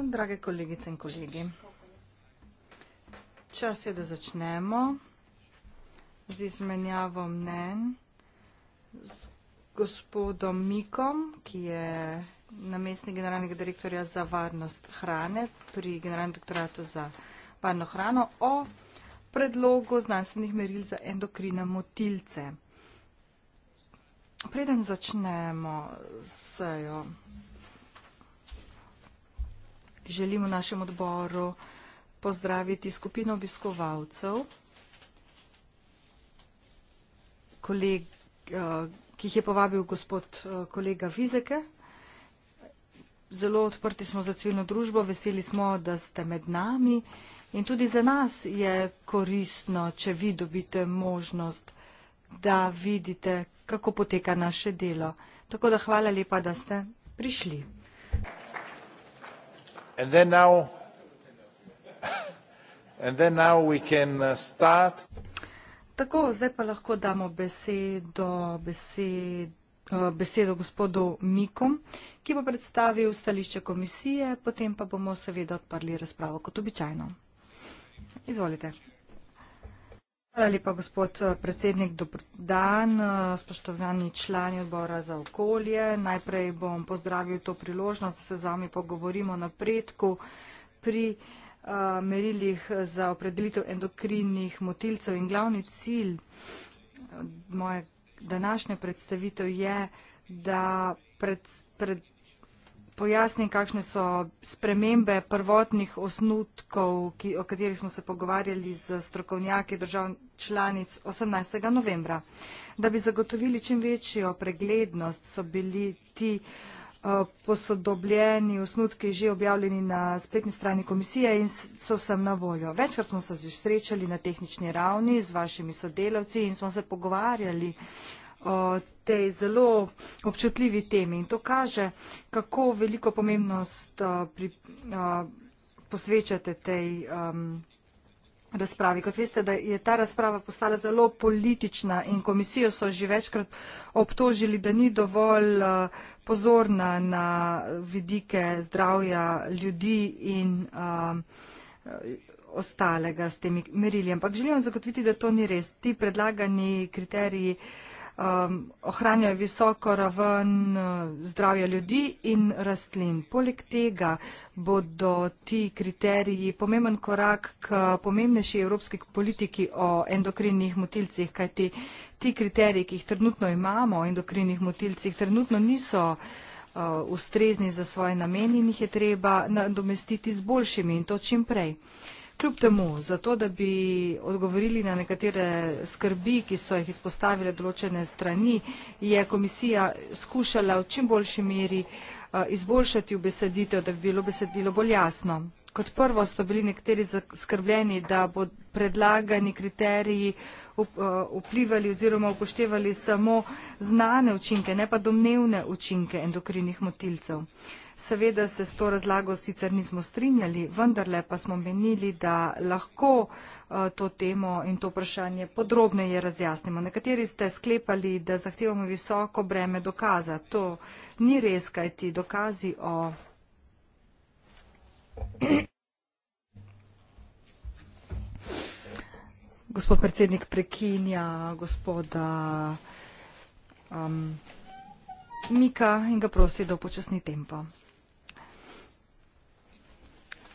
drage kolegice in kolegi čas je da začnemo z izmenjavo mnenj z gospodom mikom ki je namestnik generalnega direktorja za varnost hrane pri generalnem direktoratu za varno hrano o predlogu znanstvenih meril za endokrine motilce preden začnemo s sejo želim v našem odboru pozdraviti skupino obiskovalcev, eh, ki jih je povabil gospod eh, kolega Vizeke. Zelo odprti smo za civilno družbo, veseli smo, da ste med nami in tudi za nas je koristno, če vi dobite možnost, da vidite, kako poteka naše delo. Tako da hvala lepa, da ste prišli. Uh, Tako, zdaj pa lahko damo besedo, besedo, uh, besedo gospodu Miku, ki bo predstavil stališče komisije, potem pa bomo seveda odprli razpravo kot običajno. Izvolite. Hvala lepa, gospod eh, predsednik, dobro dan, eh, spoštovani člani odbora za okolje. Najprej bom pozdravil to priložnost, da se z vami pogovorimo o napredku pri eh, merilih za opredelitev endokrinnih motilcev in glavni cilj moje današnje predstavitev je, da predstavljamo pojasni, kakšne so spremembe prvotnih osnutkov, ki, o katerih smo se pogovarjali z strokovnjaki držav članic 18. novembra. Da bi zagotovili čim večjo preglednost, so bili ti eh, posodobljeni osnutki že objavljeni na spletni strani komisije in so sem na voljo. Večkrat smo se že srečali na tehnični ravni z vašimi sodelavci in smo se pogovarjali uh, tej zelo občutljivi temi. In to kaže, kako veliko pomembnost pri, posvečate tej um, razpravi. Kot veste, da je ta razprava postala zelo politična in komisijo so že večkrat obtožili, da ni dovolj pozorna na vidike zdravja ljudi in um, ostalega s temi merili. Ampak želim zagotoviti, da to ni res. Ti predlagani kriteriji uh, um, ohranjajo visoko raven uh, zdravja ljudi in rastlin. Poleg tega bodo ti kriteriji pomemben korak k pomembnejši evropski politiki o endokrinnih motilcih, kajti ti kriteriji, ki jih trenutno imamo o endokrinnih motilcih, trenutno niso uh, ustrezni za svoje namen in jih je treba nadomestiti z boljšimi in to čim prej. Kljub temu, zato da bi odgovorili na nekatere skrbi, ki so jih izpostavile določene strani, je komisija skušala v čim boljši meri eh, izboljšati v beseditev, da bi bilo besedilo bolj jasno. Kot prvo so bili nekateri skrbljeni, da bo predlagani kriteriji eh, vplivali oziroma upoštevali samo znane učinke, ne pa domnevne učinke endokrinih motilcev. Seveda se s to razlago sicer nismo strinjali, vendarle pa smo menili, da lahko eh, to temo in to vprašanje podrobneje razjasnimo. Nekateri ste sklepali, da zahtevamo visoko breme dokaza. To ni res, kaj ti dokazi o. Gospod predsednik prekinja gospoda um, Mika in ga prosi, da upočasni tempo.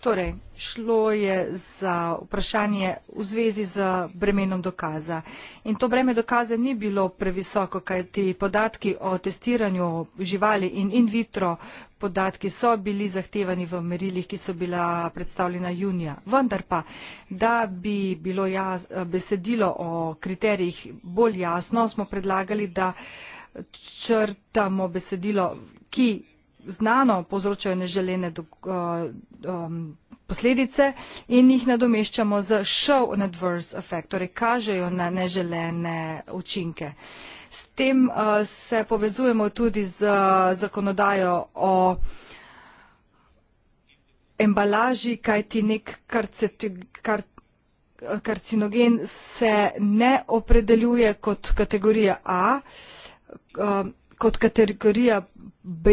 Torej, šlo je za vprašanje v zvezi z bremenom dokaza. In to breme dokaza ni bilo previsoko, kajti podatki o testiranju živali in in vitro podatki so bili zahtevani v merilih, ki so bila predstavljena junija. Vendar pa, da bi bilo jaz, besedilo o kriterijih bolj jasno, smo predlagali, da črtamo besedilo, ki znano povzročajo neželene uh, um, posledice in jih nadomeščamo z show an adverse effect, torej kažejo na neželene učinke. S tem uh, se povezujemo tudi z uh, zakonodajo o embalaži, kaj ti nek karcet, kar, karcinogen se ne opredeljuje kot kategorija A, uh, kot kategorija B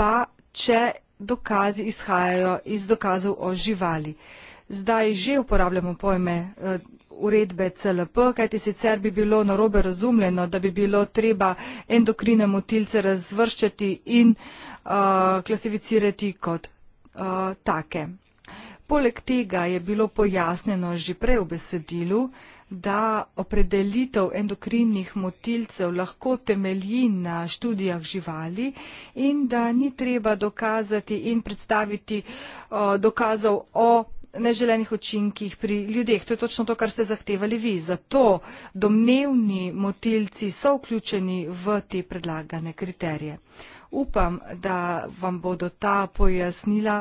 pa, če dokazi izhajajo iz dokazov o živali. Zdaj že uporabljamo pojme eh, uredbe CLP, kajti sicer bi bilo narobe razumljeno, da bi bilo treba endokrine motilce razvrščati in uh, klasificirati kot uh, take. Poleg tega je bilo pojasneno že prej v besedilu, uh, da opredelitev endokrinnih motilcev lahko temelji na študijah živali in da ni treba dokazati in predstaviti eh, dokazov o neželenih učinkih pri ljudeh. To je točno to, kar ste zahtevali vi. Zato domnevni motilci so vključeni v te predlagane kriterije. Upam, da vam bodo ta pojasnila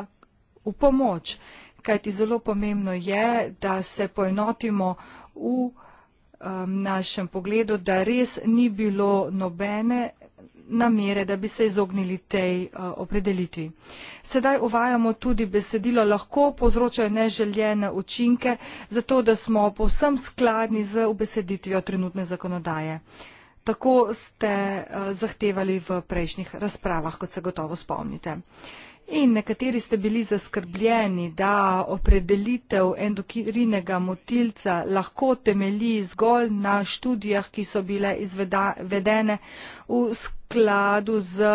v pomoč kajti zelo pomembno je, da se poenotimo v um, našem pogledu, da res ni bilo nobene namere, da bi se izognili tej uh, opredelitvi. Sedaj uvajamo tudi besedilo, lahko povzročajo neželjene učinke, zato da smo povsem skladni z obeseditvijo trenutne zakonodaje. Tako ste uh, zahtevali v prejšnjih razpravah, kot se gotovo spomnite. Uh, In nekateri ste bili zaskrbljeni, da opredelitev endokrinega motilca lahko temelji zgolj na študijah, ki so bile izvedene v skladu z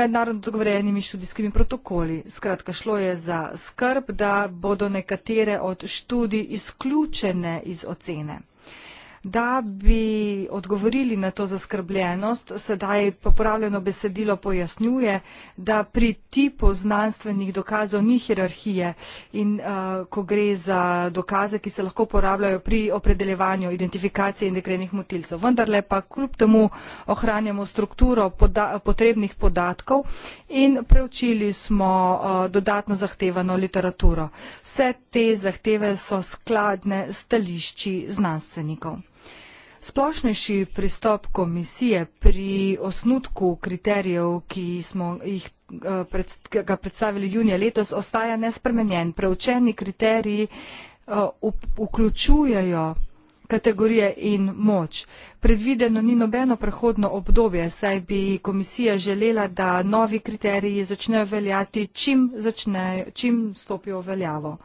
mednarodno dogovorjenimi študijskimi protokoli. Skratka, šlo je za skrb, da bodo nekatere od študij izključene iz ocene da bi odgovorili na to zaskrbljenost, sedaj popravljeno besedilo pojasnjuje, da pri tipu znanstvenih dokazov ni hierarhije in uh, ko gre za dokaze, ki se lahko uporabljajo pri opredeljevanju identifikacije integrenih motilcev. Vendar le pa kljub temu ohranjamo strukturo poda potrebnih podatkov in preučili smo uh, dodatno zahtevano literaturo. Vse te zahteve so skladne stališči znanstvenikov. Splošnejši pristop komisije pri osnutku kriterijev, ki smo jih eh, predstavili junija letos, ostaja nespremenjen. Preučeni kriteriji eh, vključujejo kategorije in moč. Predvideno ni nobeno prehodno obdobje, saj bi komisija želela, da novi kriteriji začnejo veljati, čim, začne, čim stopijo v veljavo.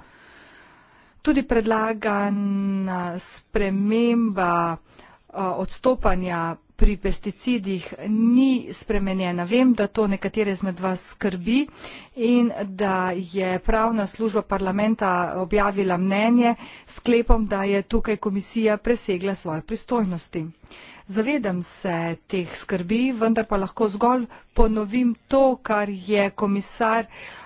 Tudi predlagana sprememba uh, Eh, odstopanja pri pesticidih ni spremenjena. Vem, da to nekatere izmed vas skrbi in da je pravna služba parlamenta objavila mnenje s sklepom, da je tukaj komisija presegla svoje pristojnosti. Zavedam se teh skrbi, vendar pa lahko zgolj ponovim to, kar je komisar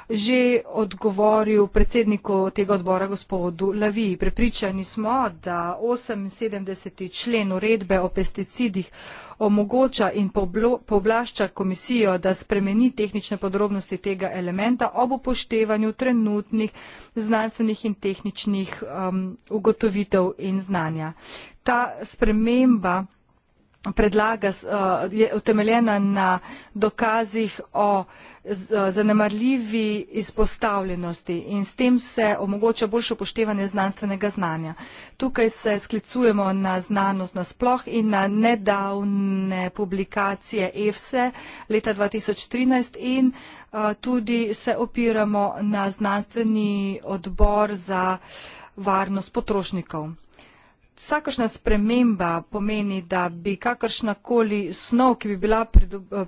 že odgovoril predsedniku tega odbora, gospodu Lavi. Prepričani smo, da 78. člen uredbe o pesticidih omogoča in povlašča komisijo, da spremeni tehnične podrobnosti tega elementa ob upoštevanju trenutnih znanstvenih in tehničnih um, ugotovitev in znanja. Ta sprememba predlaga uh, je utemeljena na dokazih o uh, zanemarljivi izpostavljenosti in s tem se omogoča boljše upoštevanje znanstvenega znanja. Tukaj se sklicujemo na znanost nasploh in na nedavne publikacije EFSE leta 2013 in uh, tudi se opiramo na znanstveni odbor za varnost potrošnikov vsakašna sprememba pomeni, da bi kakršnakoli snov, ki bi bila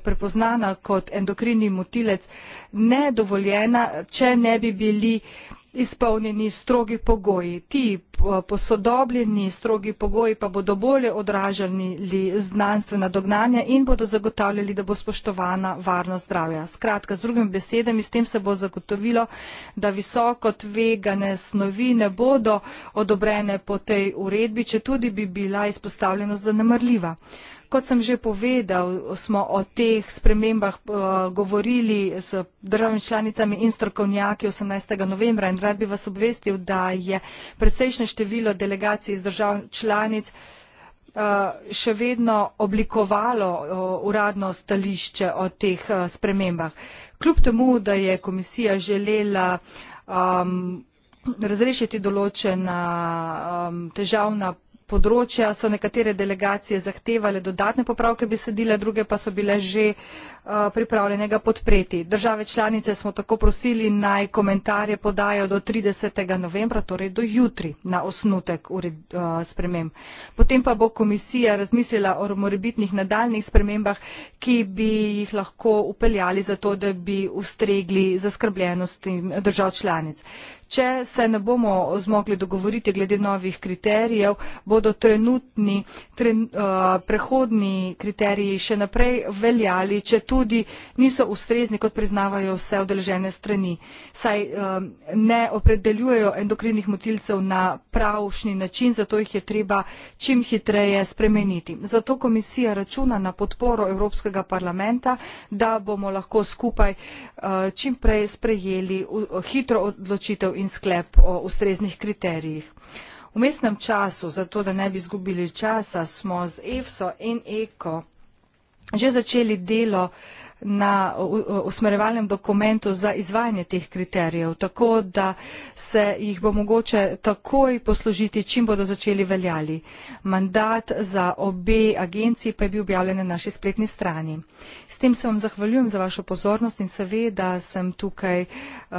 prepoznana kot endokrini motilec, nedovoljena, če ne bi bili uh, izpolnjeni strogi pogoji. Ti eh, posodobljeni strogi pogoji pa bodo bolje odražali znanstvena dognanja in bodo zagotavljali, da bo spoštovana varnost zdravja. Skratka, z drugim besedami, s tem se bo zagotovilo, da visoko tvegane snovi ne bodo odobrene po tej uredbi, če tudi bi bila izpostavljenost zanemrljiva. Kot sem že povedal, smo o teh spremembah eh, govorili s državnimi članicami in strokovnjaki 18. novembra in rad bi vas obvestil, da je predsejšnje število delegacij iz držav članic eh, še vedno oblikovalo eh, uradno stališče o teh spremembah. Kljub temu, da je komisija želela ehm, razrešiti določena ehm, težavna področja, področja so nekatere delegacije zahtevale dodatne popravke besedila, druge pa so bile že uh, Eh, pripravljenega podpreti. Države članice smo tako prosili naj komentarje podajo do 30. novembra, torej do jutri, na osnutek eh, sprememb. Potem pa bo komisija razmislila o morebitnih nadaljnih spremembah, ki bi jih lahko upeljali za to, da bi ustregli zaskrbljenosti držav članic. Če se ne bomo zmogli dogovoriti glede novih kriterijev, bodo trenutni, tren, uh, prehodni kriteriji še naprej veljali, če tudi niso ustrezni, kot priznavajo vse odeležene strani, saj um, ne opredeljujejo endokrinih motilcev na pravšnji način, zato jih je treba čim hitreje spremeniti. Zato komisija računa na podporo Evropskega parlamenta, da bomo lahko skupaj uh, čim prej sprejeli uh, hitro odločitev in sklep o ustreznih kriterijih. V mestnem času, zato da ne bi izgubili časa, smo z EFSO in ECO že začeli delo na usmerjevalnem dokumentu za izvajanje teh kriterijev, tako da se jih bo mogoče takoj poslužiti, čim bodo začeli veljali. Mandat za obe agenciji pa je bil objavljen na naši spletni strani. S tem se vam zahvaljujem za vašo pozornost in seveda sem tukaj uh,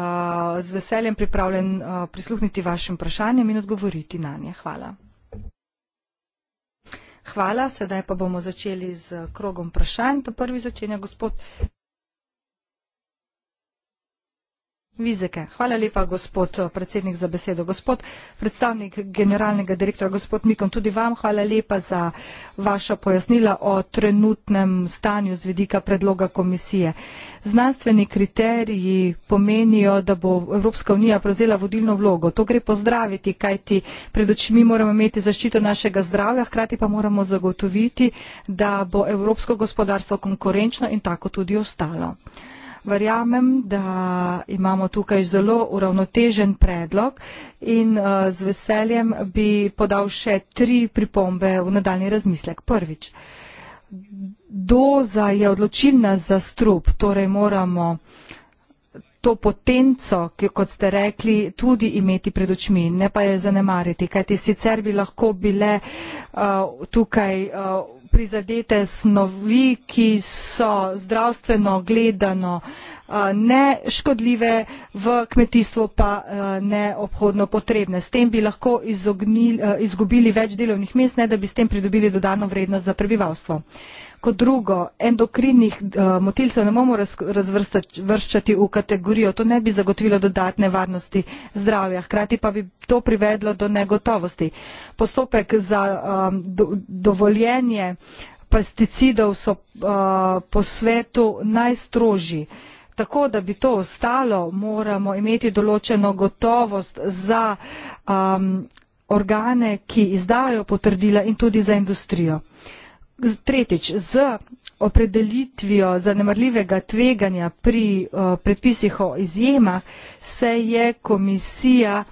z veseljem pripravljen uh, prisluhniti vašim vprašanjem in odgovoriti na nje. Hvala. Hvala, sedaj pa bomo začeli z krogom vprašanj. Prvi začenja gospod Vizeke. Hvala lepa, gospod eh, predsednik, za besedo. Gospod predstavnik generalnega direktora, gospod Mikon, tudi vam hvala lepa za vaša pojasnila o trenutnem stanju z vidika predloga komisije. Znanstveni kriteriji pomenijo, da bo Evropska unija prevzela vodilno vlogo. To gre pozdraviti, kajti pred očmi moramo imeti zaščito našega zdravja, hkrati pa moramo zagotoviti, da bo evropsko gospodarstvo konkurenčno in tako tudi ostalo. Verjamem, da imamo tukaj zelo uravnotežen predlog in eh, z veseljem bi podal še tri pripombe v nadaljni razmislek. Prvič, doza je odločilna za strup, torej moramo to potenco, ki, kot ste rekli, tudi imeti pred očmi, ne pa je zanemariti, kajti sicer bi lahko bile uh, tukaj. Uh, prizadete snovi, ki so zdravstveno gledano eh, ne škodljive, v kmetijstvo pa eh, neobhodno potrebne. S tem bi lahko izognili, eh, izgubili več delovnih mest, ne da bi s tem pridobili dodano vrednost za prebivalstvo. Kot drugo, endokrinih eh, motilcev ne bomo razvrščati v kategorijo, to ne bi zagotovilo dodatne varnosti zdravja, hkrati pa bi to privedlo do negotovosti. Postopek za eh, dovoljenje pesticidov so eh, po svetu najstrožji. Tako, da bi to ostalo, moramo imeti določeno gotovost za um, organe, ki izdajo potrdila in tudi za industrijo. Uh, Tretjič, z opredelitvijo zanemarljivega tveganja pri uh, predpisih o izjemah se je komisija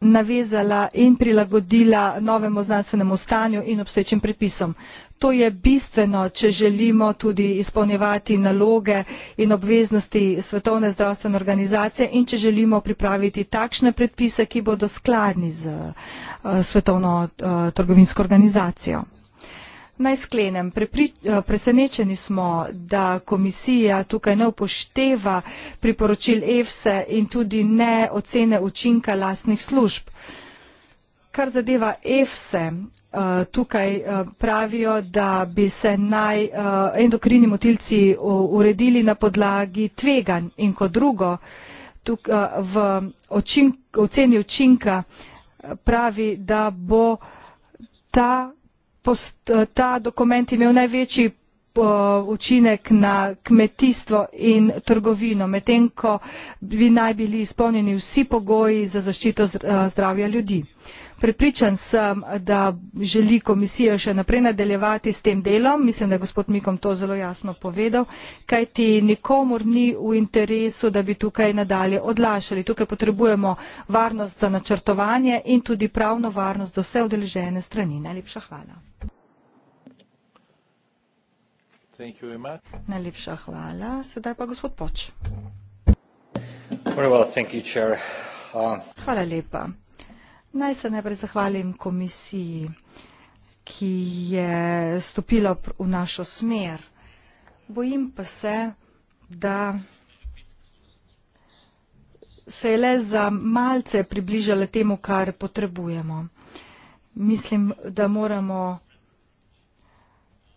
navezala in prilagodila novemu znanstvenemu stanju in obstoječim predpisom. To je bistveno, če želimo tudi izpolnjevati naloge in obveznosti Svetovne zdravstvene organizacije in če želimo pripraviti takšne predpise, ki bodo skladni z uh, Svetovno uh, trgovinsko organizacijo. Naj sklenem, eh, presenečeni smo, da komisija tukaj ne upošteva priporočil EFSE in tudi ne ocene učinka lastnih služb. Kar zadeva EFSE, eh, tukaj eh, pravijo, da bi se naj endokrini motilci uredili na podlagi tveganj in kot drugo, v ocenju učinka pravi, da bo ta post, eh, ta dokument imel največji eh, učinek na kmetijstvo in trgovino, medtem ko bi naj bili izpolnjeni vsi pogoji za zaščito eh, zdravja ljudi. Pripričan sem, da želi komisija še naprej nadaljevati s tem delom. Mislim, da je gospod Mikom to zelo jasno povedal, kaj ti nikomor ni v interesu, da bi tukaj nadalje odlašali. Tukaj potrebujemo varnost za načrtovanje in tudi pravno varnost za vse odeležene strani. Najlepša hvala. Najlepša hvala. Sedaj pa gospod Poč. Well, you, uh, hvala lepa. Naj se najprej zahvalim komisiji, ki je stopila v našo smer. Bojim pa se, da se je le za malce približala temu, kar potrebujemo. Mislim, da moramo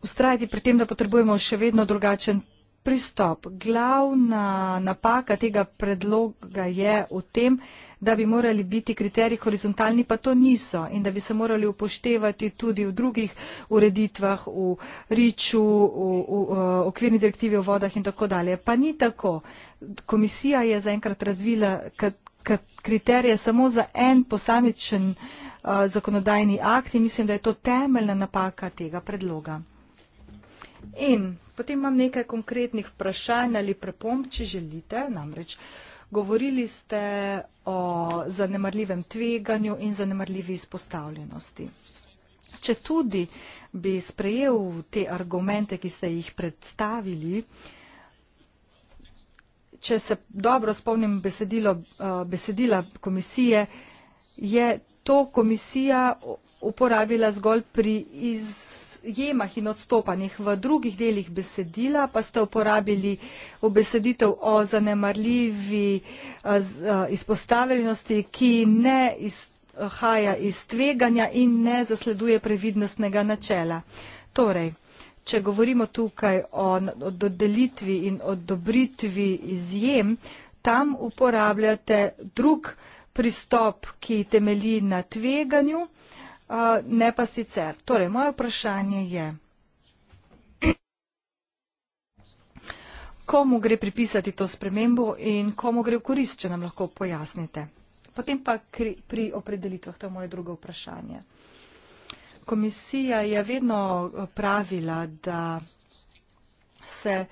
ustrajati pri tem, da potrebujemo še vedno drugačen pristop. Glavna napaka tega predloga je v tem, da bi morali biti kriteriji horizontalni, pa to niso in da bi se morali upoštevati tudi v drugih ureditvah, v Riču, v, v, v okvirni direktivi o vodah in tako dalje. Pa ni tako. Komisija je zaenkrat razvila kriterije samo za en posamičen uh, zakonodajni akt in mislim, da je to temeljna napaka tega predloga. In potem imam nekaj konkretnih vprašanj ali prepomb, če želite, namreč. Uh, Govorili ste o zanemarljivem tveganju in zanemarljivi izpostavljenosti. Če tudi bi sprejel te argumente, ki ste jih predstavili, če se dobro spomnim besedilo, eh, besedila komisije, je to komisija uporabila zgolj pri iz jemah in odstopanjih v drugih delih besedila, pa ste uporabili obesreditev o zanemarljivi eh, eh, izpostavljenosti, ki ne izhaja iz tveganja in ne zasleduje previdnostnega načela. Torej, če govorimo tukaj o dodelitvi in odobritvi izjem, tam uporabljate drug pristop, ki temelji na tveganju, ne pa sicer. Torej, moje vprašanje je, komu gre pripisati to spremembo in komu gre v korist, če nam lahko pojasnite. Potem pa kri, pri opredelitvah, to je moje drugo vprašanje. Komisija je vedno pravila, da se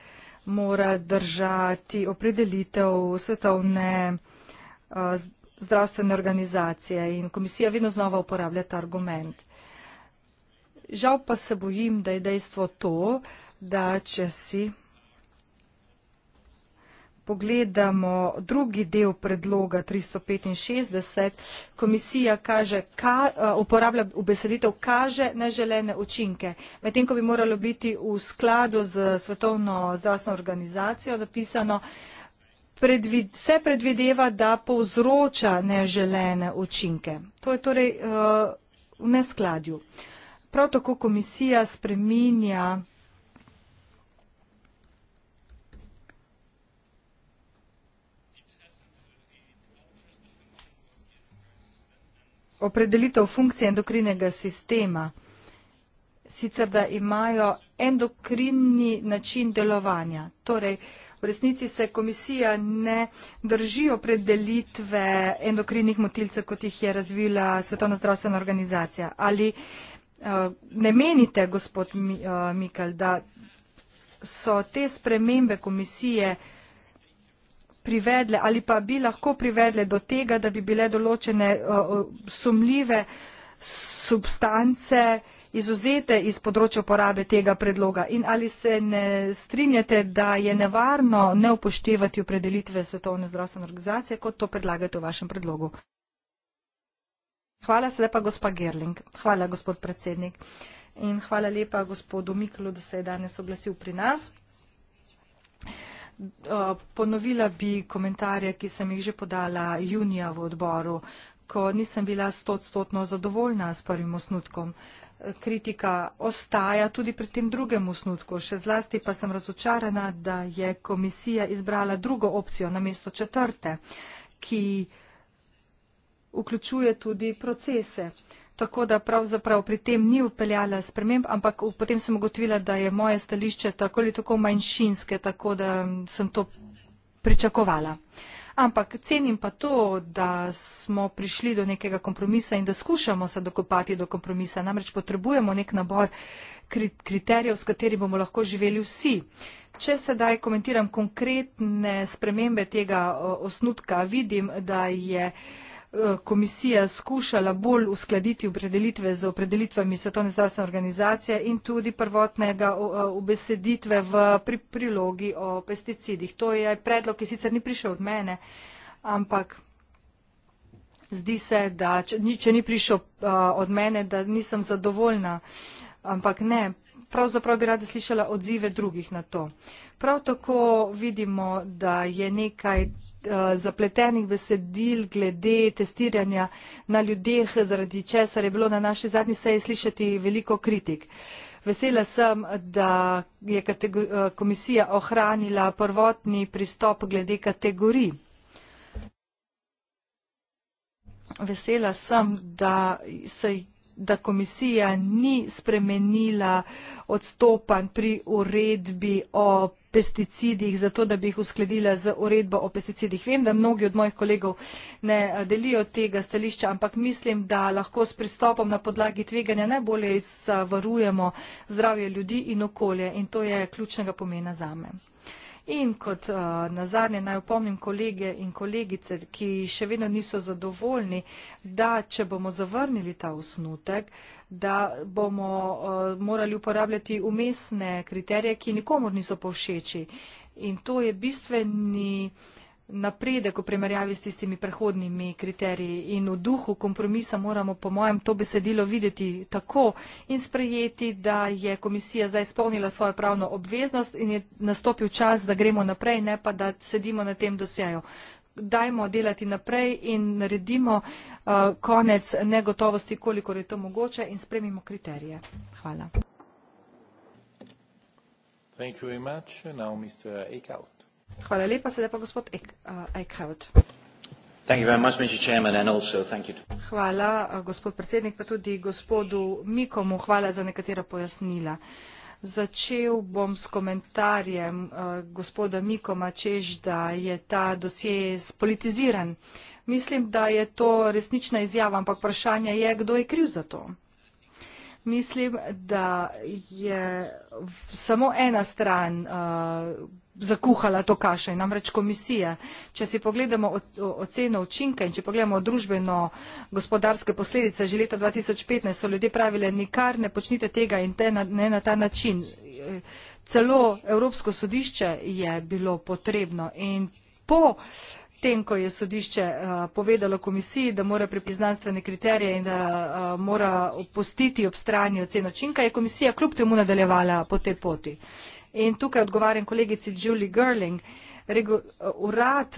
mora držati opredelitev svetovne uh, zdravstvene organizacije in komisija vedno znova uporablja ta argument. Žal pa se bojim, da je dejstvo to, da če si pogledamo drugi del predloga 365, komisija kaže, ka, eh, uporablja ubeseditev, kaže neželene učinke. Medtem, ko bi moralo biti v skladu z Svetovno zdravstveno organizacijo zapisano, da predvid, se predvideva, da povzroča neželene učinke. To je torej uh, v neskladju. Prav tako komisija spreminja opredelitev funkcije endokrinega sistema sicer da imajo endokrinni način delovanja. Torej, v resnici se komisija ne drži opredelitve endokrinnih motilcev, kot jih je razvila Svetovna zdravstvena organizacija. Ali eh, ne menite, gospod eh, Mikel, da so te spremembe komisije privedle ali pa bi lahko privedle do tega, da bi bile določene eh, sumljive substance, ki izuzete iz področja uporabe tega predloga in ali se ne strinjate, da je nevarno ne upoštevati opredelitve Svetovne zdravstvene organizacije, kot to predlagate v vašem predlogu. Hvala se lepa, gospa Gerling. Hvala, gospod predsednik. In hvala lepa, gospodu Miklu, da se je danes oglasil pri nas. Ponovila bi komentarje, ki sem jih že podala junija v odboru, ko nisem bila stotstotno zadovoljna s prvim osnutkom kritika ostaja tudi pri tem drugem osnutku. Še zlasti pa sem razočarana, da je komisija izbrala drugo opcijo na mesto četrte, ki vključuje tudi procese. Tako da pravzaprav pri tem ni upeljala sprememb, ampak potem sem ugotovila, da je moje stališče tako ali tako manjšinske, tako da sem to pričakovala ampak cenim pa to, da smo prišli do nekega kompromisa in da skušamo se dokopati do kompromisa. Namreč potrebujemo nek nabor kriterijev, s kateri bomo lahko živeli vsi. Če sedaj komentiram konkretne spremembe tega osnutka, vidim, da je Eh, komisija skušala bolj uskladiti opredelitve z opredelitvami Svetovne zdravstvene organizacije in tudi prvotnega obeseditve eh, v pri prilogi o pesticidih. To je predlog, ki sicer ni prišel od mene, ampak zdi se, da če ni prišel eh, od mene, da nisem zadovoljna, ampak ne. Pravzaprav bi rada slišala odzive drugih na to. Prav tako vidimo, da je nekaj Eh, zapletenih besedil glede testiranja na ljudeh, zaradi česar je bilo na naši zadnji seji slišati veliko kritik. Vesela sem, da je eh, komisija ohranila prvotni pristop glede kategorij. Vesela sem, da, se, da komisija ni spremenila odstopan pri uredbi o pesticidih, zato da bi jih uskladila z uredbo o pesticidih. Vem, da mnogi od mojih kolegov ne eh, delijo tega stališča, ampak mislim, da lahko s pristopom na podlagi tveganja najbolje zavarujemo zdravje ljudi in okolje in to je ključnega pomena za me. In kot eh, na zadnje naj upomnim kolege in kolegice, ki še vedno niso zadovoljni, da če bomo zavrnili ta osnutek, da bomo eh, morali uporabljati umestne kriterije, ki nikomor niso povšeči. In to je bistveni napredek v primerjavi s tistimi prehodnimi kriteriji. In v duhu kompromisa moramo, po mojem, to besedilo videti tako in sprejeti, da je komisija zdaj spolnila svojo pravno obveznost in je nastopil čas, da gremo naprej, ne pa da sedimo na tem dosjeju. Dajmo delati naprej in naredimo uh, konec negotovosti, koliko je to mogoče in spremimo kriterije. Hvala. Thank you very much. Now Mr. Eichhout. Hvala lepa. Sedaj pa gospod eh, Eichhout. Thank you very much, Mr. Chairman, and also thank you to... Hvala, eh, gospod predsednik, pa tudi gospodu Mikomu. Hvala za nekatera pojasnila. Začel bom s komentarjem eh, gospoda Mikoma, čež, da je ta dosje spolitiziran. Mislim, da je to resnična izjava, ampak vprašanje je, kdo je kriv za to. Mislim, da je samo ena stran uh, zakuhala to kašo je namreč komisija. če si pogledamo oceno učinka in če pogledamo družbeno gospodarske posledice že leta dva tisoč petnajst so ljudje pravili nikar ne počnite tega in ne na ta način celo evropsko sodišče je bilo potrebno in po tem ko je sodišče uh, povedalo komisiji da mora pripeti znanstvene kriterije in da uh, mora opustiti ob strani oceno učinka je komisija kljub temu nadaljevala po tej poti. Uh, In tukaj odgovarjam kolegici Julie Gerling. Regu, urad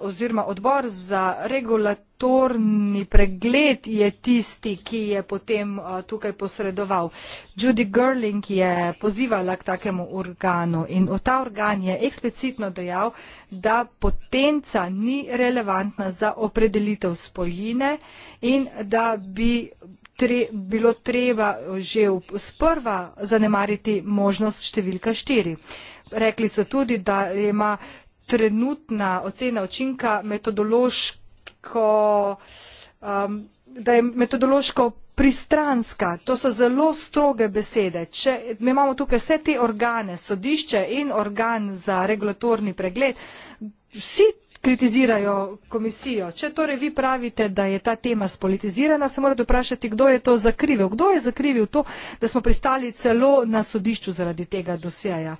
oziroma odbor za regulatorni pregled je tisti, ki je potem eh, tukaj posredoval. Judy Gerling je pozivala k takemu organu in ta organ je eksplicitno dejal, da potenca ni relevantna za opredelitev spojine in da bi tre, bilo treba že sprva zanemariti možnost številka štiri. Rekli so tudi, da ima trenutna ocena učinka metodološko, um, da je metodološko pristranska. To so zelo stroge besede. Če, mi imamo tukaj vse te organe, sodišče in organ za regulatorni pregled, vsi kritizirajo komisijo. Če torej vi pravite, da je ta tema spolitizirana, se morate vprašati, kdo je to zakrivil. Kdo je zakrivil to, da smo pristali celo na sodišču zaradi tega dosjeja.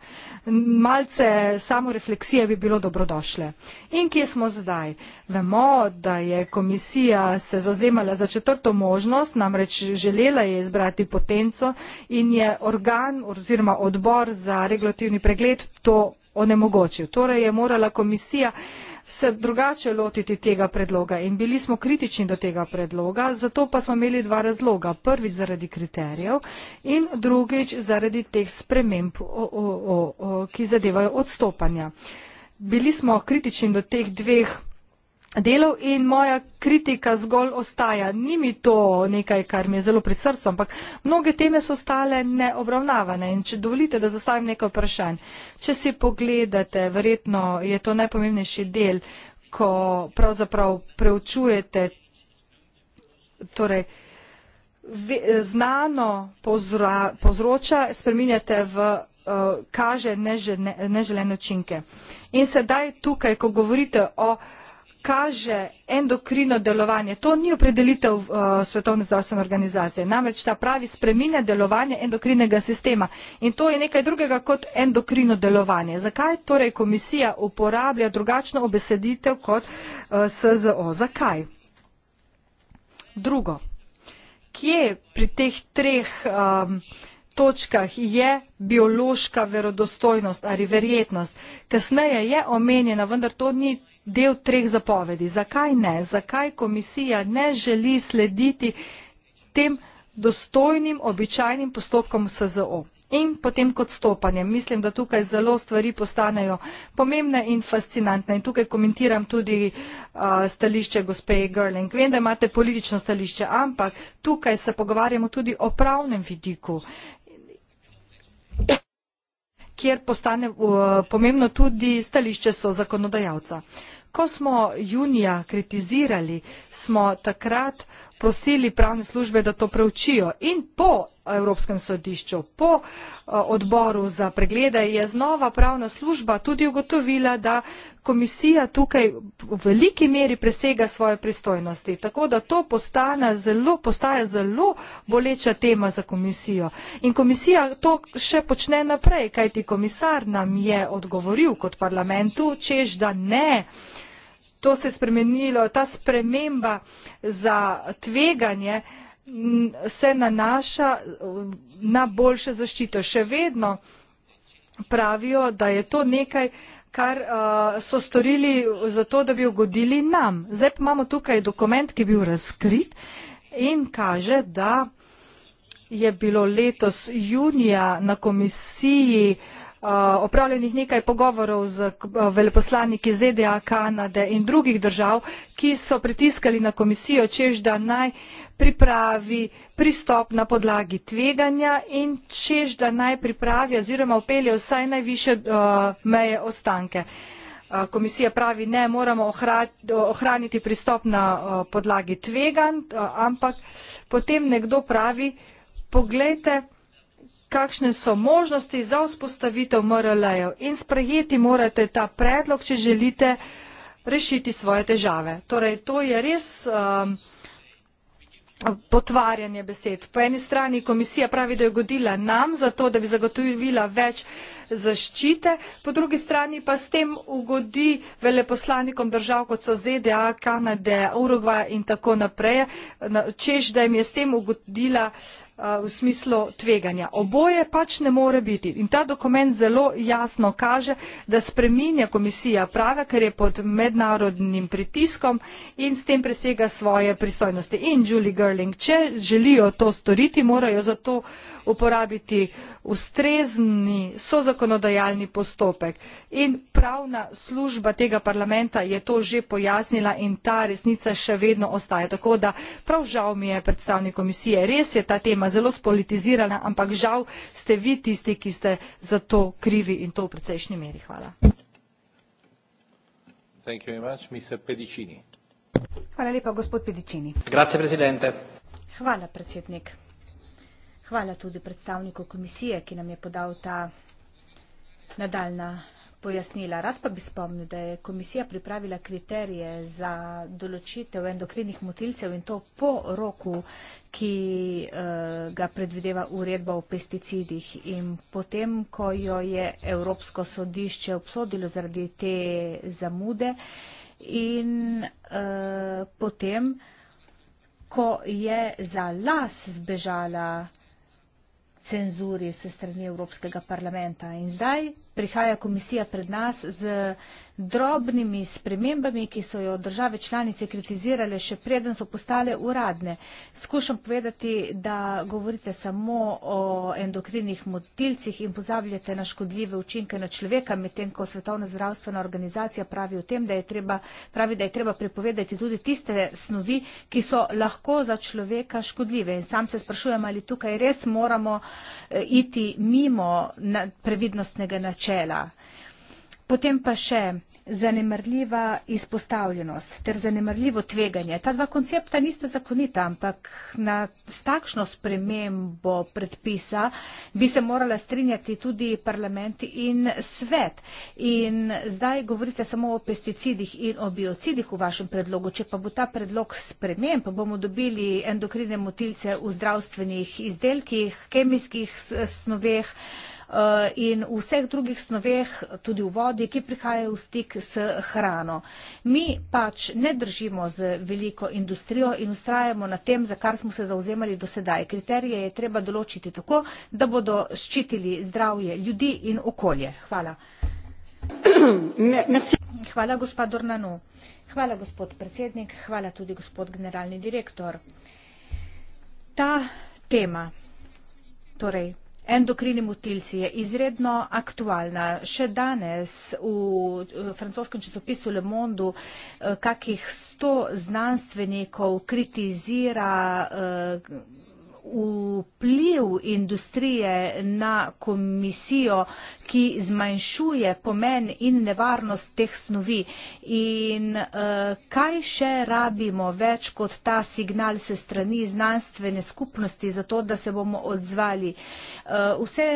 Malce samorefleksije bi bilo dobrodošle. In kje smo zdaj? Vemo, da je komisija se zazemala za četrto možnost, namreč želela je izbrati potenco in je organ oziroma odbor za regulativni pregled to onemogočil. Torej je morala komisija se drugače lotiti tega predloga in bili smo kritični do tega predloga, zato pa smo imeli dva razloga. Prvič zaradi kriterijev in drugič zaradi teh sprememb, ki zadevajo odstopanja. Bili smo kritični do teh dveh predlogov, delov in moja kritika zgolj ostaja. Ni mi to nekaj, kar mi je zelo pri srcu, ampak mnoge teme so ostale neobravnavane in če dovolite, da zastavim nekaj vprašanj. Če si pogledate, verjetno je to najpomembnejši del, ko pravzaprav preučujete torej, znano povzra, povzroča, spreminjate v eh, kaže nežele, neželene učinke. In sedaj tukaj, ko govorite o kaže endokrino delovanje. To ni opredelitev uh, Svetovne zdravstvene organizacije. Namreč ta pravi spreminja delovanje endokrinega sistema. In to je nekaj drugega kot endokrino delovanje. Zakaj torej komisija uporablja drugačno obeseditev kot uh, SZO? Zakaj? Drugo. Kje pri teh treh um, točkah je biološka verodostojnost ali verjetnost? Kasneje je omenjena, vendar to ni del treh zapovedi. Zakaj ne? Zakaj komisija ne želi slediti tem dostojnim, običajnim postopkom SZO? In potem kot stopanje. Mislim, da tukaj zelo stvari postanejo pomembne in fascinantne. In tukaj komentiram tudi uh, stališče gospe Gerling. Vem, da imate politično stališče, ampak tukaj se pogovarjamo tudi o pravnem vidiku, kjer postane uh, pomembno tudi stališče so zakonodajalca. Uh, Ko smo junija kritizirali, smo takrat prosili pravne službe, da to preučijo in po Evropskem sodišču, po eh, odboru za preglede je znova pravna služba tudi ugotovila, da komisija tukaj v veliki meri presega svoje pristojnosti. Tako da to postane zelo, postaja zelo boleča tema za komisijo. In komisija to še počne naprej, kajti komisar nam je odgovoril kot parlamentu, čež da ne to se je spremenilo, ta sprememba za tveganje se nanaša na boljše zaščito. Še vedno pravijo, da je to nekaj, kar uh, so storili zato, da bi ugodili nam. Zdaj pa imamo tukaj dokument, ki je bil razkrit in kaže, da je bilo letos junija na komisiji uh, Eh, opravljenih nekaj pogovorov z eh, veleposlaniki zda kanade in drugih držav ki so pritiskali na komisijo češ da naj pripravi pristop na podlagi tveganja in češ da naj pripravi oziroma vpelje vsaj najvišje eh, meje ostanke. komisija pravi ne moramo ohraniti pristop na podlagi tveganj ampak potem nekdo pravi poglejte kakšne so možnosti za vzpostavitev MRL-jev in sprejeti morate ta predlog, če želite rešiti svoje težave. Torej, to je res um, potvarjanje besed. Po eni strani komisija pravi, da je godila nam za to, da bi zagotovila več vzpostavitev, zaščite, po drugi strani pa s tem ugodi veleposlanikom držav, kot so ZDA, Kanade, Urugvaja in tako naprej, češ, da jim je s tem ugodila v smislu tveganja. Oboje pač ne more biti. In ta dokument zelo jasno kaže, da spreminja komisija prave, ker je pod mednarodnim pritiskom in s tem presega svoje pristojnosti. In Julie Gerling, če želijo to storiti, morajo za to uporabiti ustrezni sozakonodajalni postopek in pravna služba tega parlamenta je to že pojasnila in ta resnica še vedno ostaja tako da prav žal mi je predstavnik komisije res je ta tema zelo spolitizirana ampak žal ste vi tisti ki ste za to krivi in to v precejšnji meri. hvala predsednik. Hvala tudi predstavniku komisije, ki nam je podal ta nadaljna pojasnila. Rad pa bi spomnil, da je komisija pripravila kriterije za določitev endokrinih motilcev in to po roku, ki eh, ga predvideva uredba o pesticidih. In potem, ko jo je Evropsko sodišče obsodilo zaradi te zamude in eh, potem, ko je za las zbežala komisija, cenzuri se strani Evropskega parlamenta. In zdaj prihaja komisija pred nas z drobnimi spremembami, ki so jo države članice kritizirale, še preden so postale uradne. Skušam povedati, da govorite samo o endokrinih motilcih in pozabljate na škodljive učinke na človeka, medtem ko Svetovna zdravstvena organizacija pravi o tem, da je treba, pravi, da je treba prepovedati tudi tiste snovi, ki so lahko za človeka škodljive. In sam se sprašujem, ali tukaj res moramo eh, iti mimo previdnostnega načela. Potem pa še zanemrljiva izpostavljenost ter zanemrljivo tveganje. Ta dva koncepta nista zakonita, ampak na takšno spremembo predpisa bi se morala strinjati tudi parlament in svet. In zdaj govorite samo o pesticidih in o biocidih v vašem predlogu. Če pa bo ta predlog sprememb, bomo dobili endokrine motilce v zdravstvenih izdelkih, kemijskih snoveh, Eh, in v vseh drugih snoveh, tudi v vodi, ki prihajajo v stik s hrano. Mi pač ne držimo z veliko industrijo in ustrajamo na tem, za kar smo se zauzemali do sedaj. Kriterije je treba določiti tako, da bodo ščitili zdravje ljudi in okolje. Hvala. Hvala, gospod Dornanu. Hvala, gospod predsednik. Hvala tudi, gospod generalni direktor. Ta tema, torej Endokrini motilci je izredno aktualna. Še danes v francoskem časopisu Le Monde eh, kakih sto znanstvenikov kritizira. Uh, vpliv industrije na komisijo, ki zmanjšuje pomen in nevarnost teh snovi. In uh, kaj še rabimo več kot ta signal se strani znanstvene skupnosti za to, da se bomo odzvali. Uh, vse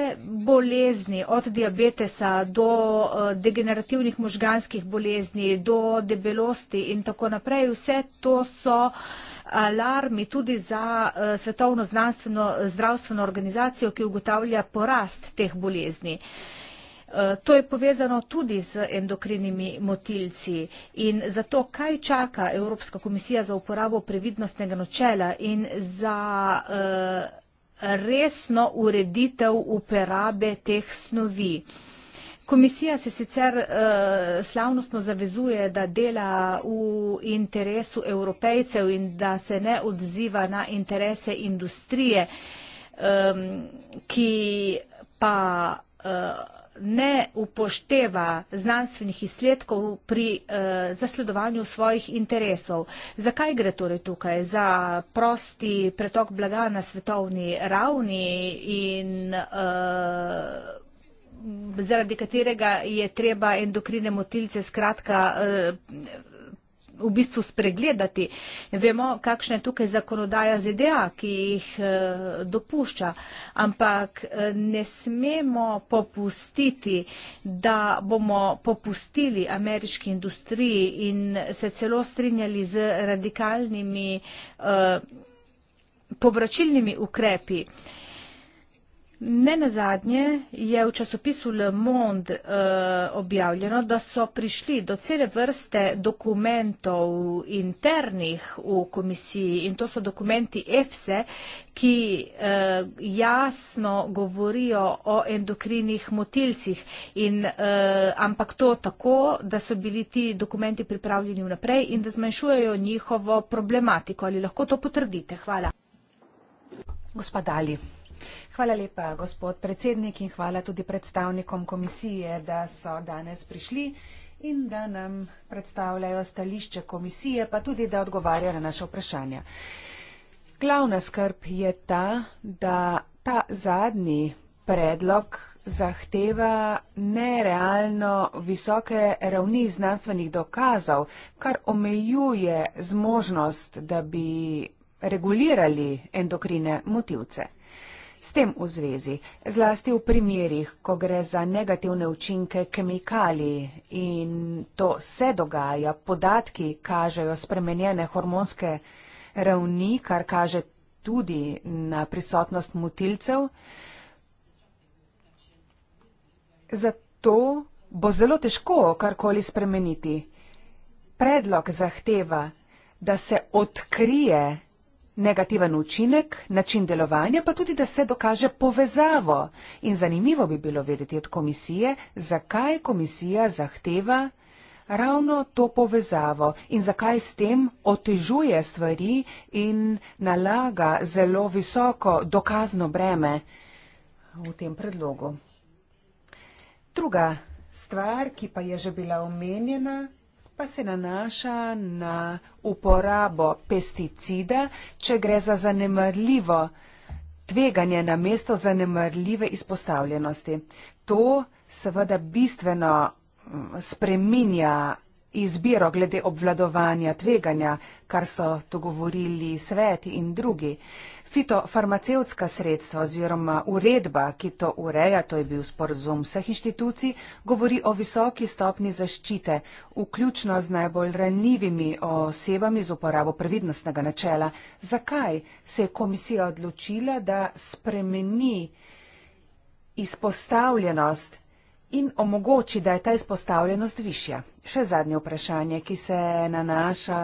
bolezni od diabetesa do uh, degenerativnih možganskih bolezni, do debelosti in tako naprej, vse to so uh, alarmi tudi za eh, Svetovno znanstveno zdravstveno organizacijo, ki ugotavlja porast teh bolezni. Eh, to je povezano tudi z endokrinimi motilci in zato, kaj čaka Evropska komisija za uporabo previdnostnega načela in za eh, resno ureditev uporabe teh snovi. Komisija se sicer uh, slavnostno zavezuje, da dela v interesu evropejcev in da se ne odziva na interese industrije, um, ki pa uh, ne upošteva znanstvenih izsledkov pri uh, zasledovanju svojih interesov. Zakaj gre torej tukaj? Za prosti pretok blaga na svetovni ravni in. Uh, zaradi katerega je treba endokrine motilce skratka eh, v bistvu spregledati. Vemo, kakšna je tukaj zakonodaja ZDA, ki jih eh, dopušča, ampak eh, ne smemo popustiti, da bomo popustili ameriški industriji in se celo strinjali z radikalnimi povračilnimi ukrepi. Uh, Ne na zadnje je v časopisu Le Monde uh, objavljeno, da so prišli do cele vrste dokumentov internih v komisiji in to so dokumenti EFSE, ki uh, jasno govorijo o endokrinih motilcih. In, uh, ampak to tako, da so bili ti dokumenti pripravljeni vnaprej in da zmanjšujejo njihovo problematiko. Ali lahko to potrdite? Hvala. Gospod Ali. Hvala lepa, gospod predsednik, in hvala tudi predstavnikom komisije, da so danes prišli in da nam predstavljajo stališče komisije, pa tudi da odgovarjajo na naše vprašanja. Glavna skrb je ta, da ta zadnji predlog zahteva nerealno visoke ravni znanstvenih dokazov, kar omejuje zmožnost, da bi regulirali endokrine motivce. S tem v zvezi, zlasti v primerjih, ko gre za negativne učinke kemikalij in to se dogaja, podatki kažejo spremenjene hormonske ravni, kar kaže tudi na prisotnost motilcev. Zato bo zelo težko karkoli spremeniti. Predlog zahteva, da se odkrije nekaj, negativen učinek, način delovanja, pa tudi, da se dokaže povezavo. In zanimivo bi bilo vedeti od komisije, zakaj komisija zahteva ravno to povezavo in zakaj s tem otežuje stvari in nalaga zelo visoko dokazno breme v tem predlogu. Druga stvar, ki pa je že bila omenjena, pa se nanaša na uporabo pesticida, če gre za zanemrljivo tveganje na mesto zanemrljive izpostavljenosti. To seveda bistveno mm, spreminja izbiro glede obvladovanja tveganja, kar so dogovorili sveti in drugi. Fitofarmacevtska sredstva oziroma uredba, ki to ureja, to je bil sporozum vseh inštitucij, govori o visoki stopni zaščite, vključno z najbolj ranljivimi osebami z uporabo previdnostnega načela. Zakaj se je komisija odločila, da spremeni izpostavljenost in omogoči, da je ta izpostavljenost višja. Še zadnje vprašanje, ki se nanaša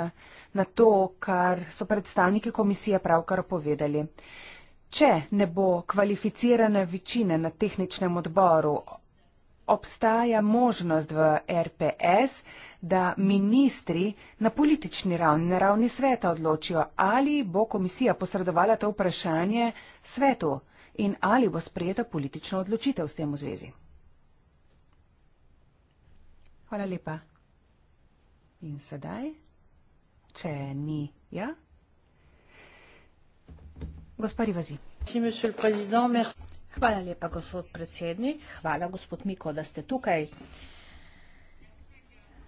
na to, kar so predstavniki komisije pravkar povedali. Če ne bo kvalificirane večine na tehničnem odboru, obstaja možnost v RPS, da ministri na politični ravni, na ravni sveta odločijo, ali bo komisija posredovala to vprašanje svetu in ali bo sprejeta politična odločitev s tem v zvezi. Hvala lepa. In sedaj, če ni, ja? Gospa Rivazi. Hvala lepa, gospod predsednik. Hvala, gospod Miko, da ste tukaj.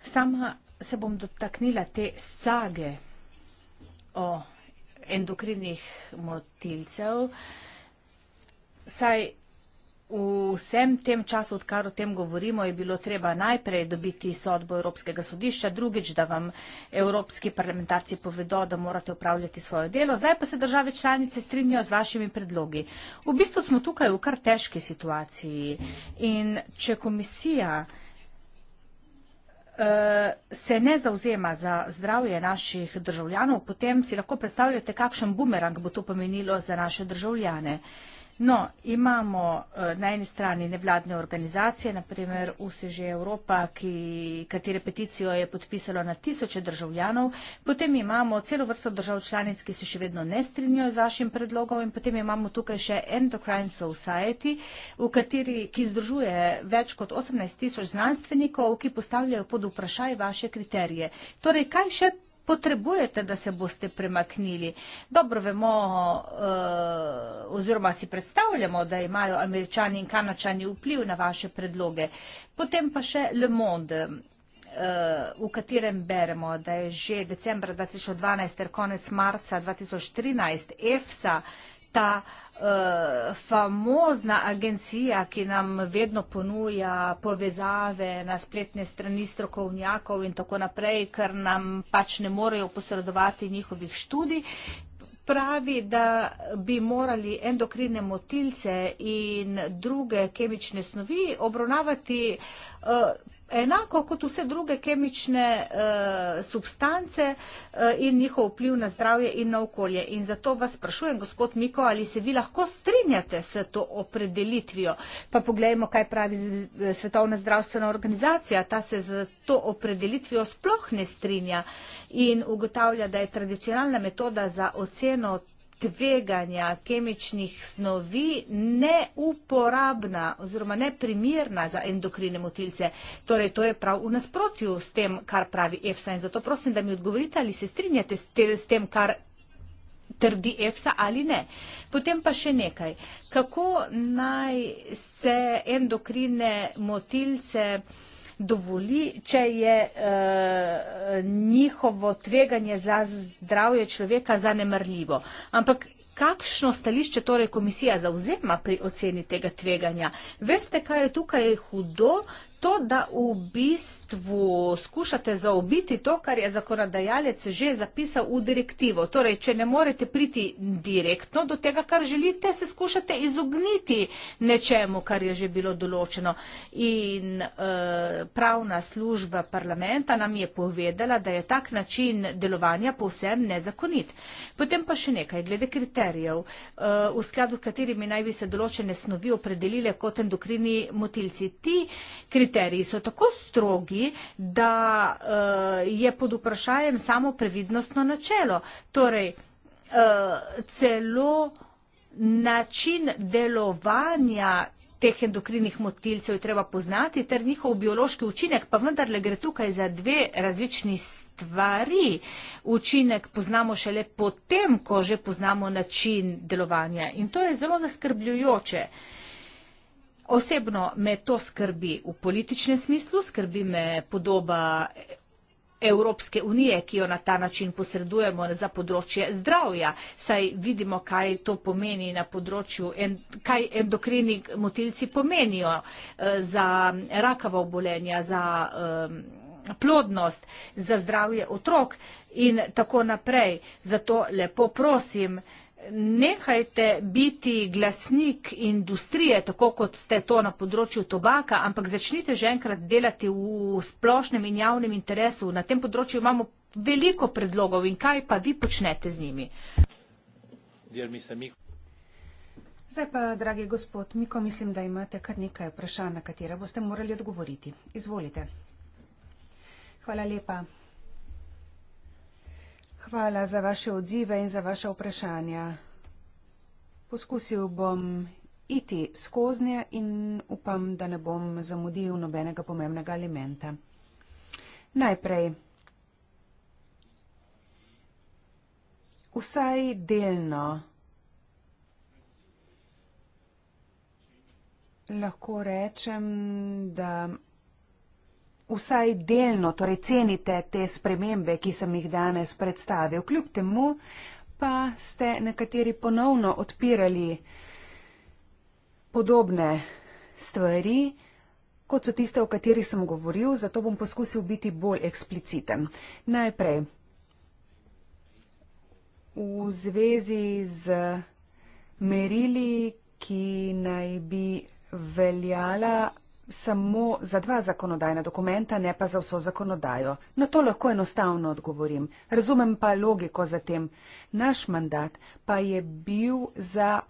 Sama se bom dotaknila te sage o endokrinih motilcev. Saj V vsem tem času, odkar o tem govorimo, je bilo treba najprej dobiti sodbo Evropskega sodišča, drugič, da vam evropski parlamentarci povedo, da morate upravljati svoje delo. Zdaj pa se države članice strinjajo z vašimi predlogi. V bistvu smo tukaj v kar težki situaciji in če komisija eh, se ne zauzema za zdravje naših državljanov, potem si lahko predstavljate, kakšen bumerang bo to pomenilo za naše državljane. No, imamo eh, na eni strani nevladne organizacije, naprimer UCŽ Evropa, ki, katere peticijo je podpisalo na tisoče državljanov, potem imamo celo vrsto držav članic, ki se še vedno ne strinjajo z vašim predlogom in potem imamo tukaj še Endocrine Society, v kateri, ki združuje več kot 18 tisoč znanstvenikov, ki postavljajo pod vprašaj vaše kriterije. Torej, kaj še potrebujete, da se boste premaknili. Dobro vemo, eh, oziroma si predstavljamo, da imajo američani in kanačani vpliv na vaše predloge. Potem pa še Le Monde eh, v katerem beremo, da je že decembra 2012 ter konec marca 2013 EFSA ta uh, famozna agencija, ki nam vedno ponuja povezave na spletne strani strokovnjakov in tako naprej, ker nam pač ne morejo posredovati njihovih študij, pravi, da bi morali endokrine motilce in druge kemične snovi obravnavati uh, enako kot vse druge kemične uh, substance uh, in njihov vpliv na zdravje in na okolje. In zato vas sprašujem, gospod Miko, ali se vi lahko strinjate s to opredelitvijo. Pa pogledajmo, kaj pravi eh, Svetovna zdravstvena organizacija. Ta se z to opredelitvijo sploh ne strinja in ugotavlja, da je tradicionalna metoda za oceno tveganja kemičnih snovi neuporabna oziroma neprimirna za endokrine motilce. Torej, to je prav v nasprotju s tem, kar pravi EFSA in zato prosim, da mi odgovorite, ali se strinjate s, te, s tem, kar trdi EFSA ali ne. Potem pa še nekaj. Kako naj se endokrine motilce uh, dovoli, če je eh, njihovo tveganje za zdravje človeka zanemrljivo. Ampak kakšno stališče torej komisija zauzema pri oceni tega tveganja? Veste, kaj je tukaj hudo, to, da v bistvu skušate zaobiti to, kar je zakonodajalec že zapisal v direktivo. Torej, če ne morete priti direktno do tega, kar želite, se skušate izogniti nečemu, kar je že bilo določeno. In e, pravna služba parlamenta nam je povedala, da je tak način delovanja povsem nezakonit. Potem pa še nekaj glede kriterijev, e, v skladu s katerimi naj bi se določene snovi opredelile kot endokrini motilci. Ti, kriteriji so tako strogi, da uh, je pod vprašanjem samo previdnostno načelo. Torej, uh, celo način delovanja teh endokrinih motilcev je treba poznati, ter njihov biološki učinek, pa vendarle gre tukaj za dve različni stvari. Učinek poznamo šele potem, ko že poznamo način delovanja. In to je zelo zaskrbljujoče. Uh, Osebno me to skrbi v političnem smislu, skrbi me podoba Evropske unije, ki jo na ta način posredujemo za področje zdravja. Saj vidimo, kaj to pomeni na področju, kaj endokrini motilci pomenijo eh, za rakava obolenja, za ehm, plodnost, za zdravje otrok in tako naprej. Zato lepo prosim, da nehajte biti glasnik industrije, tako kot ste to na področju tobaka, ampak začnite že enkrat delati v splošnem in javnem interesu. Na tem področju imamo veliko predlogov in kaj pa vi počnete z njimi? Zdaj pa, dragi gospod Miko, mislim, da imate kar nekaj vprašanj, na katere boste morali odgovoriti. Izvolite. Hvala lepa. Hvala za vaše odzive in za vaše vprašanja. Poskusil bom iti skoznje in upam, da ne bom zamudil nobenega pomembnega elementa. Najprej, vsaj delno lahko rečem, da vsaj delno, torej cenite te spremembe, ki sem jih danes predstavil. Kljub temu pa ste nekateri ponovno odpirali podobne stvari, kot so tiste, o katerih sem govoril, zato bom poskusil biti bolj ekspliciten. Najprej v zvezi z merili, ki naj bi veljala samo za dva zakonodajna dokumenta, ne pa za vso zakonodajo. Na to lahko enostavno odgovorim. Razumem pa logiko za tem. Naš mandat pa je bil za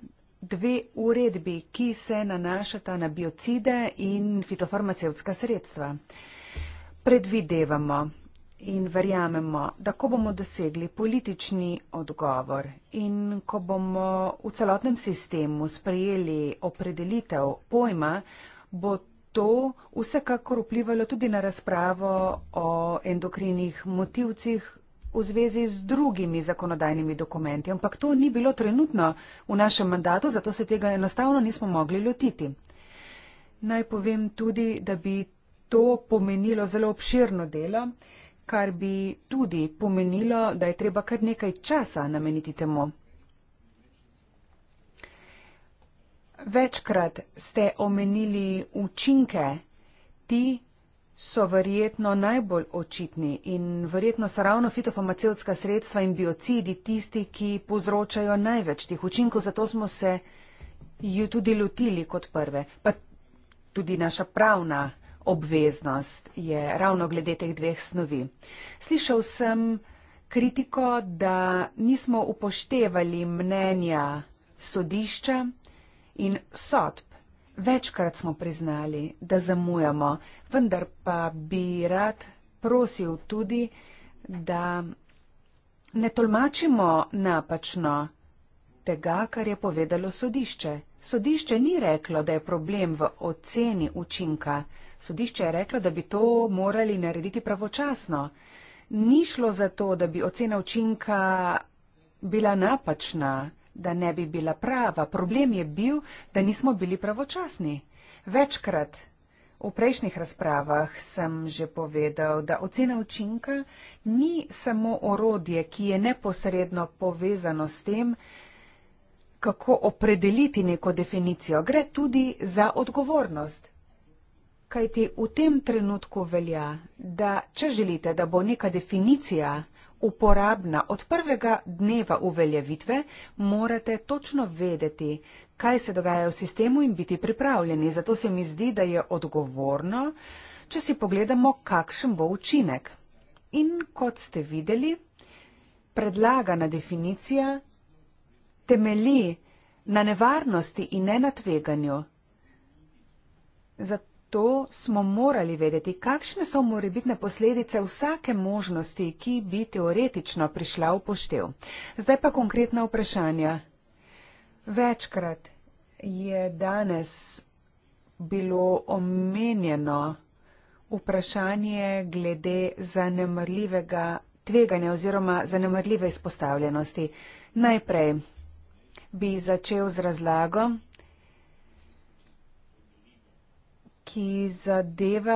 dve uredbi, ki se nanašata na biocide in fitofarmacevtska sredstva. Predvidevamo in verjamemo, da ko bomo dosegli politični odgovor in ko bomo v celotnem sistemu sprejeli opredelitev pojma, bo to vsekakor vplivalo tudi na razpravo o endokrinih motivcih v zvezi z drugimi zakonodajnimi dokumenti, ampak to ni bilo trenutno v našem mandatu, zato se tega enostavno nismo mogli lotiti. Naj povem tudi, da bi to pomenilo zelo obširno delo, kar bi tudi pomenilo, da je treba kar nekaj časa nameniti temu. Večkrat ste omenili učinke, ti so verjetno najbolj očitni in verjetno so ravno fitofarmacevtska sredstva in biocidi tisti, ki povzročajo največ tih učinkov, zato smo se ju tudi lotili kot prve. Pa tudi naša pravna obveznost je ravno glede teh dveh snovi. Slišal sem kritiko, da nismo upoštevali mnenja sodišča, in sodb. Večkrat smo priznali, da zamujamo, vendar pa bi rad prosil tudi, da ne tolmačimo napačno tega, kar je povedalo sodišče. Sodišče ni reklo, da je problem v oceni učinka. Sodišče je reklo, da bi to morali narediti pravočasno. Ni šlo za to, da bi ocena učinka bila napačna, da ne bi bila prava. Problem je bil, da nismo bili pravočasni. Večkrat v prejšnjih razpravah sem že povedal, da ocena učinka ni samo orodje, ki je neposredno povezano s tem, kako opredeliti neko definicijo. Gre tudi za odgovornost. Kajti v tem trenutku velja, da če želite, da bo neka definicija uporabna od prvega dneva uveljavitve, morate točno vedeti, kaj se dogaja v sistemu in biti pripravljeni. Zato se mi zdi, da je odgovorno, če si pogledamo, kakšen bo učinek. In kot ste videli, predlagana definicija temelji na nevarnosti in ne na tveganju. Zato to smo morali vedeti, kakšne so morebitne posledice vsake možnosti, ki bi teoretično prišla v poštev. Zdaj pa konkretna vprašanja. Večkrat je danes bilo omenjeno vprašanje glede zanemrljivega tveganja oziroma zanemrljive izpostavljenosti. Najprej bi začel z razlagom, ki zadeva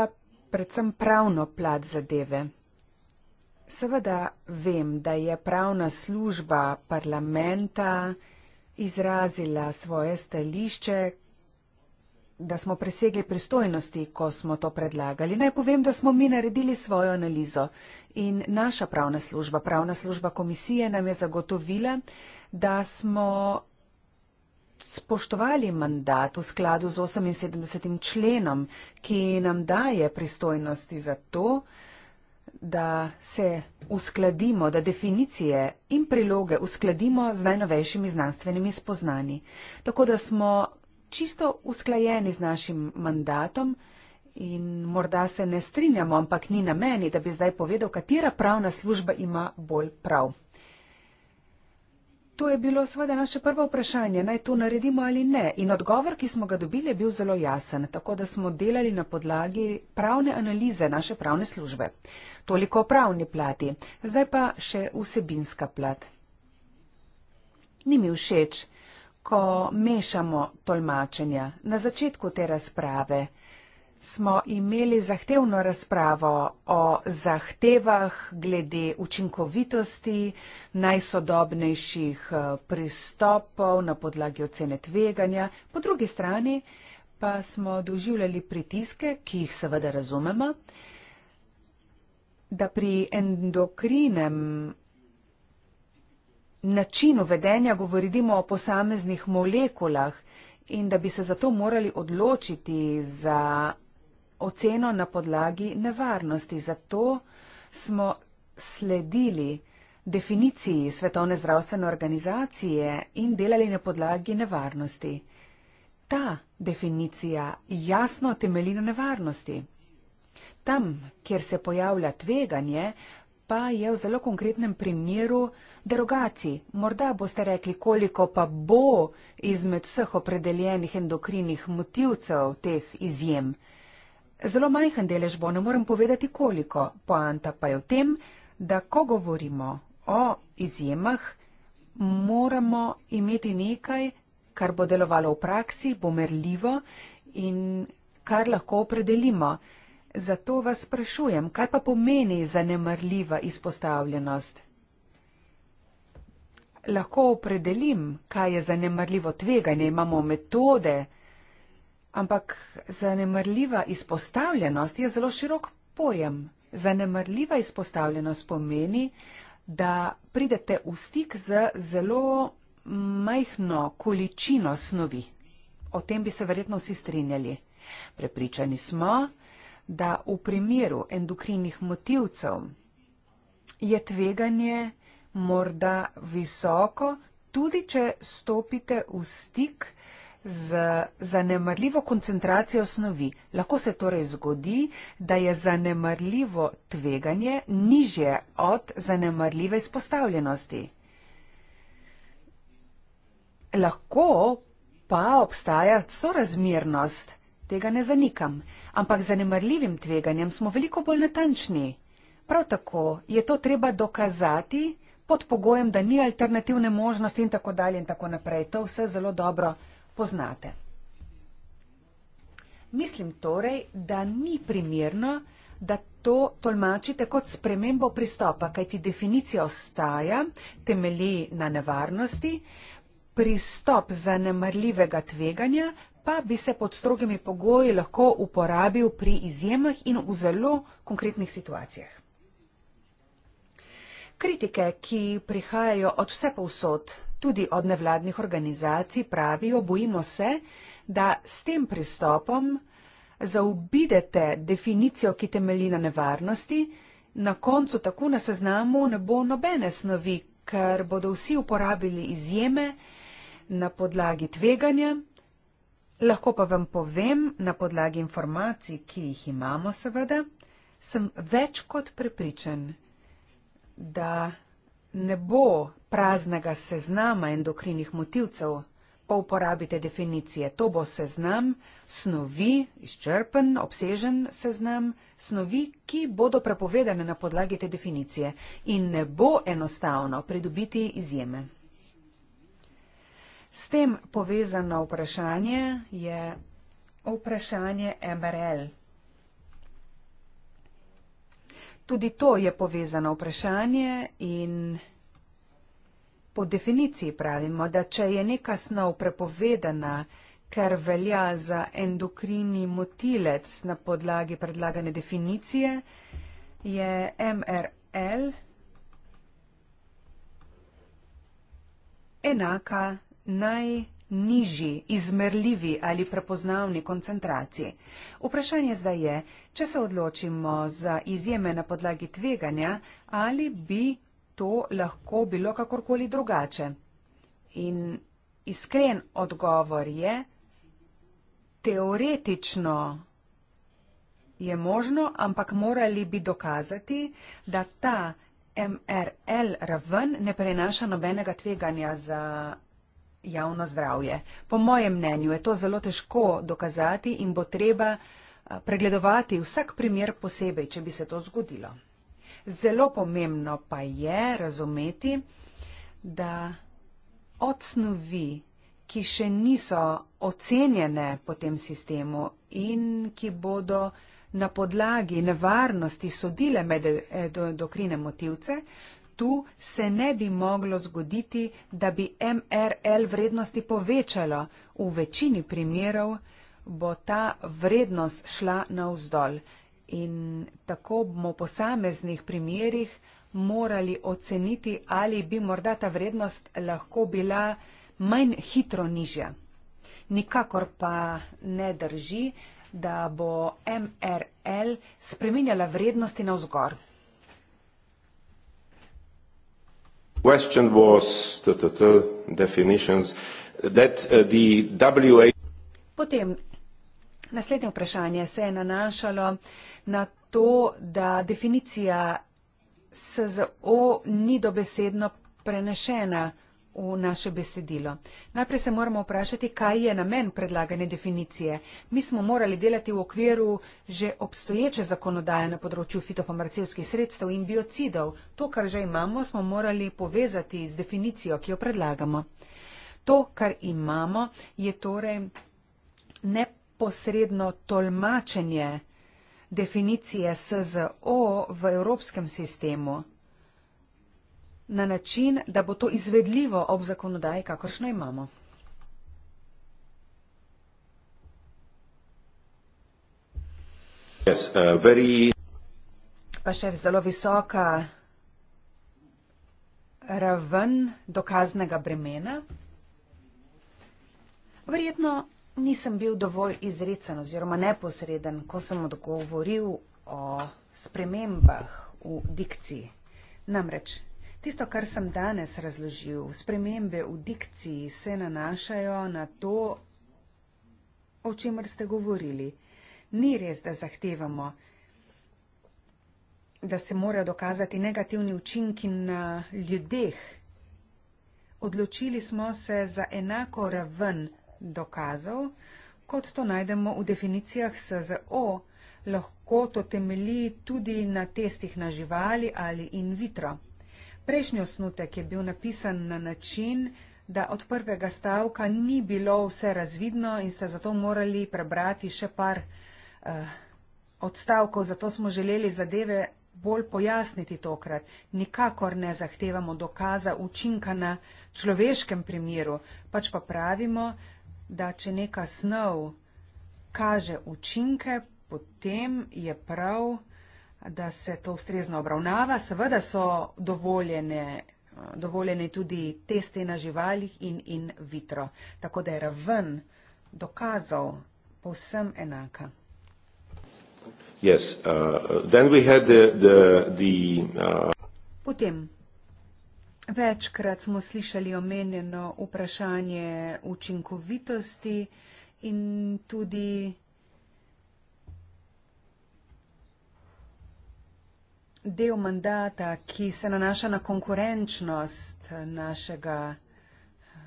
predvsem pravno plat zadeve. Seveda vem, da je pravna služba parlamenta izrazila svoje stališče, da smo presegli pristojnosti, ko smo to predlagali. Naj povem, da smo mi naredili svojo analizo in naša pravna služba, pravna služba komisije nam je zagotovila, da smo spoštovali mandat v skladu z 78. členom, ki nam daje pristojnosti za to, da se uskladimo, da definicije in priloge uskladimo z najnovejšimi znanstvenimi spoznani. Tako da smo čisto usklajeni z našim mandatom in morda se ne strinjamo, ampak ni na meni, da bi zdaj povedal, katera pravna služba ima bolj prav. To je bilo seveda naše prvo vprašanje, naj to naredimo ali ne. In odgovor, ki smo ga dobili, je bil zelo jasen, tako da smo delali na podlagi pravne analize naše pravne službe. Toliko o pravni plati, zdaj pa še vsebinska plat. Ni mi všeč, ko mešamo tolmačenja na začetku te razprave smo imeli zahtevno razpravo o zahtevah glede učinkovitosti najsodobnejših eh, pristopov na podlagi ocene tveganja, po drugi strani pa smo doživljali pritiske, ki jih seveda razumemo, da pri endokrinem načinu vedenja govorimo o posameznih molekulah in da bi se zato morali odločiti za oceno na podlagi nevarnosti. Zato smo sledili definiciji Svetovne zdravstvene organizacije in delali na podlagi nevarnosti. Ta definicija jasno temelji na nevarnosti. Tam, kjer se pojavlja tveganje, pa je v zelo konkretnem primeru derogaci. Morda boste rekli, koliko pa bo izmed vseh opredeljenih endokrinih motivcev teh izjem. Zelo majhen delež bo, ne morem povedati koliko. Poanta pa je v tem, da ko govorimo o izjemah, moramo imeti nekaj, kar bo delovalo v praksi, bo merljivo in kar lahko opredelimo. Zato vas sprašujem, kaj pa pomeni zanemrljiva izpostavljenost? Lahko opredelim, kaj je zanemrljivo tveganje, imamo metode, Ampak zanemrljiva izpostavljenost je zelo širok pojem. Zanemrljiva izpostavljenost pomeni, da pridete v stik z zelo majhno količino snovi. O tem bi se verjetno vsi strinjali. Prepričani smo, da v primeru endokrinih motivcev je tveganje morda visoko, tudi če stopite v stik z z zanemrljivo koncentracijo snovi. Lahko se torej zgodi, da je zanemrljivo tveganje niže od zanemrljive izpostavljenosti. Lahko pa obstaja sorazmernost, tega ne zanikam, ampak z zanemrljivim tveganjem smo veliko bolj natančni. Prav tako je to treba dokazati pod pogojem, da ni alternativne možnosti in tako dalje in tako naprej. To vse zelo dobro poznate. Mislim torej, da ni primerno, da to tolmačite kot spremembo pristopa, kajti definicija ostaja, temelji na nevarnosti, pristop zanemrljivega tveganja pa bi se pod strogimi pogoji lahko uporabil pri izjemah in v zelo konkretnih situacijah. Kritike, ki prihajajo od vse povsod, tudi od nevladnih organizacij, pravijo, bojimo se, da s tem pristopom zaubidete definicijo, ki temelji na nevarnosti, na koncu tako na seznamu ne bo nobene snovi, ker bodo vsi uporabili izjeme na podlagi tveganja. Lahko pa vam povem, na podlagi informacij, ki jih imamo seveda, sem več kot prepričan, da ne bo praznega seznama endokrinih motivcev, pa uporabite definicije. To bo seznam snovi, izčrpen, obsežen seznam snovi, ki bodo prepovedane na podlagi te definicije. In ne bo enostavno pridobiti izjeme. S tem povezano vprašanje je vprašanje MRL. Tudi to je povezano vprašanje in po definiciji pravimo, da če je neka snov prepovedana, ker velja za endokrini motilec na podlagi predlagane definicije, je MRL enaka najnižji, izmerljivi ali prepoznavni koncentraciji. Vprašanje zdaj je, Če se odločimo za izjeme na podlagi tveganja, ali bi to lahko bilo kakorkoli drugače? In iskren odgovor je, teoretično je možno, ampak morali bi dokazati, da ta MRL raven ne prenaša nobenega tveganja za javno zdravje. Po mojem mnenju je to zelo težko dokazati in bo treba pregledovati vsak primer posebej, če bi se to zgodilo. Zelo pomembno pa je razumeti, da od snovi, ki še niso ocenjene po tem sistemu in ki bodo na podlagi nevarnosti sodile med endokrine motivce, tu se ne bi moglo zgoditi, da bi MRL vrednosti povečalo v večini primerov, bo ta vrednost šla navzdol in tako bomo v posameznih primerjih morali oceniti, ali bi morda ta vrednost lahko bila manj hitro nižja. Nikakor pa ne drži, da bo MRL spreminjala vrednosti navzgor. Uh, Potem Naslednje vprašanje se je nanašalo na to, da definicija SZO ni dobesedno prenešena v naše besedilo. Najprej se moramo vprašati, kaj je namen predlagane definicije. Mi smo morali delati v okviru že obstoječe zakonodaje na področju fitofarmacevskih sredstev in biocidov. To, kar že imamo, smo morali povezati z definicijo, ki jo predlagamo. To, kar imamo, je torej ne neposredno tolmačenje definicije SZO v evropskem sistemu na način, da bo to izvedljivo ob zakonodaji, kakršno imamo. Yes, uh, very... Pa še zelo visoka raven dokaznega bremena. Verjetno nisem bil dovolj izrecen oziroma neposreden, ko sem odgovoril o spremembah v dikciji. Namreč, tisto, kar sem danes razložil, spremembe v dikciji se nanašajo na to, o čemer ste govorili. Ni res, da zahtevamo, da se morajo dokazati negativni učinki na ljudeh. Odločili smo se za enako raven dokazov, kot to najdemo v definicijah SZO, lahko to temelji tudi na testih na živali ali in vitro. Prejšnji osnutek je bil napisan na način, da od prvega stavka ni bilo vse razvidno in ste zato morali prebrati še par eh, odstavkov, zato smo želeli zadeve bolj pojasniti tokrat. Nikakor ne zahtevamo dokaza učinka na človeškem primeru, pač pa pravimo, da če neka snov kaže učinke, potem je prav, da se to ustrezno obravnava. Seveda so dovoljene, dovoljene tudi teste na živalih in in vitro, tako da je raven dokazov povsem enaka. Yes, uh, the, the, the, uh... Potem Večkrat smo slišali omenjeno vprašanje učinkovitosti in tudi del mandata, ki se nanaša na konkurenčnost našega eh,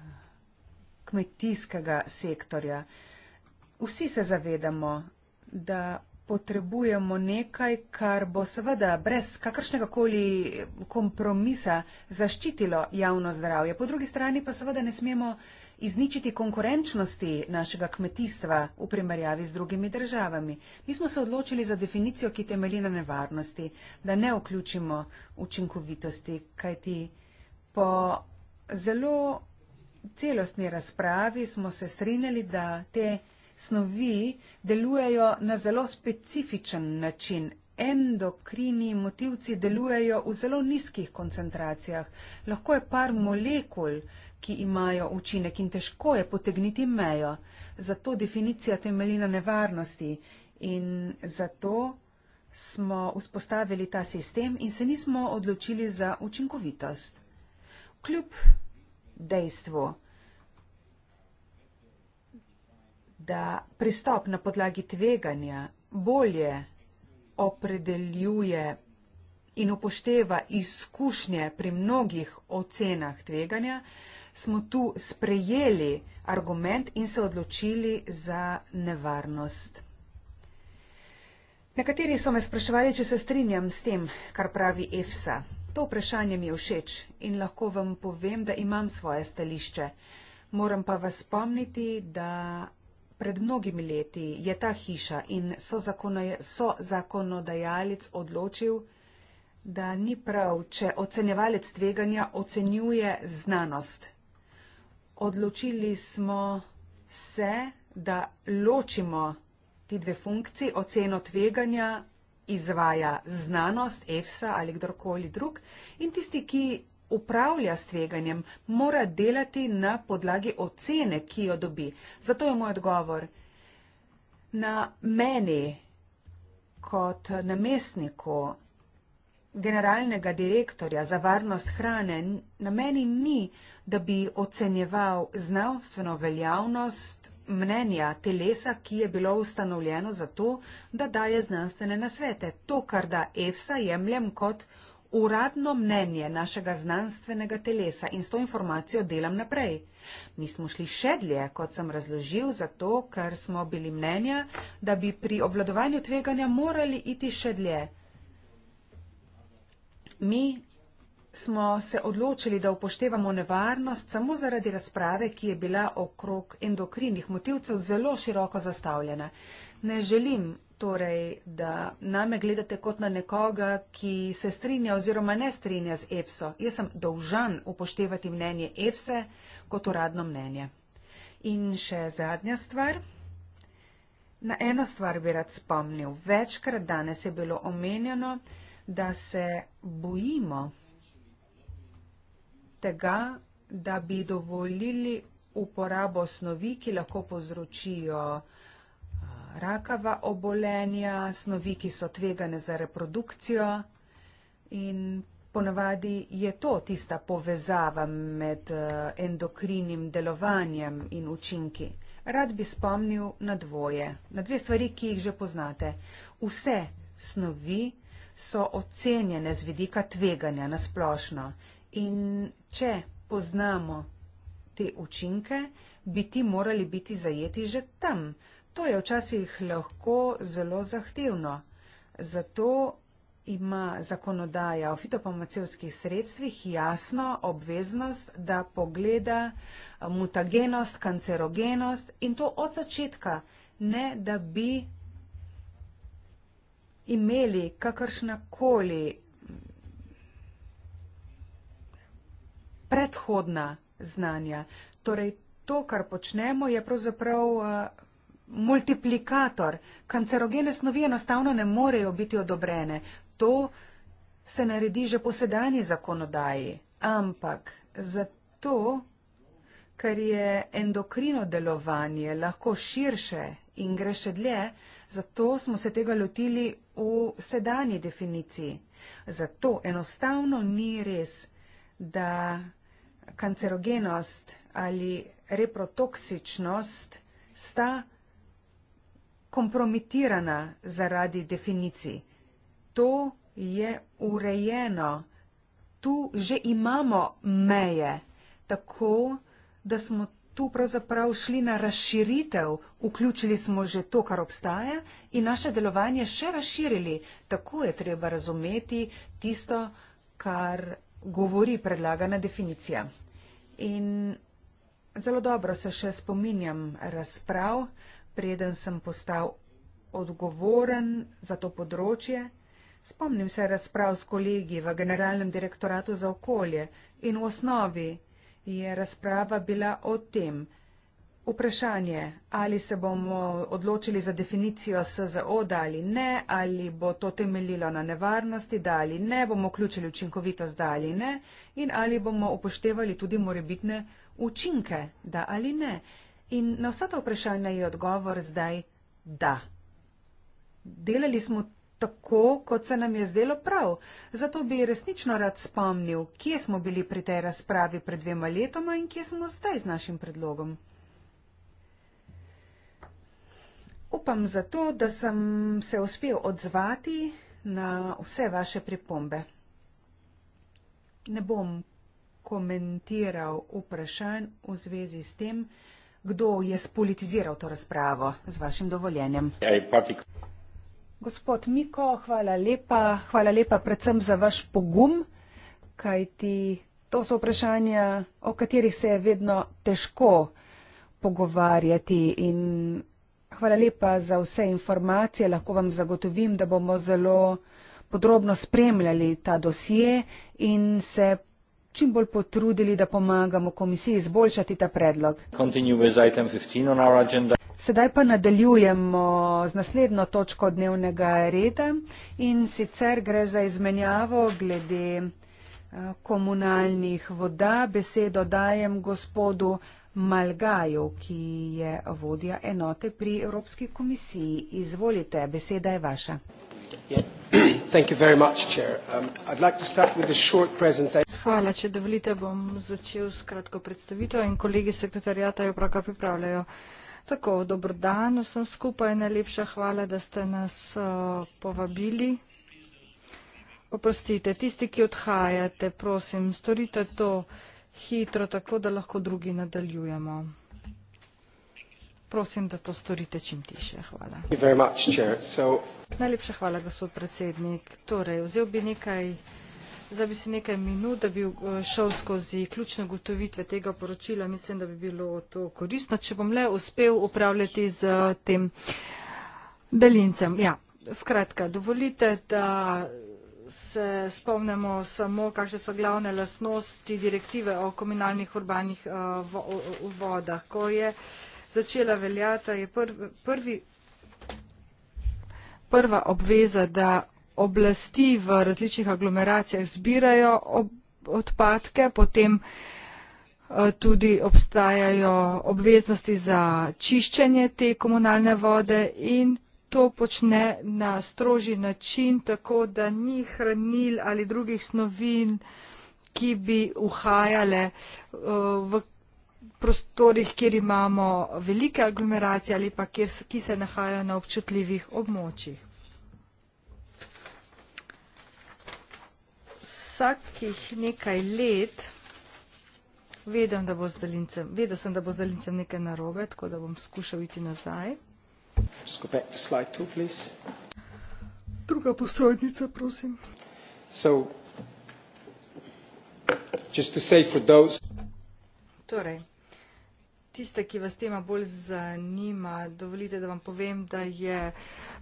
kmetijskega sektorja. Vsi se zavedamo, da potrebujemo nekaj, kar bo seveda brez kakršnega koli kompromisa zaščitilo javno zdravje. Po drugi strani pa seveda ne smemo izničiti konkurenčnosti našega kmetijstva v primerjavi z drugimi državami. Mi smo se odločili za definicijo, ki temelji na nevarnosti, da ne vključimo učinkovitosti, kajti po zelo celostni razpravi smo se strinjali, da te snovi delujejo na zelo specifičen način. Endokrini motivci delujejo v zelo nizkih koncentracijah. Lahko je par molekul, ki imajo učinek in težko je potegniti mejo. Zato definicija temelji na nevarnosti in zato smo vzpostavili ta sistem in se nismo odločili za učinkovitost. Kljub dejstvu, da pristop na podlagi tveganja bolje opredeljuje in upošteva izkušnje pri mnogih ocenah tveganja, smo tu sprejeli argument in se odločili za nevarnost. Nekateri so me spraševali, če se strinjam s tem, kar pravi EFSA. To vprašanje mi je všeč in lahko vam povem, da imam svoje stališče. Moram pa vas spomniti, da Pred mnogimi leti je ta hiša in so zakonodajalec odločil, da ni prav, če ocenjevalec tveganja ocenjuje znanost. Odločili smo se, da ločimo ti dve funkciji, oceno tveganja izvaja znanost, EFSA ali kdorkoli drug in tisti, ki upravlja s tveganjem, mora delati na podlagi ocene, ki jo dobi. Zato je moj odgovor na meni kot namestniku generalnega direktorja za varnost hrane, na meni ni, da bi ocenjeval znanstveno veljavnost mnenja telesa, ki je bilo ustanovljeno za to, da daje znanstvene nasvete. To, kar da EFSA, jemljem kot uradno mnenje našega znanstvenega telesa in s to informacijo delam naprej. Mi smo šli še dlje, kot sem razložil, zato ker smo bili mnenja, da bi pri obvladovanju tveganja morali iti še dlje. Mi smo se odločili, da upoštevamo nevarnost samo zaradi razprave, ki je bila okrog endokrinih motivcev zelo široko zastavljena. Ne želim torej, da name gledate kot na nekoga, ki se strinja oziroma ne strinja z EFSO. Jaz sem dolžan upoštevati mnenje EFSE kot uradno mnenje. In še zadnja stvar. Na eno stvar bi rad spomnil. Večkrat danes je bilo omenjeno, da se bojimo tega, da bi dovolili uporabo snovi, ki lahko povzročijo rakava obolenja, snovi, ki so tvegane za reprodukcijo in ponavadi je to tista povezava med eh, endokrinim delovanjem in učinki. Rad bi spomnil na dvoje, na dve stvari, ki jih že poznate. Vse snovi so ocenjene z vidika tveganja na splošno in če poznamo te učinke, bi ti morali biti zajeti že tam, To je včasih lahko zelo zahtevno. Zato ima zakonodaja o fitopomacevskih sredstvih jasno obveznost, da pogleda eh, mutagenost, kancerogenost in to od začetka, ne da bi imeli kakršnakoli predhodna znanja. Torej, to, kar počnemo, je pravzaprav eh, multiplikator. Kancerogene snovi enostavno ne morejo biti odobrene. To se naredi že po sedanji zakonodaji. Ampak zato, ker je endokrino delovanje lahko širše in gre še dlje, zato smo se tega lotili v sedanji definiciji. Zato enostavno ni res, da kancerogenost ali reprotoksičnost sta kompromitirana zaradi definicij. To je urejeno. Tu že imamo meje, tako da smo tu pravzaprav šli na razširitev, vključili smo že to, kar obstaja in naše delovanje še razširili. Tako je treba razumeti tisto, kar govori predlagana definicija. In zelo dobro se še spominjam razprav, preden sem postal odgovoren za to področje. Spomnim se razprav s kolegi v Generalnem direktoratu za okolje in v osnovi je razprava bila o tem, Vprašanje, ali se bomo odločili za definicijo SZO, da ali ne, ali bo to temeljilo na nevarnosti, da ali ne, bomo vključili učinkovitost, da ali ne, in ali bomo upoštevali tudi morebitne učinke, da ali ne. In na vsa ta vprašanja je odgovor zdaj da. Delali smo tako, kot se nam je zdelo prav. Zato bi resnično rad spomnil, kje smo bili pri tej razpravi pred dvema letoma in kje smo zdaj z našim predlogom. Upam zato, da sem se uspel odzvati na vse vaše pripombe. Ne bom komentiral vprašanj v zvezi s tem, da kdo je spolitiziral to razpravo z vašim dovoljenjem. Gospod Miko, hvala lepa, hvala lepa predvsem za vaš pogum, kaj ti to so vprašanja, o katerih se je vedno težko pogovarjati in hvala lepa za vse informacije, lahko vam zagotovim, da bomo zelo podrobno spremljali ta dosje in se čim bolj potrudili, da pomagamo komisiji izboljšati ta predlog. Sedaj pa nadaljujemo z naslednjo točko dnevnega reda in sicer gre za izmenjavo glede eh, komunalnih voda. Besedo dajem gospodu Malgaju, ki je vodja enote pri Evropski komisiji. Izvolite, beseda je vaša. Um, hvala. Če dovolite, bom začel s kratko predstavitev in kolegi sekretarjata jo pravkar pripravljajo. Tako, dobro dan vsem skupaj, najlepša hvala, da ste nas uh, povabili. Oprostite, tisti, ki odhajate, prosim, storite to hitro, tako da lahko drugi nadaljujemo prosim, da to storite čim tiše. Hvala. Najlepša hvala, gospod predsednik. Torej, vzel bi nekaj, zdaj bi si nekaj minut, da bi eh, šel skozi ključne gotovitve tega poročila. Mislim, da bi bilo to koristno, če bom le uspel upravljati z eh, tem daljincem. Ja, skratka, dovolite, da se spomnimo samo, kakšne so glavne lasnosti direktive o komunalnih urbanih eh, vodah. Ko je začela veljata, je prv, prvi, prva obveza, da oblasti v različnih aglomeracijah zbirajo ob, odpadke, potem eh, tudi obstajajo obveznosti za čiščenje te komunalne vode in to počne na stroži način, tako da ni hranil ali drugih snovin, ki bi uhajale eh, v prostorih, kjer imamo velike aglomeracije ali pa kjer, ki se nahajajo na občutljivih območjih. Vsakih nekaj let vedem, da bo z daljincem, vedel sem, da bo z daljincem nekaj narobe, tako da bom skušal iti nazaj. Let's go back to slide two, please. Druga postrojnica, prosim. So, just to say for those... Torej, tiste, ki vas tema bolj zanima, dovolite, da vam povem, da je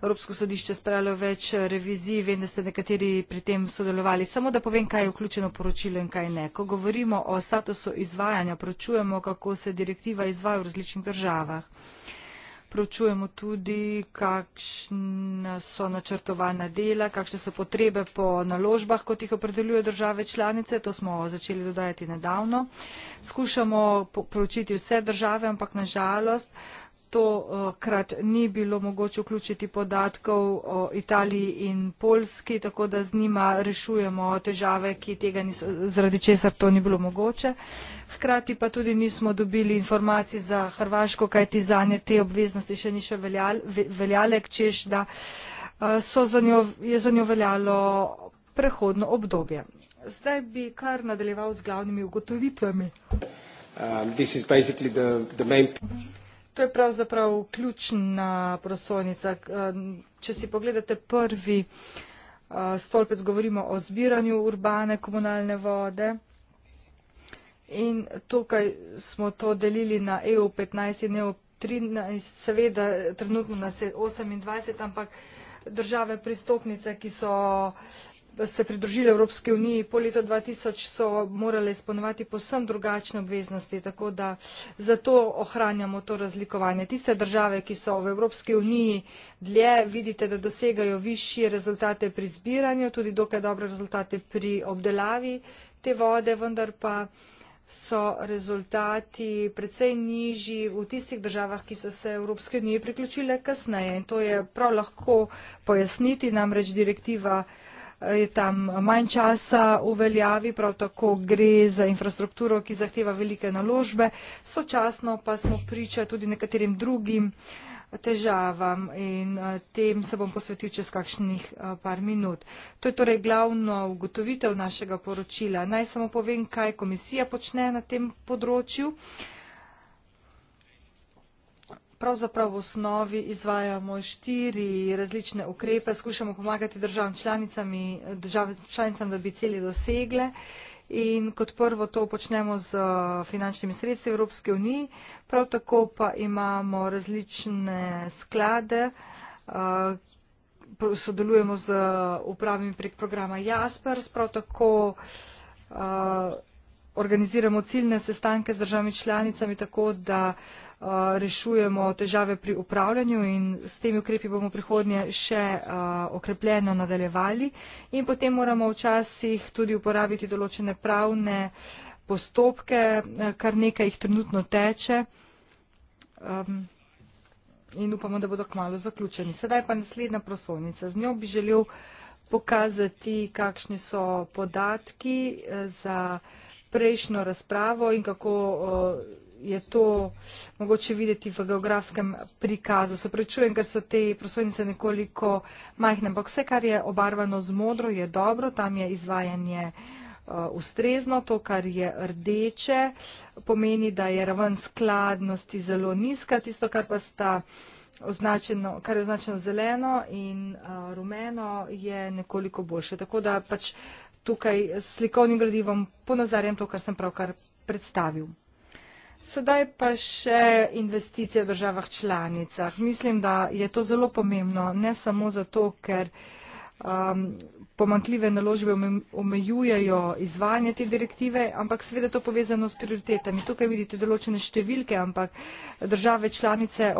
Evropsko sodišče spravilo več revizij, vem, da ste nekateri pri tem sodelovali. Samo da povem, kaj je vključeno poročilo in kaj ne. Ko govorimo o statusu izvajanja, pročujemo, kako se direktiva izvaja v različnih državah. Proučujemo tudi, kakšna so načrtovana dela, kakšne so potrebe po naložbah, kot jih opredeljuje države članice. To smo začeli dodajati nedavno. Skušamo proučiti vse države, ampak nažalost sto eh, krat ni bilo mogoče vključiti podatkov o Italiji in Polski, tako da z njima rešujemo težave, ki tega niso, zaradi česar to ni bilo mogoče. Hkrati pa tudi nismo dobili informacij za Hrvaško, kaj ti zanje te obveznosti še niso veljale, češ da eh, so za njo, je za njo veljalo prehodno obdobje. Zdaj bi kar nadaljeval z glavnimi ugotovitvami. Um, To je pravzaprav ključna prosojnica. Eh, če si pogledate prvi eh, stolpec, govorimo o zbiranju urbane komunalne vode. In tukaj smo to delili na EU15 in EU13, seveda trenutno nas je 28, ampak države pristopnice, ki so uh, se pridružile Evropske unije, po letu 2000 so morale izpolnjevati posebno drugačne obveznosti, tako da zato ohranjamo to razlikovanje. Tiste države, ki so v Evropske unije dlje, vidite, da dosegajo višje rezultate pri zbiranju, tudi dokaj dobre rezultate pri obdelavi te vode, vendar pa so rezultati precej nižji v tistih državah, ki so se Evropske unije priključile kasneje. In to je prav lahko pojasniti, namreč direktiva je tam manj časa v veljavi, prav tako gre za infrastrukturo, ki zahteva velike naložbe, sočasno pa smo priča tudi nekaterim drugim težavam in eh, tem se bom posvetil čez kakšnih eh, par minut. To je torej glavno ugotovitev našega poročila. Naj samo povem, kaj komisija počne na tem področju pravzaprav v osnovi izvajamo štiri različne ukrepe, skušamo pomagati državam članicami, državam članicam, da bi celi dosegle. In kot prvo to počnemo z uh, finančnimi sredstvi Evropske unije, prav tako pa imamo različne sklade, uh, sodelujemo z uh, upravami prek programa Jaspers, prav tako organiziramo ciljne sestanke z državami članicami, tako da Eh, rešujemo težave pri upravljanju in s temi ukrepi bomo prihodnje še eh, okrepljeno nadaljevali in potem moramo včasih tudi uporabiti določene pravne postopke, eh, kar nekaj jih trenutno teče ehm, in upamo, da bodo kmalo zaključeni. Sedaj pa naslednja prosovnica. Z njo bi želel pokazati, kakšni so podatki za prejšnjo razpravo in kako je to mogoče videti v geografskem prikazu. Se prečujem, ker so te prosojnice nekoliko majhne, ampak vse, kar je obarvano z modro, je dobro, tam je izvajanje uh, ustrezno, to, kar je rdeče, pomeni, da je raven skladnosti zelo nizka, tisto, kar pa sta označeno, kar je označeno zeleno in uh, rumeno, je nekoliko boljše. Tako da pač tukaj s slikovnim gradivom ponazarjam to, kar sem pravkar predstavil. Sedaj pa še investicije v državah članicah. Mislim, da je to zelo pomembno, ne samo zato, ker um, pomankljive naložbe omejujejo izvajanje te direktive, ampak seveda to povezano s prioritetami. Tukaj vidite določene številke, ampak države članice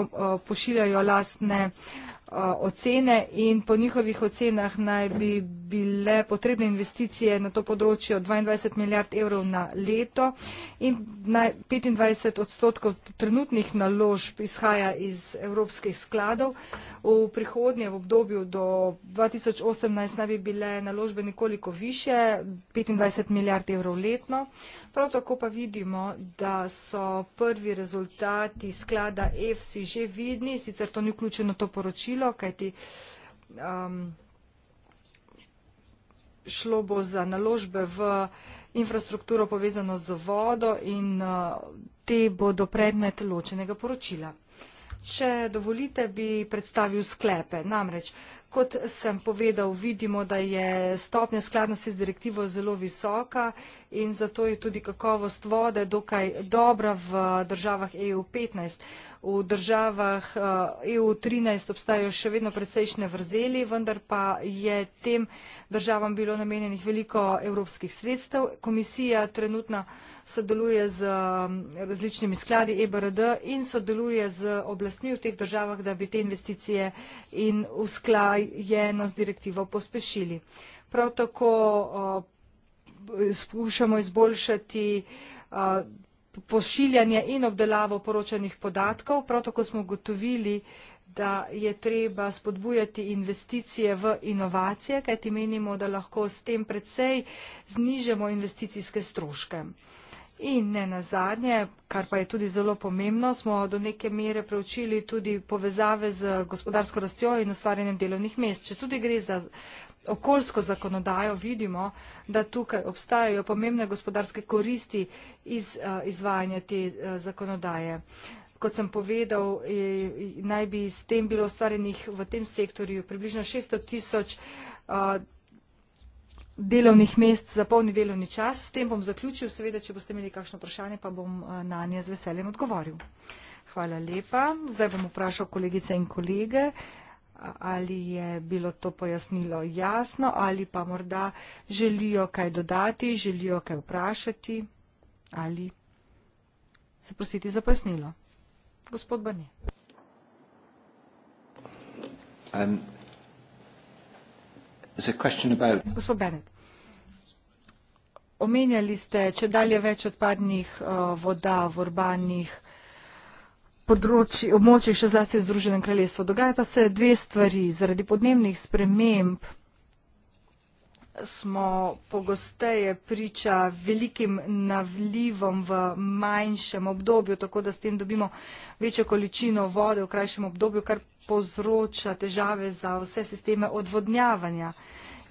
pošiljajo lastne uh, ocene in po njihovih ocenah naj bi bile potrebne investicije na to področje od 22 milijard evrov na leto in 25 odstotkov trenutnih naložb izhaja iz evropskih skladov. V prihodnje v obdobju do 2018 naj bi bile naložbe nekoliko više, 25 milijard evrov letno. Prav tako pa vidimo, da so prvi rezultati sklada EFSI že vidni, sicer to ni vključeno to poročilo, poročilo, kajti um, šlo bo za naložbe v infrastrukturo povezano z vodo in uh, te bodo predmet ločenega poročila. Če dovolite, bi predstavil sklepe. Namreč, kot sem povedal, vidimo, da je stopnja skladnosti z direktivo zelo visoka in zato je tudi kakovost vode dokaj dobra v državah EU15. V državah EU13 obstajajo še vedno precejšnje vrzeli, vendar pa je tem državam bilo namenjenih veliko evropskih sredstev. Komisija trenutno sodeluje z um, različnimi skladi EBRD in sodeluje z oblastmi v teh državah, da bi te investicije in usklajeno z direktivo pospešili. Prav tako uh, skušamo izboljšati uh, pošiljanje in obdelavo poročanih podatkov. Prav tako smo ugotovili, da je treba spodbujati investicije v inovacije, kajti menimo, da lahko s tem predvsej znižamo investicijske stroške. In ne na zadnje, kar pa je tudi zelo pomembno, smo do neke mere preučili tudi povezave z gospodarsko rastjo in ustvarjanjem delovnih mest. Če tudi gre za okoljsko zakonodajo, vidimo, da tukaj obstajajo pomembne gospodarske koristi iz eh, izvajanja te eh, zakonodaje. Kot sem povedal, naj bi s tem bilo ustvarjenih v tem sektorju približno 600 tisoč delovnih mest za polni delovni čas. S tem bom zaključil, seveda, če boste imeli kakšno vprašanje, pa bom na nje z veseljem odgovoril. Hvala lepa. Zdaj bom vprašal kolegice in kolege, ali je bilo to pojasnilo jasno, ali pa morda želijo kaj dodati, želijo kaj vprašati ali se prositi za pojasnilo. Gospod Brni. Um, Gospod Bennett, omenjali ste, če dalje več odpadnih uh, voda v urbanih območjih, še zlasti v Združenem kraljestvu. Dogajata se dve stvari. Zaradi podnebnih sprememb smo pogosteje priča velikim navljivom v manjšem obdobju, tako da s tem dobimo večjo količino vode v krajšem obdobju, kar povzroča težave za vse sisteme odvodnjavanja.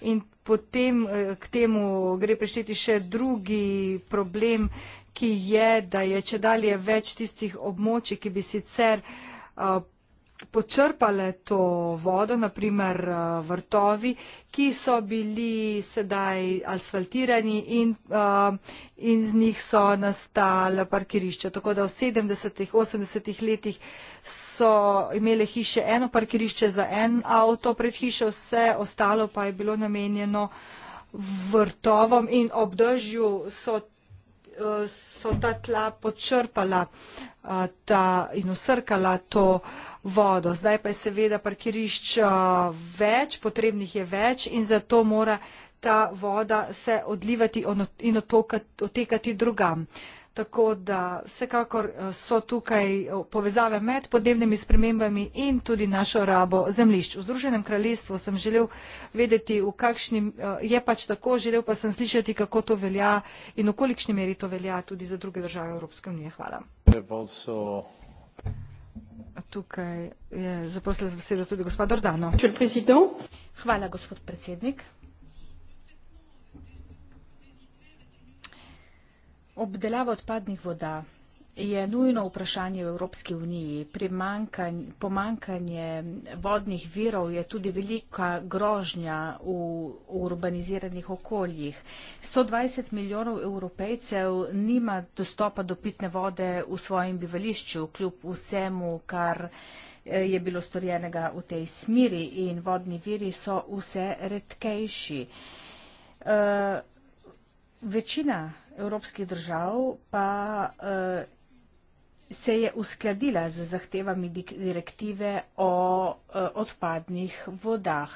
In potem eh, k temu gre prišteti še drugi problem, ki je, da je če dalje več tistih območij, ki bi sicer eh, počrpale to vodo, naprimer eh, vrtovi, ki so bili sedaj asfaltirani in, eh, in z njih so nastala parkirišča. Tako da v 70-ih, 80-ih letih so imele hiše eno parkirišče za en avto pred hišo, vse ostalo pa je bilo namenjeno vrtovom in ob dežju so eh, so ta tla počrpala ta in usrkala to uh, vodo. Zdaj pa je seveda parkirišč eh, več, potrebnih je več in zato mora ta voda se odlivati in otekati drugam. Tako da vsekakor eh, so tukaj eh, povezave med podnebnimi spremembami in tudi našo rabo zemlišč. V Združenem kraljestvu sem želel vedeti, v kakšnem je pač tako, želel pa sem slišati, kako to velja in v kolikšni meri to velja tudi za druge države Evropske unije. Hvala. Tukaj je zaprosila za besedo tudi gospod Dordano. Hvala, gospod predsednik. Obdelava odpadnih voda je nujno vprašanje v Evropski uniji. Pomankanje vodnih virov je tudi velika grožnja v, v urbaniziranih okoljih. 120 milijonov evropejcev nima dostopa do pitne vode v svojem bivališču, kljub vsemu, kar eh, je bilo storjenega v tej smeri in vodni viri so vse redkejši. Uh, večina evropskih držav pa uh, se je uskladila z zahtevami direktive o e, odpadnih vodah.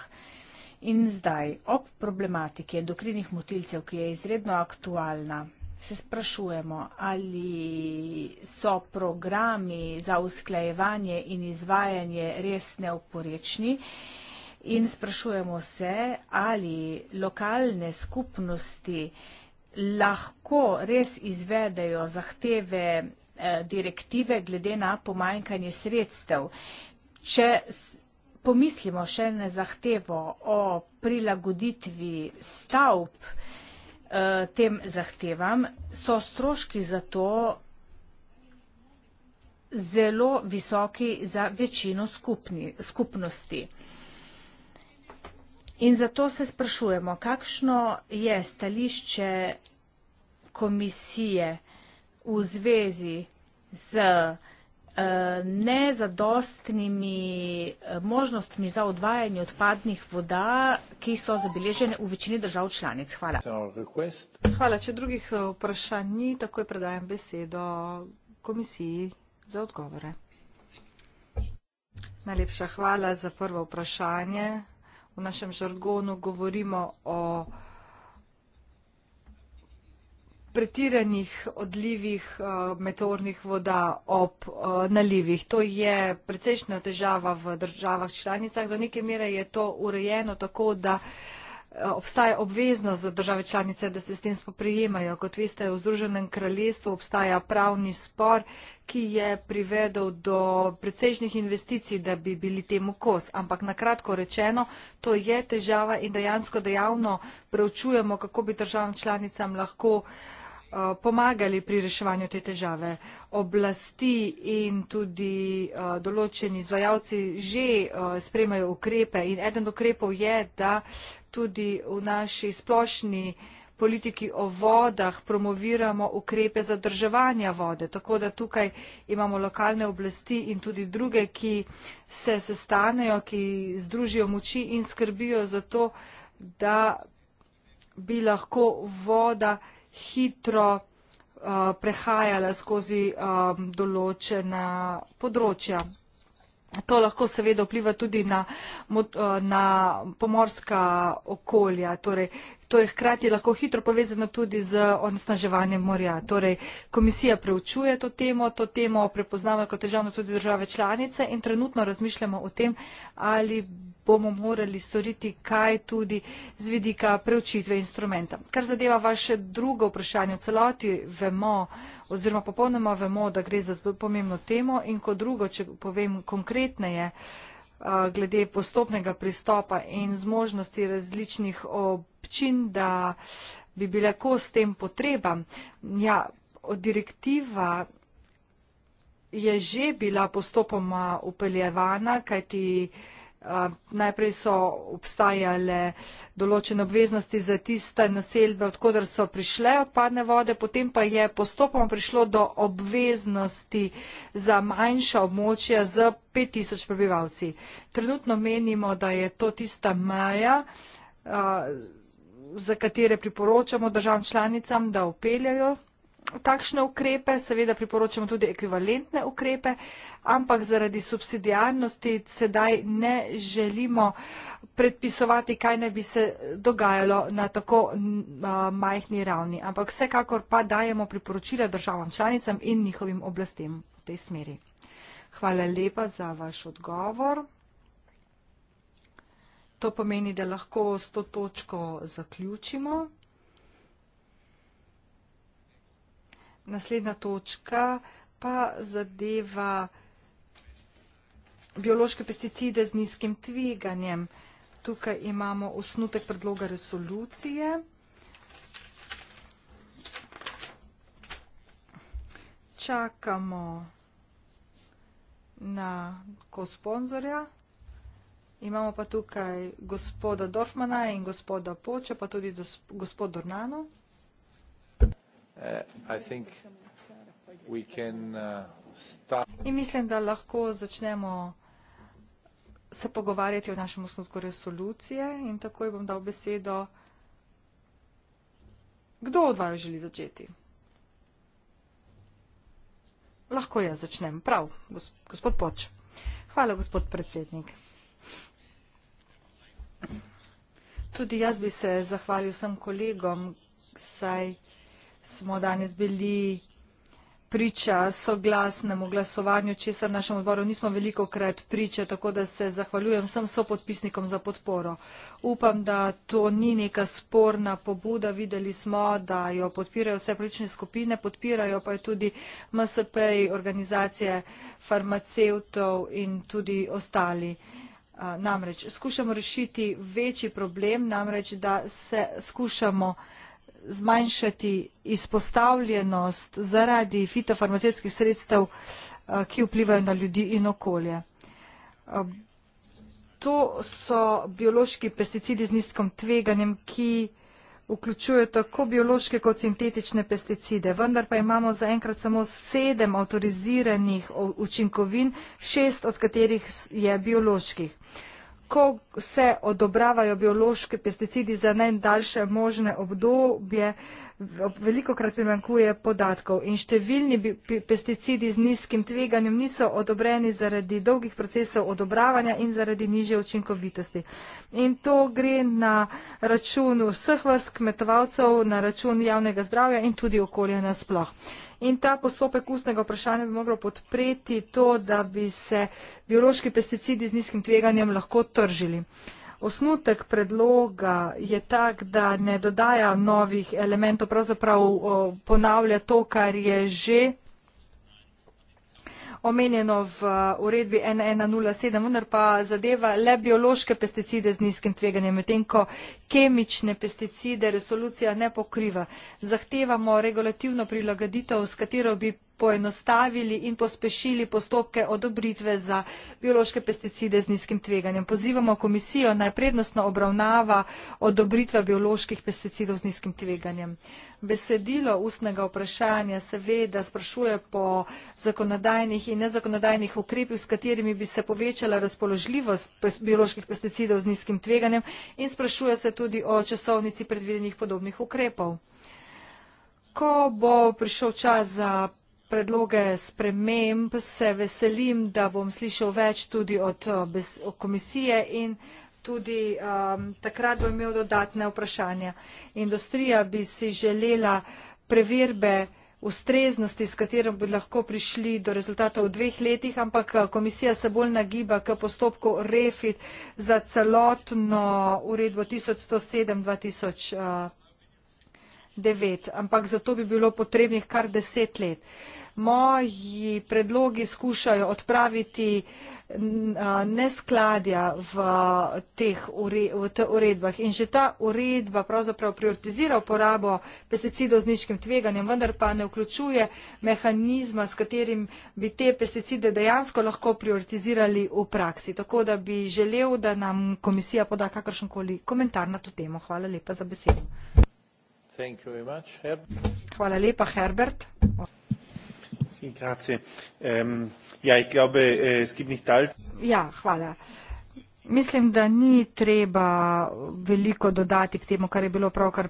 In zdaj, ob problematiki endokrinih motilcev, ki je izredno aktualna, se sprašujemo, ali so programi za usklajevanje in izvajanje res neoporečni in sprašujemo se, ali lokalne skupnosti lahko res izvedejo zahteve Eh, direktive glede na pomanjkanje sredstev. Če pomislimo še na zahtevo o prilagoditvi stavb eh, tem zahtevam, so stroški za to zelo visoki za večino skupni, skupnosti. In zato se sprašujemo, kakšno je stališče komisije v zvezi z uh, nezadostnimi eh, možnostmi za odvajanje odpadnih voda, ki so zabeležene v večini držav članic. Hvala. Hvala. Če drugih eh, vprašanj ni, takoj predajam besedo komisiji za odgovore. Najlepša hvala za prvo vprašanje. V našem žargonu govorimo o pretiranih odlivih eh, meteornih voda ob eh, nalivih. To je precejšna težava v državah članicah. Do neke mere je to urejeno tako, da eh, obstaja obveznost za države članice, da se s tem spoprijemajo. Kot veste, v Združenem kraljestvu obstaja pravni spor, ki je privedel do precejšnjih investicij, da bi bili temu kos. Ampak na kratko rečeno, to je težava in dejansko dejavno preučujemo, kako bi državam članicam lahko uh, Eh, pomagali pri reševanju te težave. Oblasti in tudi eh, določeni izvajalci že eh, spremajo ukrepe in eden od ukrepov je, da tudi v naši splošni politiki o vodah promoviramo ukrepe zadrževanja vode. Tako da tukaj imamo lokalne oblasti in tudi druge, ki se sestanejo, ki združijo moči in skrbijo za to, da bi lahko voda hitro uh, prehajala skozi um, določena področja. To lahko seveda vpliva tudi na, uh, na pomorska okolja, torej To je hkrati lahko hitro povezano tudi z onesnaževanjem morja. Torej, komisija preučuje to temo, to temo prepoznavajo kot državno tudi države članice in trenutno razmišljamo o tem, ali bomo morali storiti kaj tudi z vidika preučitve instrumenta. Kar zadeva vaše drugo vprašanje v celoti, vemo oziroma popolnoma vemo, da gre za pomembno temo in kot drugo, če povem konkretneje, glede postopnega pristopa in zmožnosti različnih občin, da bi bile kos tem potrebam. Ja, direktiva je že bila postopoma upeljevana, kajti Najprej so obstajale določene obveznosti za tiste naselbe, odkudar so prišle odpadne vode, potem pa je postopoma prišlo do obveznosti za manjša območja z 5000 prebivalci. Trenutno menimo, da je to tista maja, za katere priporočamo državam članicam, da upeljajo takšne ukrepe, seveda priporočamo tudi ekvivalentne ukrepe, ampak zaradi subsidijarnosti sedaj ne želimo predpisovati, kaj ne bi se dogajalo na tako majhni ravni. Ampak vsekakor pa dajemo priporočila državam članicam in njihovim oblastem v tej smeri. Hvala lepa za vaš odgovor. To pomeni, da lahko s to točko zaključimo. Naslednja točka pa zadeva biološke pesticide z nizkim tveganjem. Tukaj imamo osnutek predloga resolucije. Čakamo na ko-sponzorja. Imamo pa tukaj gospoda Dorfmana in gospoda Poče, pa tudi gospod Dornano. Uh, I think we can uh, start. In mislim, da lahko začnemo se pogovarjati o našem osnutku resolucije in takoj bom dal besedo. Kdo od vaju želi začeti? Lahko jaz začnem. Prav, gospod Poč. Hvala, gospod predsednik. Tudi jaz bi se zahvalil vsem kolegom, saj vsem kolegom, smo danes bili priča soglasnemu glasovanju, česar v našem odboru nismo veliko krat priče, tako da se zahvaljujem vsem sopodpisnikom za podporo. Upam, da to ni neka sporna pobuda, videli smo, da jo podpirajo vse politične skupine, podpirajo pa jo tudi MSP, organizacije farmacevtov in tudi ostali. Namreč, skušamo rešiti večji problem, namreč, da se skušamo rešiti zmanjšati izpostavljenost zaradi fitofarmacevskih sredstev, eh, ki vplivajo na ljudi in okolje. Eh, to so biološki pesticidi z nizkom tveganjem, ki vključujejo tako biološke kot sintetične pesticide. Vendar pa imamo zaenkrat samo sedem avtoriziranih učinkovin, šest od katerih je bioloških ko se odobravajo biološki pesticidi za najdaljše možne obdobje, veliko krat primankuje podatkov in številni pesticidi z nizkim tveganjem niso odobreni zaradi dolgih procesov odobravanja in zaradi nižje učinkovitosti. In to gre na račun vseh vrst kmetovalcev, na račun javnega zdravja in tudi okolja nasploh in ta postopek ustnega vprašanja bi moglo podpreti to, da bi se biološki pesticidi z nizkim tveganjem lahko tržili. Osnutek predloga je tak, da ne dodaja novih elementov, pravzaprav ponavlja to, kar je že omenjeno v uredbi 1107, vendar pa zadeva le biološke pesticide z nizkim tveganjem, medtem ko kemične pesticide resolucija ne pokriva. Zahtevamo regulativno prilagoditev, s katero bi poenostavili in pospešili postopke odobritve za biološke pesticide z nizkim tveganjem. Pozivamo komisijo naj prednostno obravnava odobritve bioloških pesticidov z nizkim tveganjem. Besedilo ustnega vprašanja seveda sprašuje po zakonodajnih in nezakonodajnih ukrepih, s katerimi bi se povečala razpoložljivost bioloških pesticidov z nizkim tveganjem in sprašuje se tudi o časovnici predvidenih podobnih ukrepov. Ko bo prišel čas za predloge sprememb, se veselim, da bom slišal več tudi od eh, komisije in tudi um, takrat bom imel dodatne vprašanja. Industrija bi si želela preverbe, ustreznosti, s katero bi lahko prišli do rezultatov v dveh letih, ampak eh, komisija se bolj nagiba k postopku REFIT za celotno uredbo 1107-2015 devet, ampak za to bi bilo potrebnih kar deset let. Moji predlogi skušajo odpraviti neskladja v teh v te uredbah. In že ta uredba pravzaprav prioritizira uporabo pesticidov z nižkim tveganjem, vendar pa ne vključuje mehanizma, s katerim bi te pesticide dejansko lahko prioritizirali v praksi. Tako da bi želel, da nam komisija poda kakršenkoli komentar na to temo. Hvala lepa za besedo. Hvala lepa, Herbert. Ehm, ja, eh, ja, hvala. Mislim, da ni treba veliko dodati k temu, kar je bilo pravkar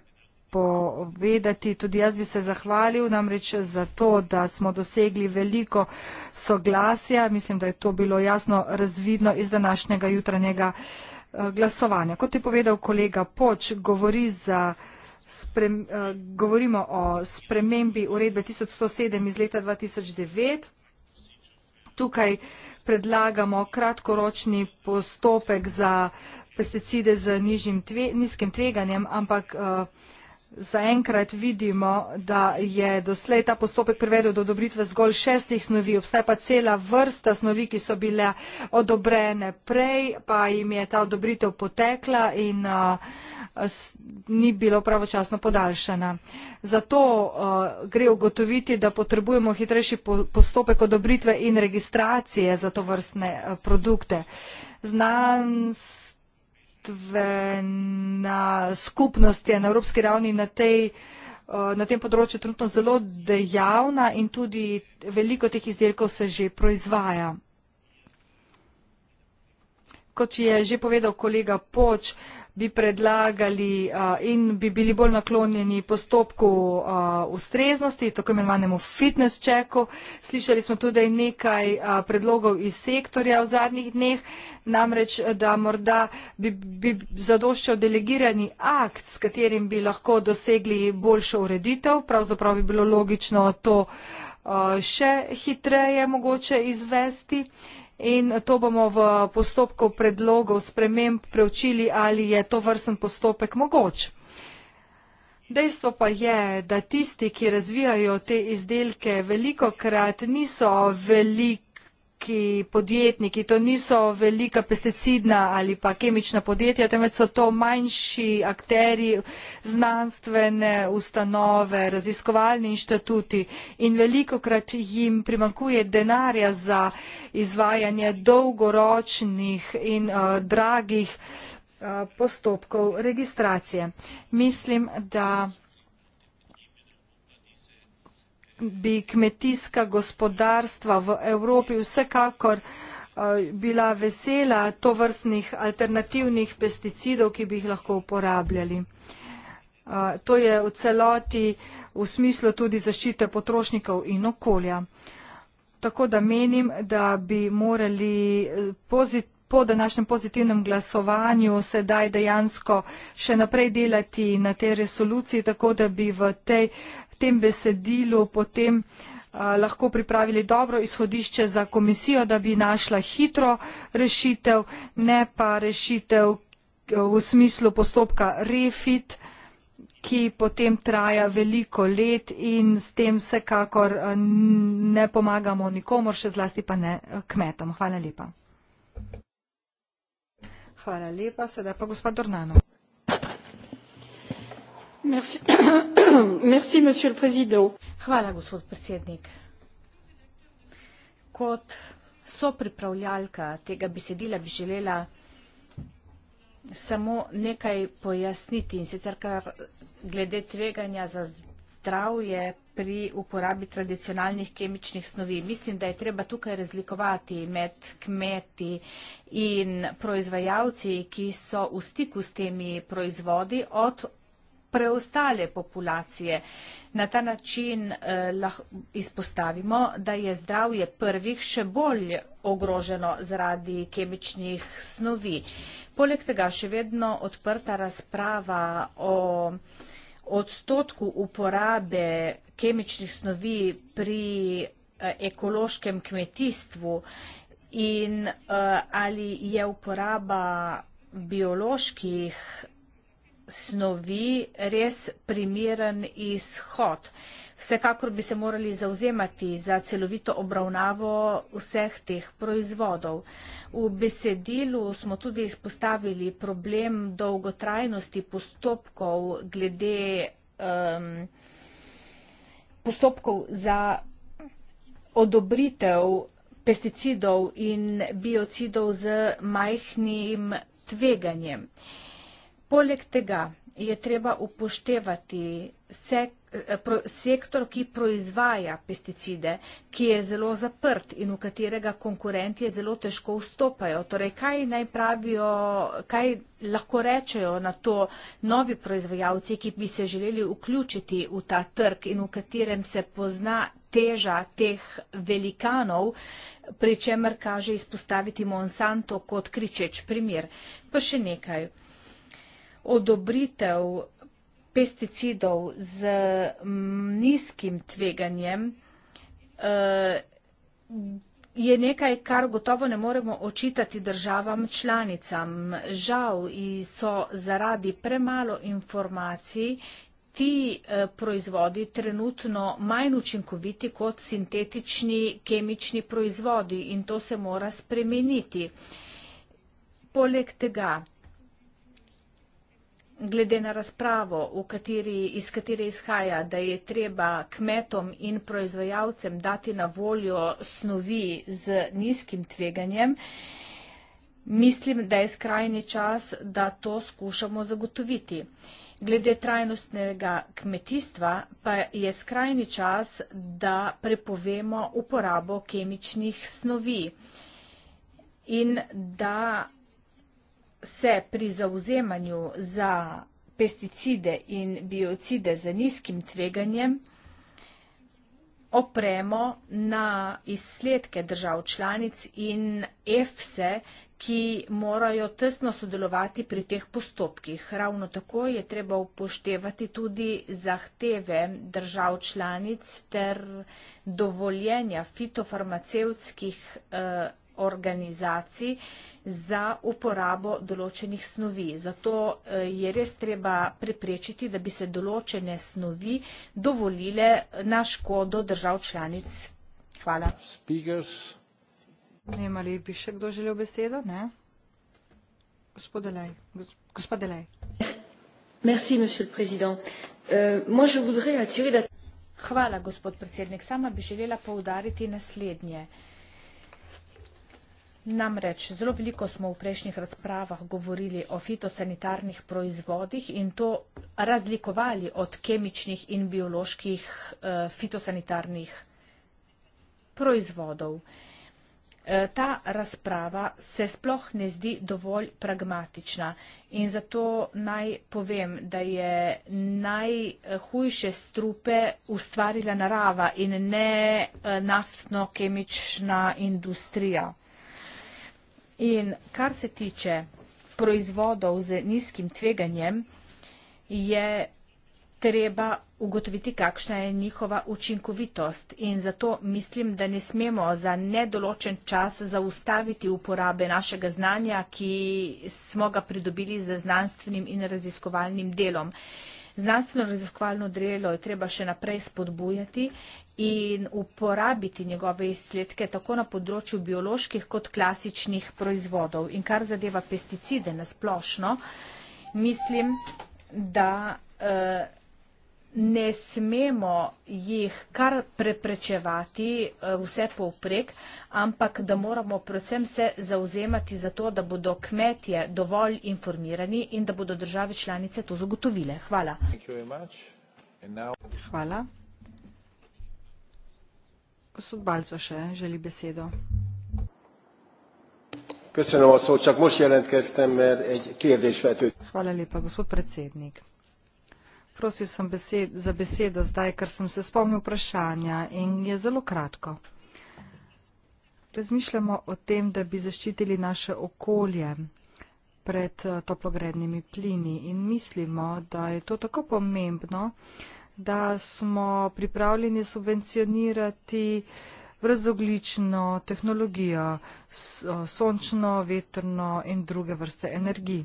povedati. Tudi jaz bi se zahvalil namreč za to, da smo dosegli veliko soglasja. Mislim, da je to bilo jasno razvidno iz današnjega jutranjega eh, glasovanja. Kot je povedal kolega Poč, govori za sprem, uh, govorimo o spremembi uredbe 1107 iz leta 2009. Tukaj predlagamo kratkoročni postopek za pesticide z nižjim tve, nizkim tveganjem, ampak uh, zaenkrat vidimo, da je doslej ta postopek privedel do odobritve zgolj šestih snovi, obstaja pa cela vrsta snovi, ki so bile odobrene prej, pa jim je ta odobritev potekla in uh, ni bilo pravočasno podaljšana. Zato uh, gre ugotoviti, da potrebujemo hitrejši po postopek odobritve in registracije za to vrstne uh, produkte. Znanstveno znanstvena skupnost je na evropski ravni na, tej, eh, na tem področju trenutno zelo dejavna in tudi veliko teh izdelkov se že proizvaja. Kot je že povedal kolega Poč, uh, bi predlagali in bi bili bolj naklonjeni postopku ustreznosti, tako imenovanemu fitness checku. Slišali smo tudi nekaj predlogov iz sektorja v zadnjih dneh, namreč, da morda bi, bi zadoščal delegirani akt, s katerim bi lahko dosegli boljšo ureditev, pravzaprav bi bilo logično to še hitreje mogoče izvesti in to bomo v postopku predlogov sprememb preučili, ali je to vrsten postopek mogoč. Dejstvo pa je, da tisti, ki razvijajo te izdelke, veliko krat niso veliko veliki podjetniki, to niso velika pesticidna ali pa kemična podjetja, temveč so to manjši akteri, znanstvene ustanove, raziskovalni inštituti in veliko krat jim primankuje denarja za izvajanje dolgoročnih in uh, dragih uh, postopkov registracije. Mislim, da bi kmetijska gospodarstva v Evropi vsekakor eh, bila vesela to vrstnih alternativnih pesticidov, ki bi jih lahko uporabljali. Eh, to je v celoti v smislu tudi zaščite potrošnikov in okolja. Tako da menim, da bi morali eh, pozit, po današnjem pozitivnem glasovanju sedaj dejansko še naprej delati na tej resoluciji, tako da bi v tej tem besedilu potem lahko pripravili dobro izhodišče za komisijo, da bi našla hitro rešitev, ne pa rešitev v smislu postopka refit, ki potem traja veliko let in s tem vsekakor ne pomagamo nikomor, še zlasti pa ne kmetom. Hvala lepa. Hvala lepa, sedaj pa gospod Dornanov. Hvala, gospod predsednik. Kot sopripravljalka tega besedila bi želela samo nekaj pojasniti in sicer kar glede tveganja za zdravje pri uporabi tradicionalnih kemičnih snovi. Mislim, da je treba tukaj razlikovati med kmeti in proizvajalci, ki so v stiku s temi proizvodi od preostale populacije. Na ta način eh, lahko izpostavimo, da je zdravje prvih še bolj ogroženo zaradi kemičnih snovi. Poleg tega še vedno odprta razprava o odstotku uporabe kemičnih snovi pri eh, ekološkem kmetijstvu in eh, ali je uporaba bioloških snovi res primeren izhod. Vsekakor bi se morali zauzemati za celovito obravnavo vseh teh proizvodov. V besedilu smo tudi izpostavili problem dolgotrajnosti postopkov glede um, postopkov za odobritev pesticidov in biocidov z majhnim tveganjem. Uh, Poleg tega je treba upoštevati sek, eh, sektor, ki proizvaja pesticide, ki je zelo zaprt in v katerega konkurentje zelo težko vstopajo. Torej, kaj naj pravijo, kaj lahko rečejo na to novi proizvajalci, ki bi se želeli vključiti v ta trg in v katerem se pozna teža teh velikanov, pri čemer kaže izpostaviti Monsanto kot kričeč primer. Pa še nekaj odobritev pesticidov z nizkim tveganjem eh, je nekaj, kar gotovo ne moremo očitati državam članicam. Žal so zaradi premalo informacij ti eh, proizvodi trenutno manj učinkoviti kot sintetični kemični proizvodi in to se mora spremeniti. Poleg tega, glede na razpravo, v kateri, iz katere izhaja, da je treba kmetom in proizvajalcem dati na voljo snovi z nizkim tveganjem, mislim, da je skrajni čas, da to skušamo zagotoviti. Glede trajnostnega kmetijstva pa je skrajni čas, da prepovemo uporabo kemičnih snovi in da se pri zauzemanju za pesticide in biocide z nizkim tveganjem opremo na izsledke držav članic in EFSE, ki morajo tesno sodelovati pri teh postopkih. Ravno tako je treba upoštevati tudi zahteve držav članic ter dovoljenja fitofarmacevskih eh, organizacij za uporabo določenih snovi. Zato eh, je res treba preprečiti, da bi se določene snovi dovolile na škodo držav članic. Hvala. Speakers. Ne, ali bi še kdo želel besedo? Ne. Gospod Delej. Merci, monsieur le président. Euh, moi, je voudrais attirer la... Hvala, gospod predsednik. Sama bi želela poudariti naslednje. Uh, Namreč zelo veliko smo v prejšnjih razpravah govorili o fitosanitarnih proizvodih in to razlikovali od kemičnih in bioloških eh, fitosanitarnih proizvodov. Eh, ta razprava se sploh ne zdi dovolj pragmatična in zato naj povem, da je najhujše strupe ustvarila narava in ne eh, naftno-kemična industrija. In kar se tiče proizvodov z nizkim tveganjem, je treba ugotoviti, kakšna je njihova učinkovitost. In zato mislim, da ne smemo za nedoločen čas zaustaviti uporabe našega znanja, ki smo ga pridobili z znanstvenim in raziskovalnim delom. Znanstveno raziskovalno delo je treba še naprej spodbujati in uporabiti njegove izsledke tako na področju bioloških kot klasičnih proizvodov. In kar zadeva pesticide nasplošno, mislim, da eh, ne smemo jih kar preprečevati eh, vse povprek, ampak da moramo predvsem se zauzemati za to, da bodo kmetje dovolj informirani in da bodo države članice to zagotovile. Hvala. Hvala. Gospod Balco še želi besedo. Köszönöm a szót, csak most jelentkeztem, mert egy kérdés vetőd. Hvala lepa, gospod predsednik. Prosil sem besed, za besedo zdaj, ker sem se spomnil vprašanja in je zelo kratko. Razmišljamo o tem, da bi zaščitili naše okolje pred eh, toplogrednimi plini in mislimo, da je to tako pomembno, da smo pripravljeni subvencionirati brezoglično tehnologijo, sončno, vetrno in druge vrste energij.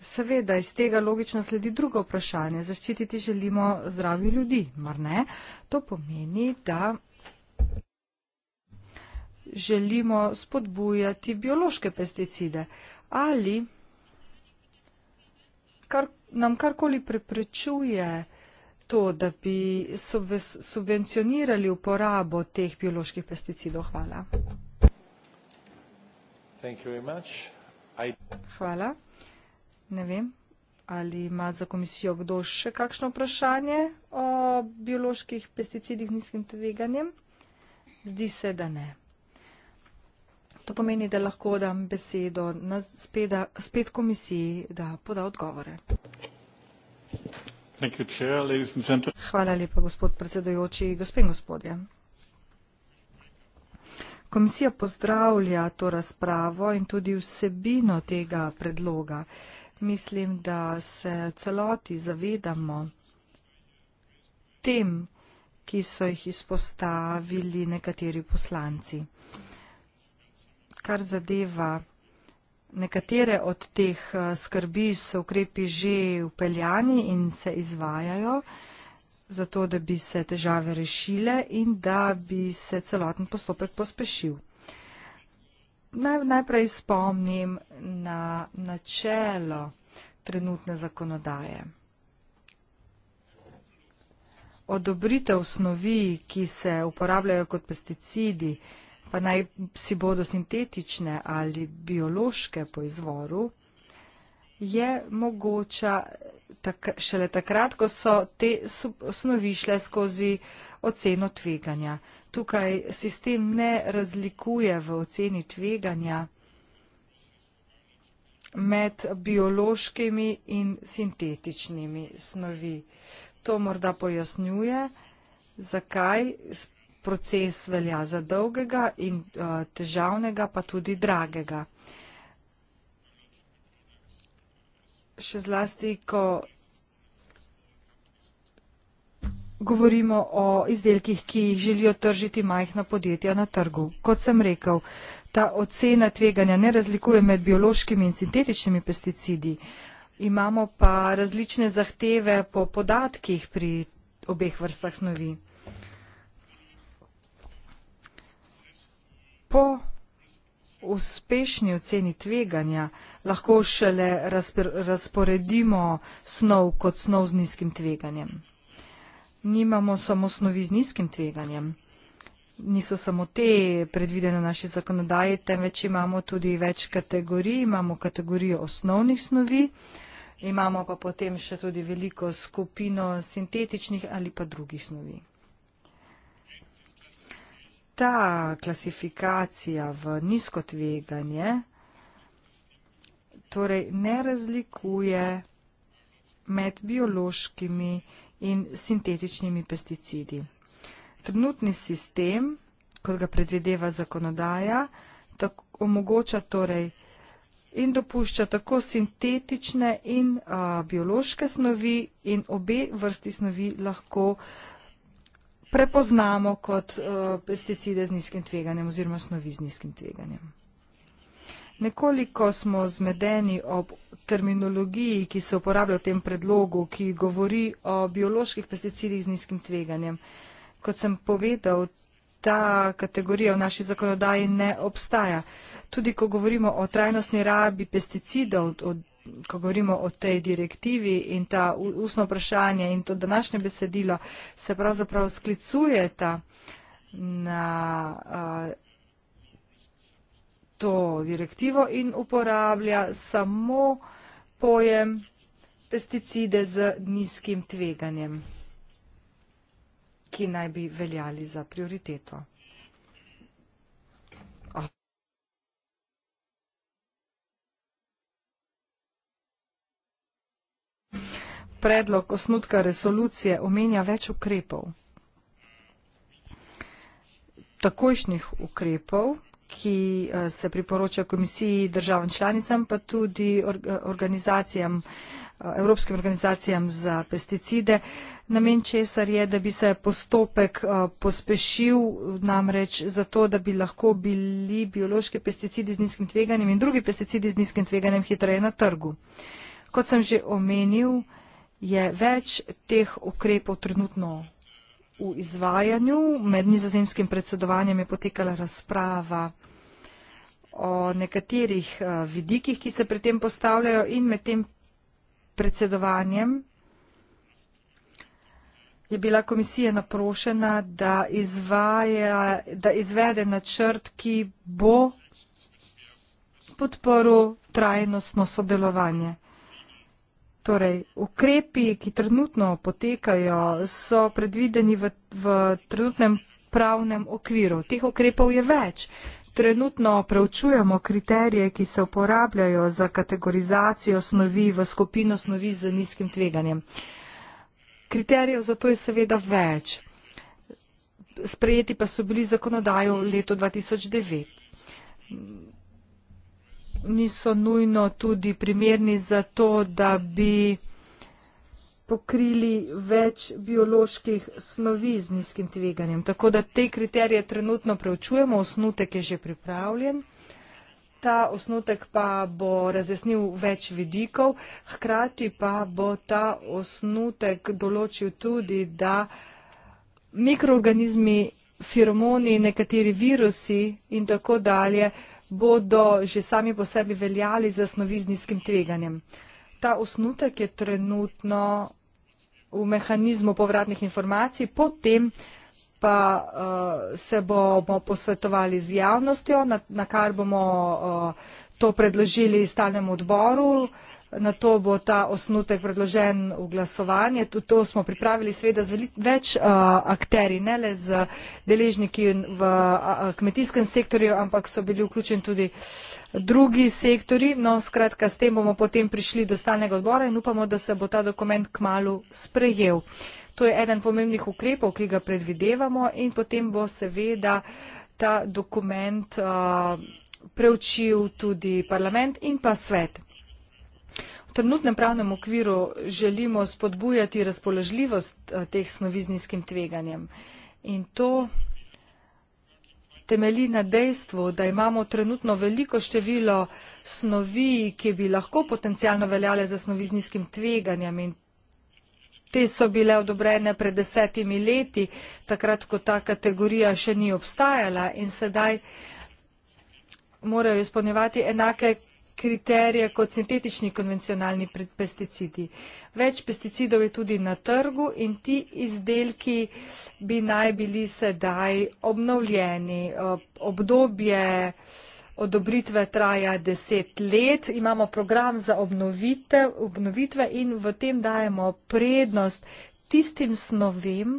Seveda, iz tega logično sledi drugo vprašanje. Zaščititi želimo zdravi ljudi, mar ne? To pomeni, da želimo spodbujati biološke pesticide ali kar, nam karkoli preprečuje, to, da bi subvencionirali uporabo teh bioloških pesticidov. Hvala. Hvala. Ne vem, ali ima za komisijo kdo še kakšno vprašanje o bioloških pesticidih z nizkim tveganjem. Zdi se, da ne. To pomeni, da lahko dam besedo na spet, spet komisiji, da poda odgovore. Thank you. Hvala lepa, gospod predsedujoči. Gospe in gospodje. Komisija pozdravlja to razpravo in tudi vsebino tega predloga. Mislim, da se celoti zavedamo tem, ki so jih izpostavili nekateri poslanci. Kar zadeva Nekatere od teh eh, skrbi so ukrepi že upeljani in se izvajajo, zato da bi se težave rešile in da bi se celoten postopek pospešil. Najprej spomnim na načelo trenutne zakonodaje. Odobritev snovi, ki se uporabljajo kot pesticidi, pa naj si bodo sintetične ali biološke po izvoru, je mogoča tak, šele takrat, ko so te osnovi šle skozi oceno tveganja. Tukaj sistem ne razlikuje v oceni tveganja med biološkimi in sintetičnimi snovi. To morda pojasnjuje, zakaj proces velja za dolgega in uh, težavnega, pa tudi dragega. Še zlasti, ko govorimo o izdelkih, ki jih želijo tržiti majhna podjetja na trgu. Kot sem rekel, ta ocena tveganja ne razlikuje med biološkimi in sintetičnimi pesticidi. Imamo pa različne zahteve po podatkih pri obeh vrstah snovi. po uspešni oceni tveganja lahko šele razporedimo snov kot snov z nizkim tveganjem. Nimamo samo snovi z nizkim tveganjem. Niso samo te predvidene naše zakonodaje, temveč imamo tudi več kategorij. Imamo kategorijo osnovnih snovi, imamo pa potem še tudi veliko skupino sintetičnih ali pa drugih snovi ta klasifikacija v nizko tveganje torej ne razlikuje med biološkimi in sintetičnimi pesticidi. Trenutni sistem, kot ga predvideva zakonodaja, tako omogoča torej in dopušča tako sintetične in a, biološke snovi in obe vrsti snovi lahko prepoznamo kot eh, pesticide z nizkim tveganjem oziroma snovi z nizkim tveganjem. Nekoliko smo zmedeni ob terminologiji, ki se uporablja v tem predlogu, ki govori o bioloških pesticidih z nizkim tveganjem. Kot sem povedal, ta kategorija v naši zakonodaji ne obstaja. Tudi ko govorimo o trajnostni rabi pesticidov, o ko govorimo o tej direktivi in ta ustno vprašanje in to današnje besedilo se pravzaprav sklicujeta na to direktivo in uporablja samo pojem pesticide z nizkim tveganjem, ki naj bi veljali za prioriteto. Predlog osnutka resolucije omenja več ukrepov, takojšnjih ukrepov, ki eh, se priporoča komisiji državam članicam, pa tudi eh, organizacijam, eh, evropskim organizacijam za pesticide. Namen Česar je, da bi se postopek pospešil namreč zato, da bi lahko bili biološki pesticidi z nizkim tveganjem in drugi pesticidi z nizkim tveganjem hitreje na trgu. Kot sem že omenil, je več teh ukrepov trenutno v izvajanju. Med nizozemskim predsedovanjem je potekala razprava o nekaterih eh, vidikih, ki se pri tem postavljajo in med tem predsedovanjem je bila komisija naprošena, da, izvaja, da izvede načrt, ki bo podporil trajnostno sodelovanje. Torej, ukrepi, ki trenutno potekajo, so predvideni v, v trenutnem pravnem okviru. Teh ukrepov je več. Trenutno preučujemo kriterije, ki se uporabljajo za kategorizacijo snovi v skupino snovi z nizkim tveganjem. Kriterijev za to je seveda več. Sprejeti pa so bili zakonodajo leto 2009 niso nujno tudi primerni za to, da bi pokrili več bioloških snovi z nizkim tveganjem. Tako da te kriterije trenutno preučujemo, osnutek je že pripravljen. Ta osnutek pa bo razjasnil več vidikov, hkrati pa bo ta osnutek določil tudi, da mikroorganizmi, feromoni, nekateri virusi in tako dalje bodo že sami po sebi veljali za snovi z nizkim tveganjem. Ta osnutek je trenutno v mehanizmu povratnih informacij, potem pa uh, se bomo posvetovali z javnostjo, na, na kar bomo uh, to predložili stalnemu odboru uh, Na to bo ta osnutek predložen v glasovanje. To smo pripravili seveda z več uh, akteri, ne le z deležniki v kmetijskem sektorju, ampak so bili vključeni tudi drugi sektori. No, skratka, s tem bomo potem prišli do stalnega odbora in upamo, da se bo ta dokument kmalo sprejel. To je eden pomembnih ukrepov, ki ga predvidevamo in potem bo seveda ta dokument uh, preučil tudi parlament in pa svet trenutnem pravnem okviru želimo spodbujati razpoložljivost eh, teh snovi z nizkim tveganjem. In to temelji na dejstvu, da imamo trenutno veliko število snovi, ki bi lahko potencijalno veljale za snovi z nizkim tveganjem. In te so bile odobrene pred desetimi leti, takrat, ko ta kategorija še ni obstajala in sedaj morajo izpolnjevati enake kriterije kot sintetični konvencionalni pesticidi. Več pesticidov je tudi na trgu in ti izdelki bi naj bili sedaj obnovljeni. Obdobje odobritve traja deset let, imamo program za obnovite, obnovitve in v tem dajemo prednost tistim snovem,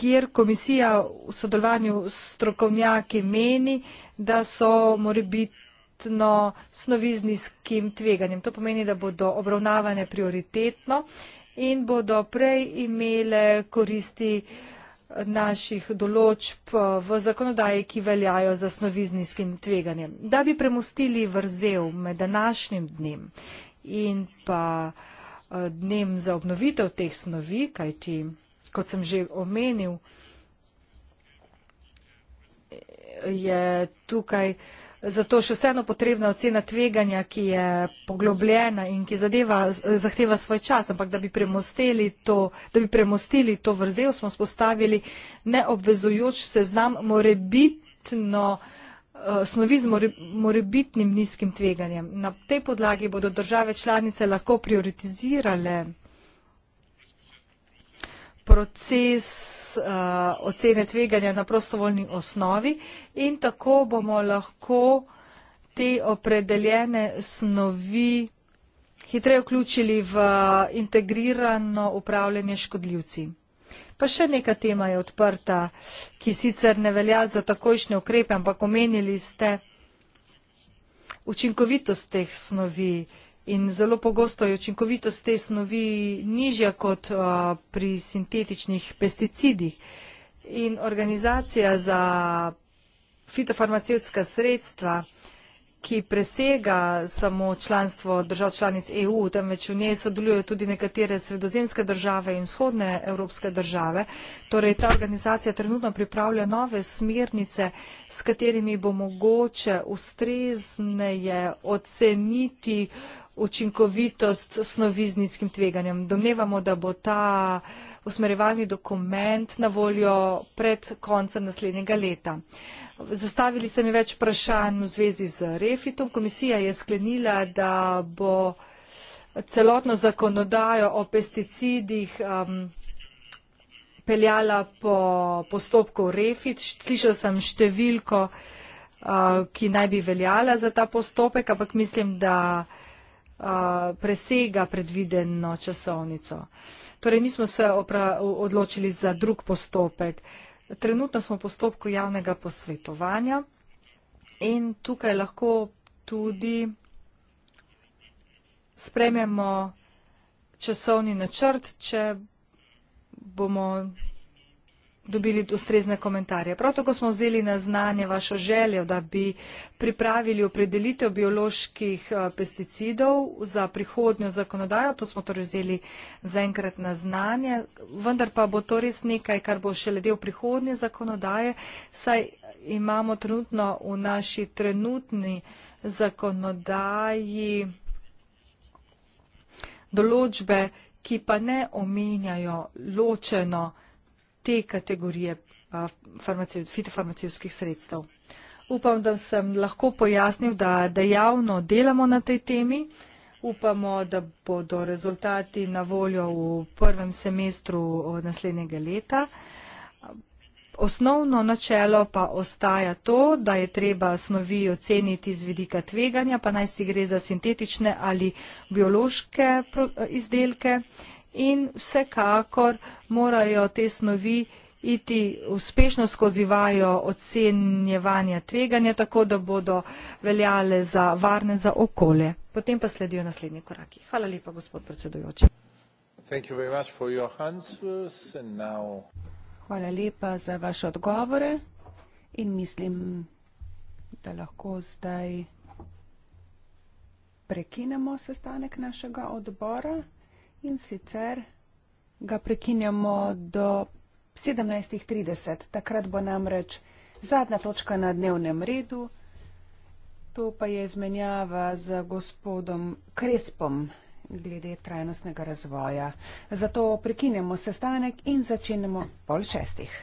kjer komisija v sodelovanju s strokovnjaki meni, da so morebiti prioritetno snovi z nizkim tveganjem. To pomeni, da bodo obravnavane prioritetno in bodo prej imele koristi naših določb v zakonodaji, ki veljajo za snovi z nizkim tveganjem. Da bi premustili vrzel med današnjim dnem in pa eh, dnem za obnovitev teh snovi, kajti, kot sem že omenil, je tukaj zato še vseeno potrebna ocena tveganja, ki je poglobljena in ki zadeva, zahteva svoj čas, ampak da bi, to, da bi premostili to vrzel, smo spostavili neobvezujoč seznam morebitno eh, snovi z morebitnim nizkim tveganjem. Na tej podlagi bodo države članice lahko prioritizirale proces uh, ocene tveganja na prostovoljni osnovi in tako bomo lahko te opredeljene snovi hitreje vključili v integrirano upravljanje škodljivci. Pa še neka tema je odprta, ki sicer ne velja za takojšnje ukrepe, ampak omenili ste učinkovitost teh snovi, uh, in zelo pogosto je učinkovitost te snovi nižja kot uh, pri sintetičnih pesticidih. In organizacija za fitofarmacevtska sredstva ki presega samo članstvo držav članic EU, temveč v njej sodelujejo tudi nekatere sredozemske države in vzhodne evropske države. Torej, ta organizacija trenutno pripravlja nove smernice, s katerimi bo mogoče ustrezneje oceniti učinkovitost snovi z nizkim tveganjem. Domnevamo, da bo ta uh, usmerjevalni dokument na voljo pred koncem naslednjega leta. Zastavili ste mi več vprašanj v zvezi z refitom. Komisija je sklenila, da bo celotno zakonodajo o pesticidih um, peljala po postopku refit. Slišal sem številko, uh, ki naj bi veljala za ta postopek, ampak mislim, da uh, presega predvideno časovnico. Uh, Torej nismo se opra, odločili za drug postopek. Trenutno smo v postopku javnega posvetovanja in tukaj lahko tudi spremljamo časovni načrt, če bomo dobili ustrezne komentarje. Prav tako smo vzeli na znanje vašo željo, da bi pripravili opredelitev bioloških eh, pesticidov za prihodnjo zakonodajo. To smo torej vzeli zaenkrat na znanje, vendar pa bo to res nekaj, kar bo še ledel prihodnje zakonodaje, saj imamo trenutno v naši trenutni zakonodaji določbe, ki pa ne omenjajo ločeno zakonodaje te kategorije fitofarmacijskih sredstev. Upam, da sem lahko pojasnil, da dejavno delamo na tej temi. Upamo, da bodo rezultati na voljo v prvem semestru naslednjega leta. Osnovno načelo pa ostaja to, da je treba snovi oceniti z vidika tveganja, pa naj si gre za sintetične ali biološke izdelke in vsekakor morajo te snovi iti uspešno skozi vajo ocenjevanja tveganja, tako da bodo veljale za varne za okolje. Potem pa sledijo naslednji koraki. Hvala lepa, gospod predsedujoči. Hvala lepa za vaše odgovore in mislim, da lahko zdaj prekinemo sestanek našega odbora in sicer ga prekinjamo do 17.30. Takrat bo namreč zadnja točka na dnevnem redu. To pa je izmenjava z gospodom Krespom glede trajnostnega razvoja. Zato prekinjamo sestanek in začenjamo pol šestih.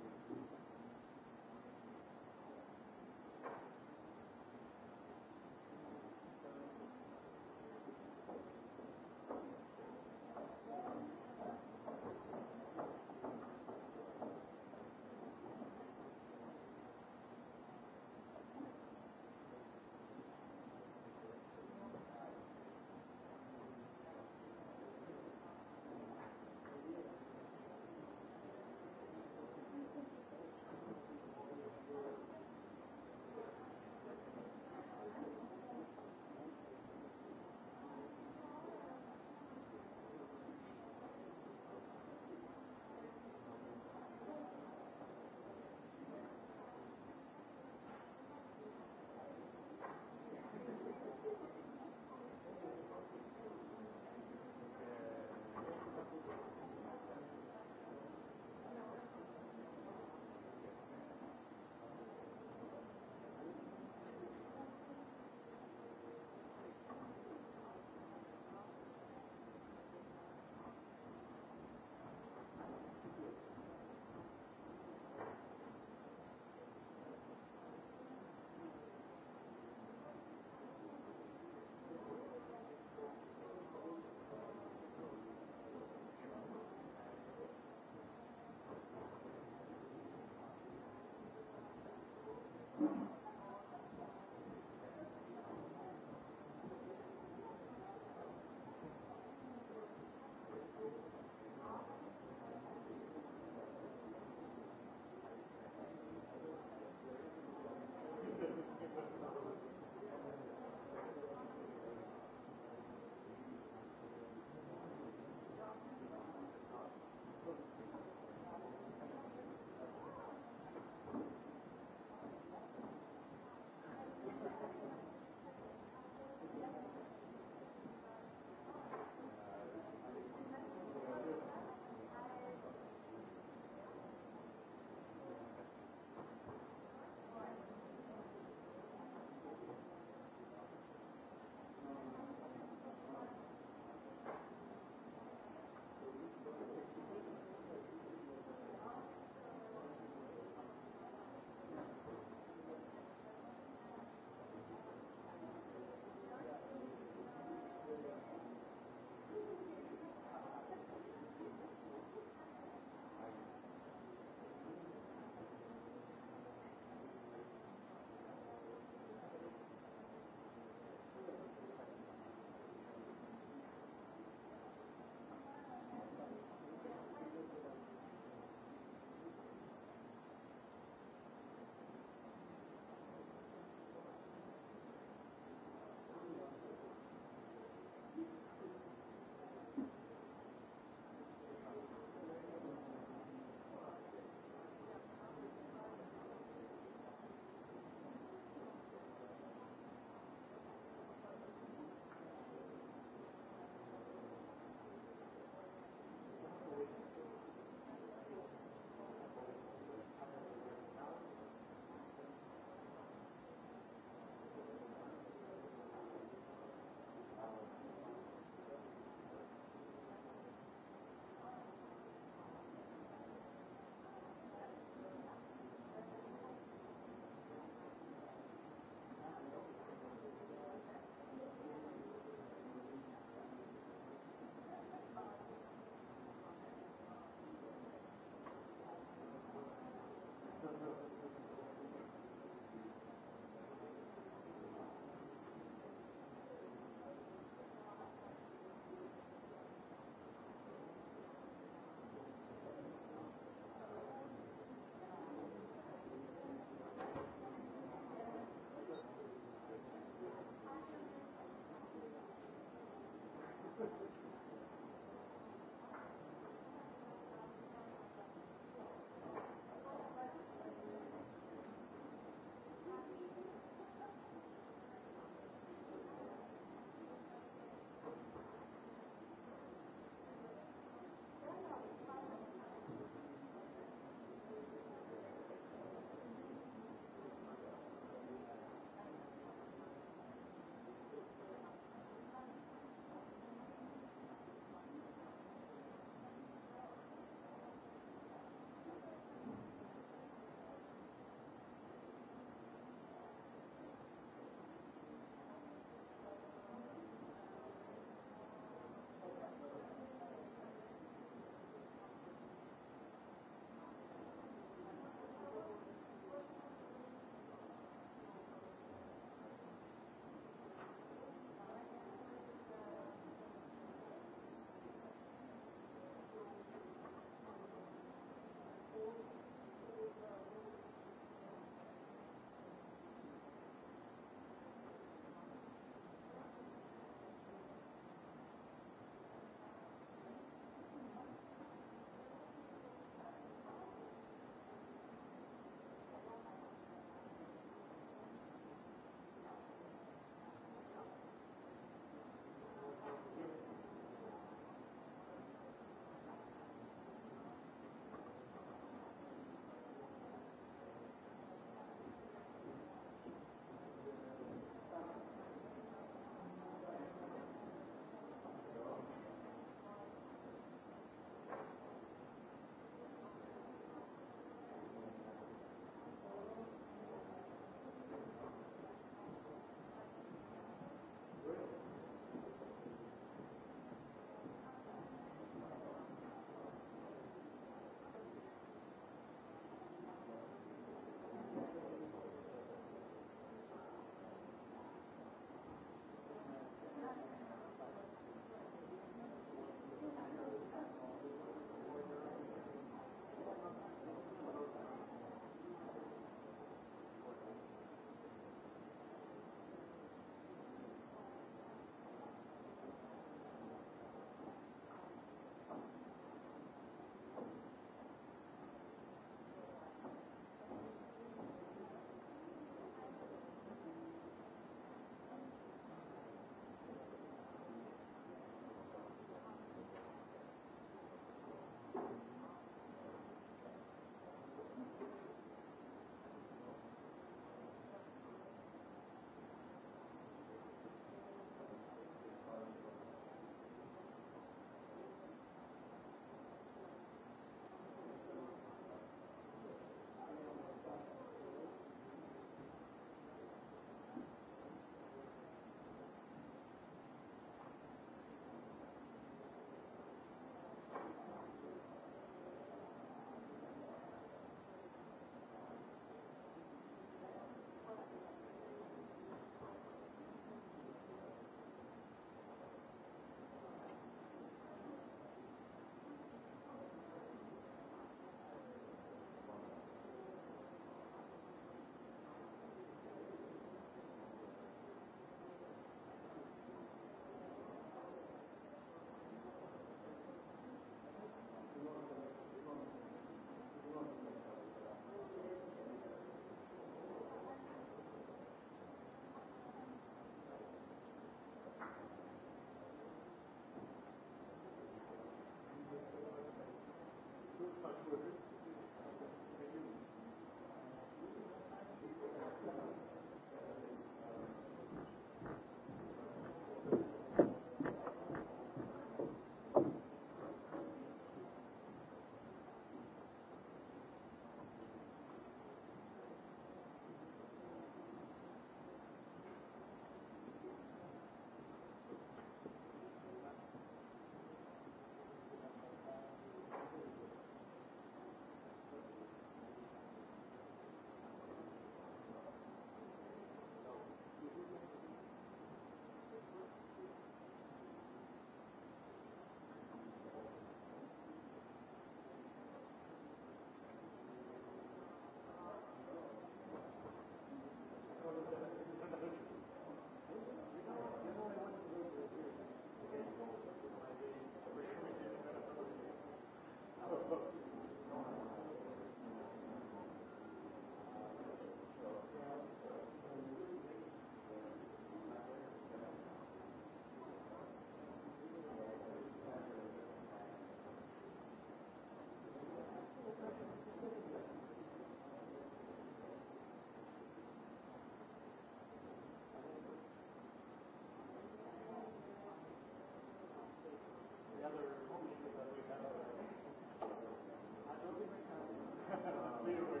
clearly.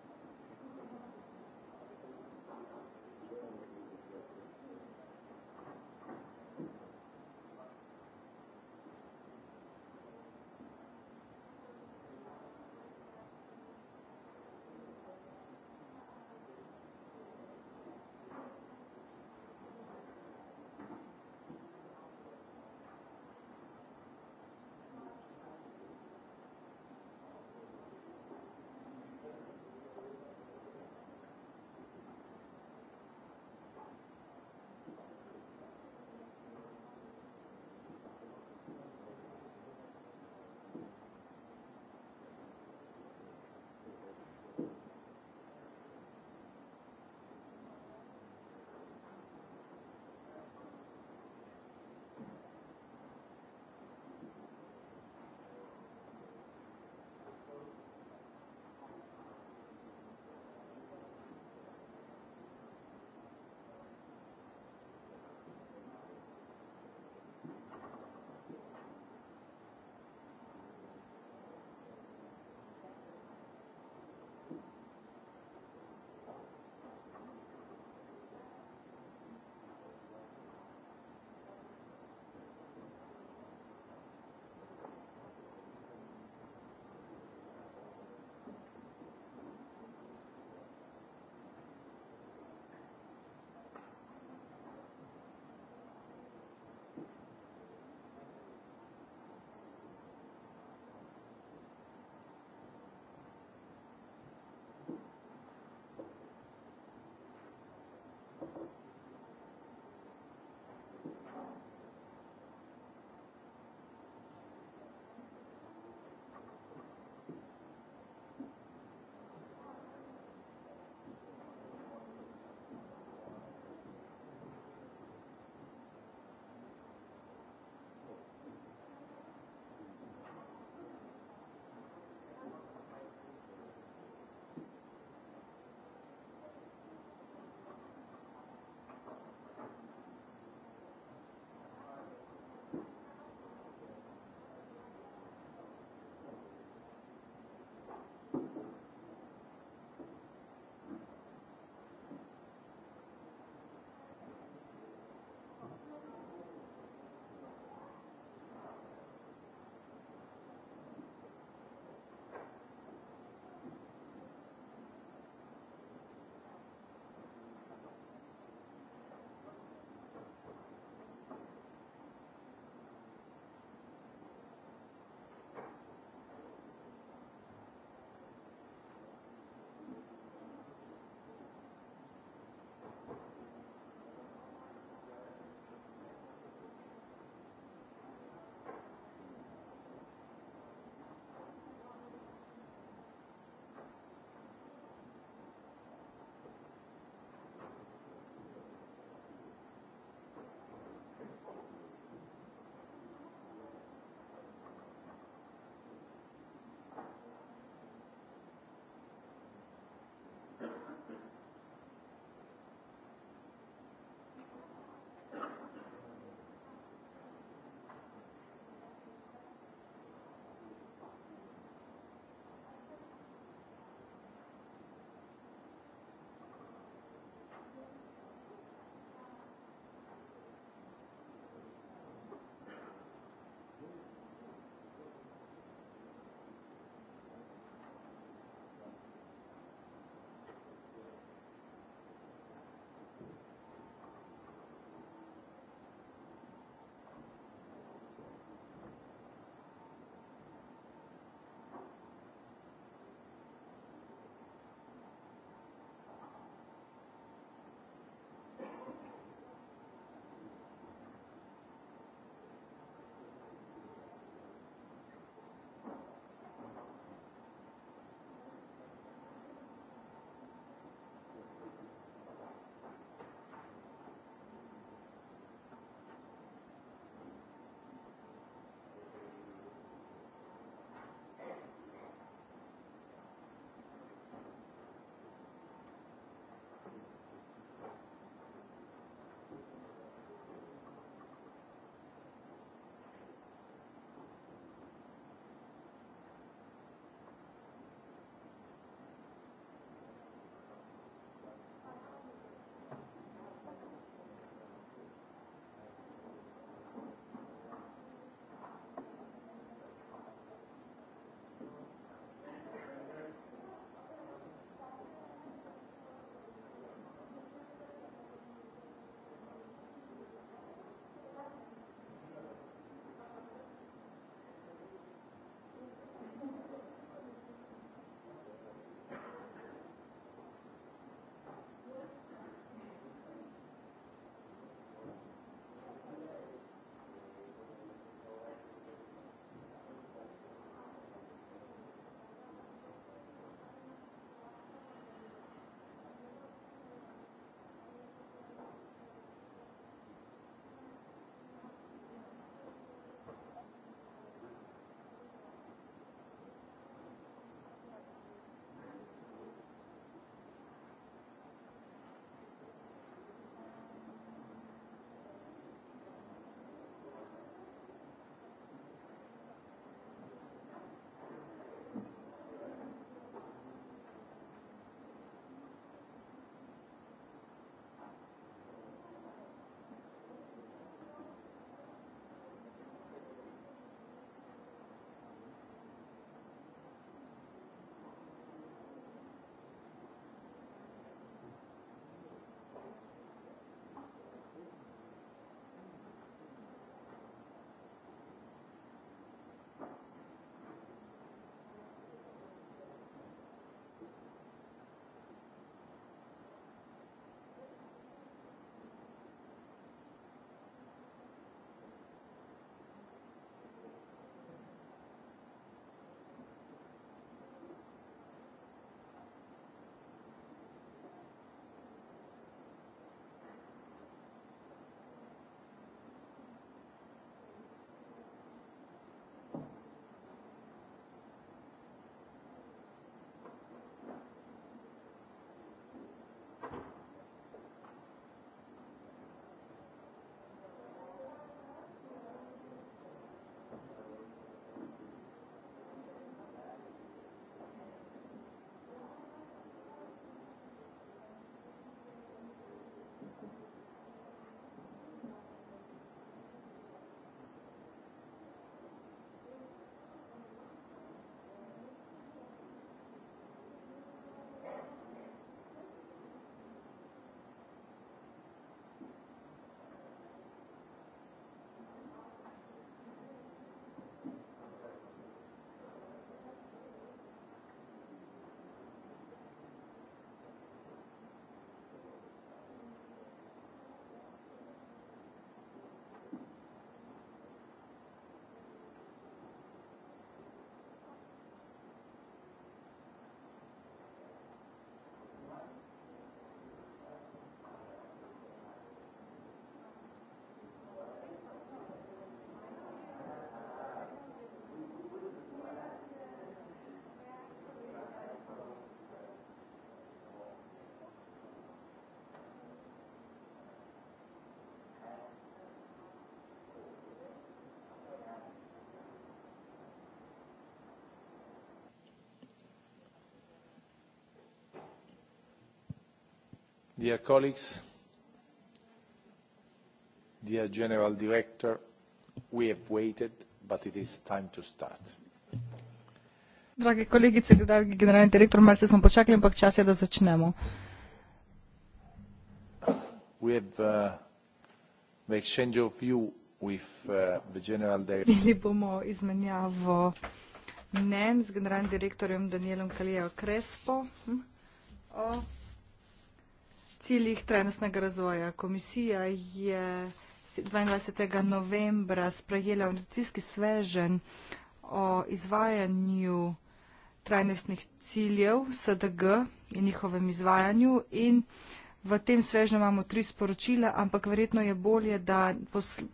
Dear colleagues, dear General Director, we have waited, but it is time to start. Drage kolegice, dragi generalni direktor, malce smo počakali, ampak čas je, da začnemo. We have uh, exchange of view with uh, the General Director. Imeli bomo izmenjavo mnen z generalnim direktorjem Danielom Kalijo Crespo. Hm? O ciljih trenutnega razvoja. Komisija je 22. novembra sprejela vnacijski svežen o izvajanju trajnostnih ciljev SDG in njihovem izvajanju in v tem svežnju imamo tri sporočila, ampak verjetno je bolje, da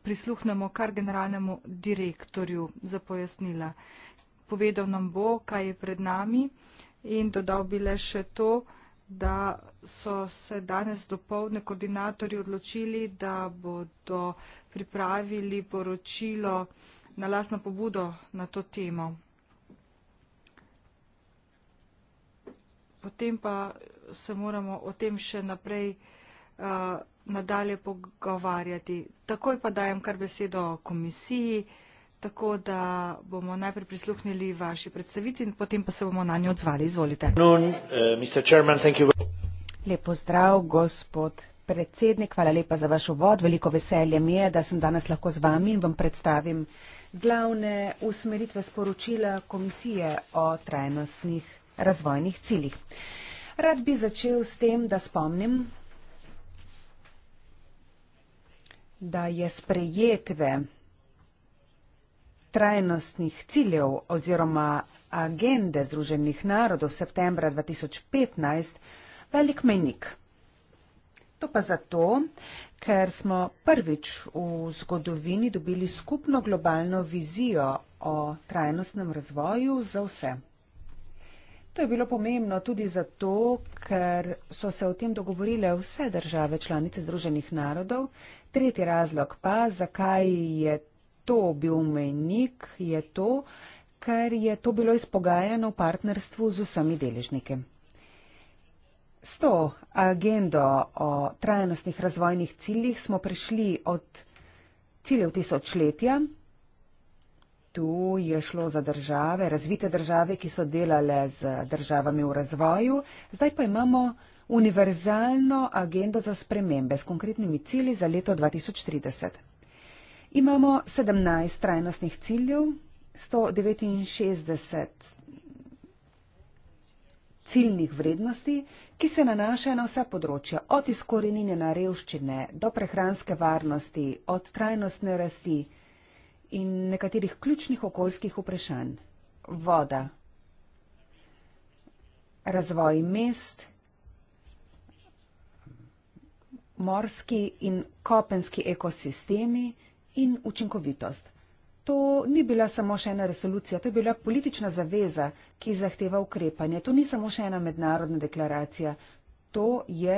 prisluhnemo kar generalnemu direktorju za pojasnila. Povedal nam bo, kaj je pred nami in dodal bi le še to, da so se danes dopolne koordinatorji odločili, da bodo pripravili poročilo na lasno pobudo na to temo. Potem pa se moramo o tem še naprej uh, nadalje pogovarjati. Takoj pa dajem kar besedo komisiji. Uh, Tako da bomo najprej prisluhnili vaši predstaviti in potem pa se bomo na njo odzvali. Izvolite. Eh, Lepo zdrav, gospod predsednik. Hvala lepa za vaš uvod. Veliko veselje mi je, da sem danes lahko z vami in vam predstavim glavne usmeritve sporočila Komisije o trajnostnih razvojnih ciljih. Rad bi začel s tem, da spomnim, da je sprejetve trajnostnih ciljev oziroma agende Združenih narodov septembra 2015 velik menik. To pa zato, ker smo prvič v zgodovini dobili skupno globalno vizijo o trajnostnem razvoju za vse. To je bilo pomembno tudi zato, ker so se o tem dogovorile vse države članice Združenih narodov. Tretji razlog pa, zakaj je to bil menik, je to, ker je to bilo izpogajano v partnerstvu z vsemi deležniki. S to agendo o trajnostnih razvojnih ciljih smo prišli od ciljev tisočletja. Tu je šlo za države, razvite države, ki so delale z državami v razvoju. Zdaj pa imamo univerzalno agendo za spremembe s konkretnimi cilji za leto 2030. Imamo 17 trajnostnih ciljev, 169 ciljnih vrednosti, ki se nanašajo na vsa področja, od izkoreninja na revščine do prehranske varnosti, od trajnostne rasti in nekaterih ključnih okoljskih vprašanj. Voda, razvoj mest, morski in kopenski ekosistemi, in učinkovitost. To ni bila samo še ena resolucija, to je bila politična zaveza, ki zahteva ukrepanje. To ni samo še ena mednarodna deklaracija, to je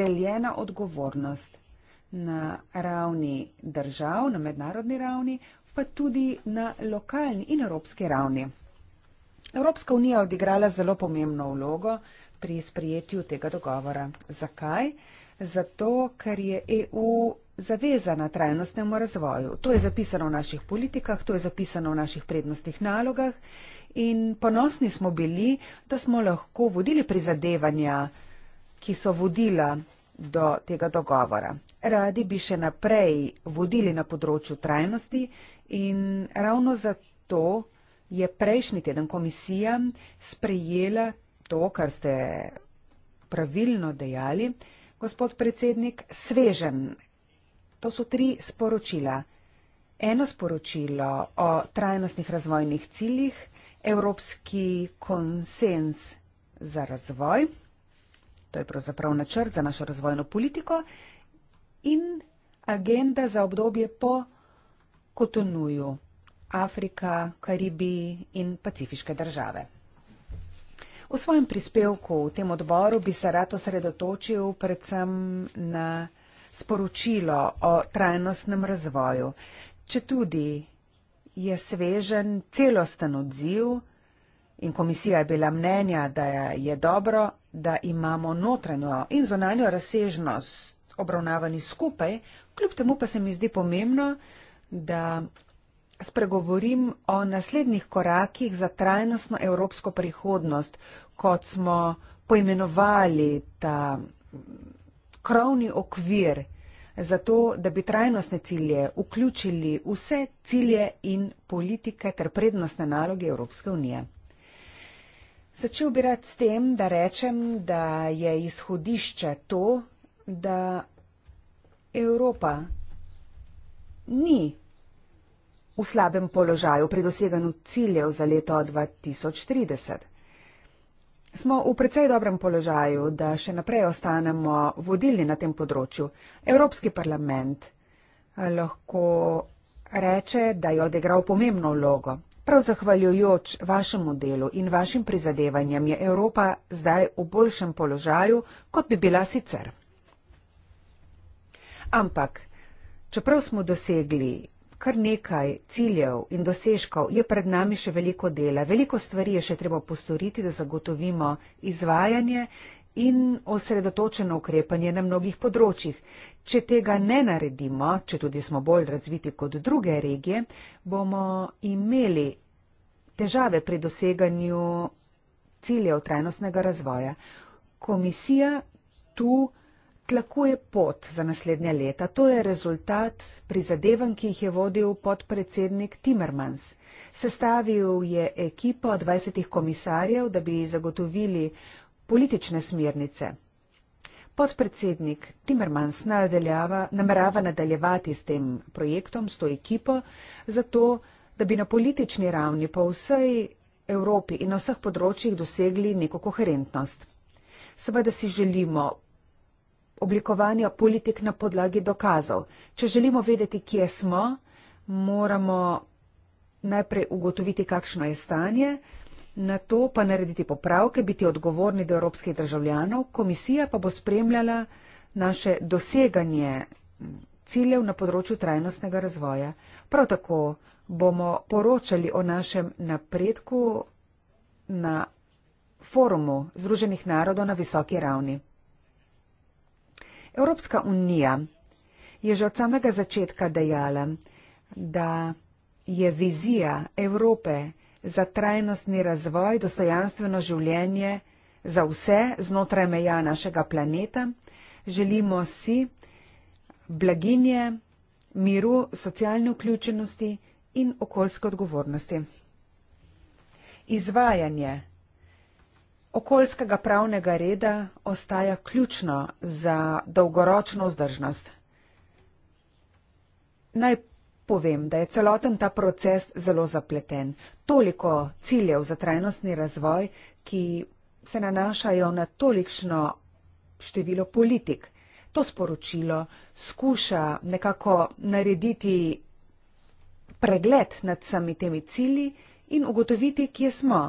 deljena odgovornost na ravni držav, na mednarodni ravni, pa tudi na lokalni in evropski ravni. Evropska unija odigrala zelo pomembno vlogo pri sprejetju tega dogovora. Zakaj? Zato, ker je EU zavezana trajnostnemu razvoju. To je zapisano v naših politikah, to je zapisano v naših prednostnih nalogah in ponosni smo bili, da smo lahko vodili prizadevanja, ki so vodila do tega dogovora. Radi bi še naprej vodili na področju trajnosti in ravno zato je prejšnji teden komisija sprejela to, kar ste pravilno dejali, gospod predsednik, svežen To so tri sporočila. Eno sporočilo o trajnostnih razvojnih ciljih, Evropski konsens za razvoj, to je pravzaprav načrt za našo razvojno politiko, in agenda za obdobje po Kotonuju, Afrika, Karibi in Pacifiške države. V svojem prispevku v tem odboru bi se rad osredotočil predvsem na sporočilo o trajnostnem razvoju. Če tudi je svežen celosten odziv in komisija je bila mnenja, da je dobro, da imamo notranjo in zonanjo razsežnost obravnavani skupaj, kljub temu pa se mi zdi pomembno, da spregovorim o naslednjih korakih za trajnostno evropsko prihodnost, kot smo poimenovali ta krovni okvir za to, da bi trajnostne cilje vključili vse cilje in politike ter prednostne naloge Evropske unije. Začel bi rad s tem, da rečem, da je izhodišče to, da Evropa ni v slabem položaju pri doseganju ciljev za leto 2030 smo v precej dobrem položaju, da še naprej ostanemo vodilni na tem področju. Evropski parlament eh, lahko reče, da je odigral pomembno vlogo. Prav zahvaljujoč vašemu delu in vašim prizadevanjem je Evropa zdaj v boljšem položaju, kot bi bila sicer. Ampak, čeprav smo dosegli kar nekaj ciljev in dosežkov, je pred nami še veliko dela. Veliko stvari je še treba postoriti, da zagotovimo izvajanje in osredotočeno ukrepanje na mnogih področjih. Če tega ne naredimo, če tudi smo bolj razviti kot druge regije, bomo imeli težave pri doseganju ciljev trajnostnega razvoja. Komisija tu tlakuje pot za naslednja leta. To je rezultat prizadevanj, ki jih je vodil podpredsednik Timmermans. Sestavil je ekipo 20 komisarjev, da bi zagotovili politične smernice. Podpredsednik Timmermans nadaljava, namerava nadaljevati s tem projektom, s to ekipo, zato da bi na politični ravni po vsej Evropi in na vseh področjih dosegli neko koherentnost. Seveda si želimo oblikovanja politik na podlagi dokazov. Če želimo vedeti, kje smo, moramo najprej ugotoviti, kakšno je stanje, na to pa narediti popravke, biti odgovorni do evropskih državljanov. Komisija pa bo spremljala naše doseganje ciljev na področju trajnostnega razvoja. Prav tako bomo poročali o našem napredku na forumu Združenih narodov na visoki ravni. Evropska unija je že od samega začetka dejala, da je vizija Evrope za trajnostni razvoj, dostojanstveno življenje za vse znotraj meja našega planeta. Želimo si blaginje, miru, socialne vključenosti in okoljske odgovornosti. Izvajanje okoljskega pravnega reda ostaja ključno za dolgoročno vzdržnost. Naj povem, da je celoten ta proces zelo zapleten. Toliko ciljev za trajnostni razvoj, ki se nanašajo na tolikšno število politik. To sporočilo skuša nekako narediti pregled nad samimi temi cilji in ugotoviti, kje smo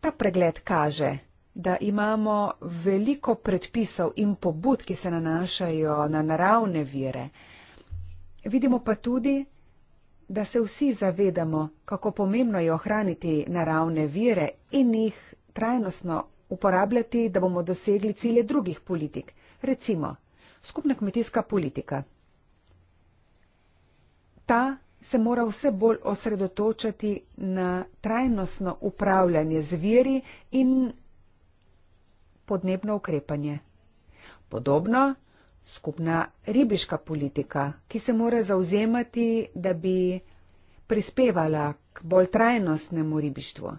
ta pregled kaže, da imamo veliko predpisov in pobud, ki se nanašajo na naravne vire. Vidimo pa tudi, da se vsi zavedamo, kako pomembno je ohraniti naravne vire in jih trajnostno uporabljati, da bomo dosegli cilje drugih politik. Recimo, skupna kmetijska politika. Ta se mora vse bolj osredotočati na trajnostno upravljanje z viri in podnebno ukrepanje. Podobno skupna ribiška politika, ki se mora zauzemati, da bi prispevala k bolj trajnostnemu ribištvu.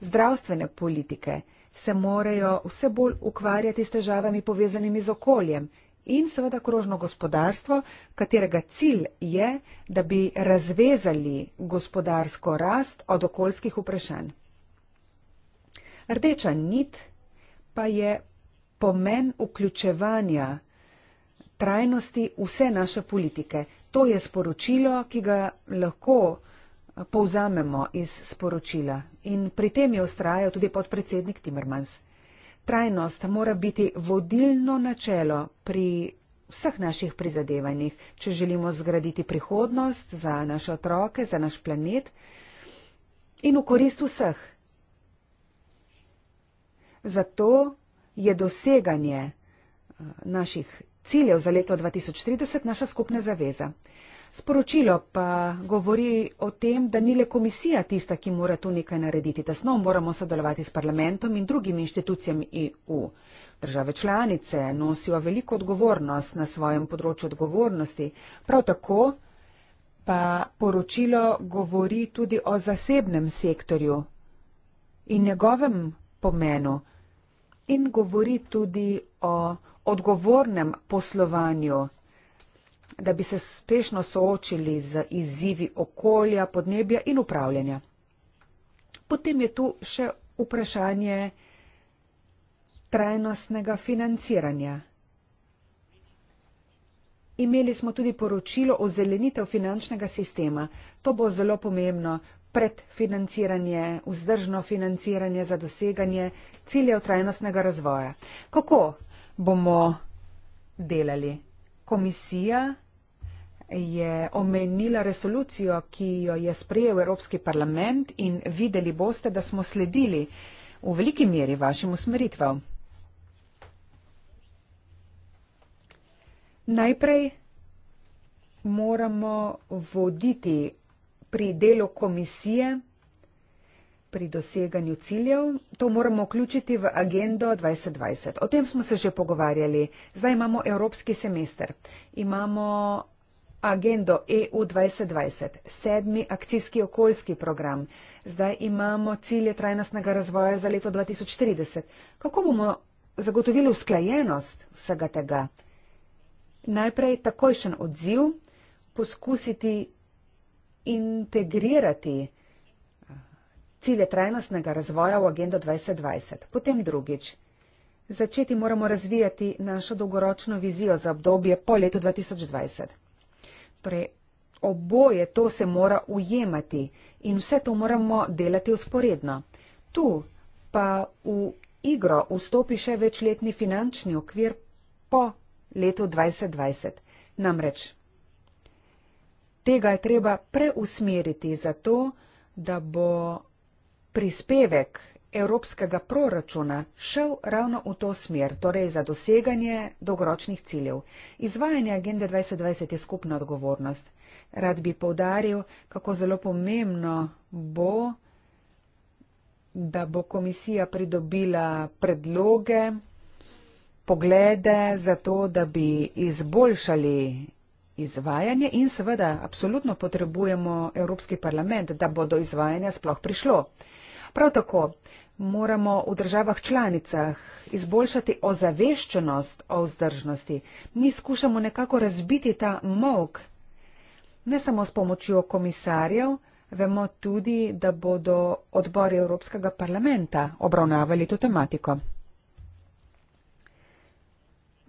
Zdravstvene politike se morajo vse bolj ukvarjati s težavami povezanimi z okoljem in seveda krožno gospodarstvo, katerega cilj je, da bi razvezali gospodarsko rast od okoljskih vprašanj. Rdeča nit pa je pomen vključevanja trajnosti vse naše politike. To je sporočilo, ki ga lahko povzamemo iz sporočila. In pri tem je ustrajal tudi podpredsednik Timmermans trajnost mora biti vodilno načelo pri vseh naših prizadevanjih, če želimo zgraditi prihodnost za naše otroke, za naš planet in v korist vseh. Zato je doseganje eh, naših ciljev za leto 2030 naša skupna zaveza. Sporočilo pa govori o tem, da ni le komisija tista, ki mora tu nekaj narediti. Tesno moramo sodelovati s parlamentom in drugimi inštitucijami EU. Države članice nosijo veliko odgovornost na svojem področju odgovornosti. Prav tako pa poročilo govori tudi o zasebnem sektorju in njegovem pomenu in govori tudi o odgovornem poslovanju da bi se uspešno soočili z izzivi okolja, podnebja in upravljanja. Potem je tu še vprašanje trajnostnega financiranja. Imeli smo tudi poročilo o zelenitev finančnega sistema. To bo zelo pomembno predfinanciranje, vzdržno financiranje za doseganje ciljev trajnostnega razvoja. Kako bomo delali? komisija je omenila resolucijo, ki jo je sprejel Evropski parlament in videli boste, da smo sledili v veliki meri vašim usmeritvam. Najprej moramo voditi pri delu komisije pri doseganju ciljev, to moramo vključiti v agendo 2020. O tem smo se že pogovarjali. Zdaj imamo evropski semester. Imamo agendo EU 2020, sedmi akcijski okoljski program. Zdaj imamo cilje trajnostnega razvoja za leto 2030. Kako bomo zagotovili usklajenost vsega tega? Najprej takojšen odziv, poskusiti integrirati cilje trajnostnega razvoja v Agendo 2020. Potem drugič. Začeti moramo razvijati našo dolgoročno vizijo za obdobje po letu 2020. Torej, oboje to se mora ujemati in vse to moramo delati usporedno. Tu pa v igro vstopi še večletni finančni okvir po letu 2020. Namreč, tega je treba preusmeriti zato, da bo prispevek evropskega proračuna šel ravno v to smer, torej za doseganje dolgoročnih ciljev. Izvajanje agende 2020 je skupna odgovornost. Rad bi povdaril, kako zelo pomembno bo, da bo komisija pridobila predloge, poglede za to, da bi izboljšali izvajanje in seveda absolutno potrebujemo Evropski parlament, da bo do izvajanja sploh prišlo. Prav tako moramo v državah članicah izboljšati ozaveščenost o vzdržnosti. Mi skušamo nekako razbiti ta mok, ne samo s pomočjo komisarjev, vemo tudi, da bodo odbori Evropskega parlamenta obravnavali to tematiko.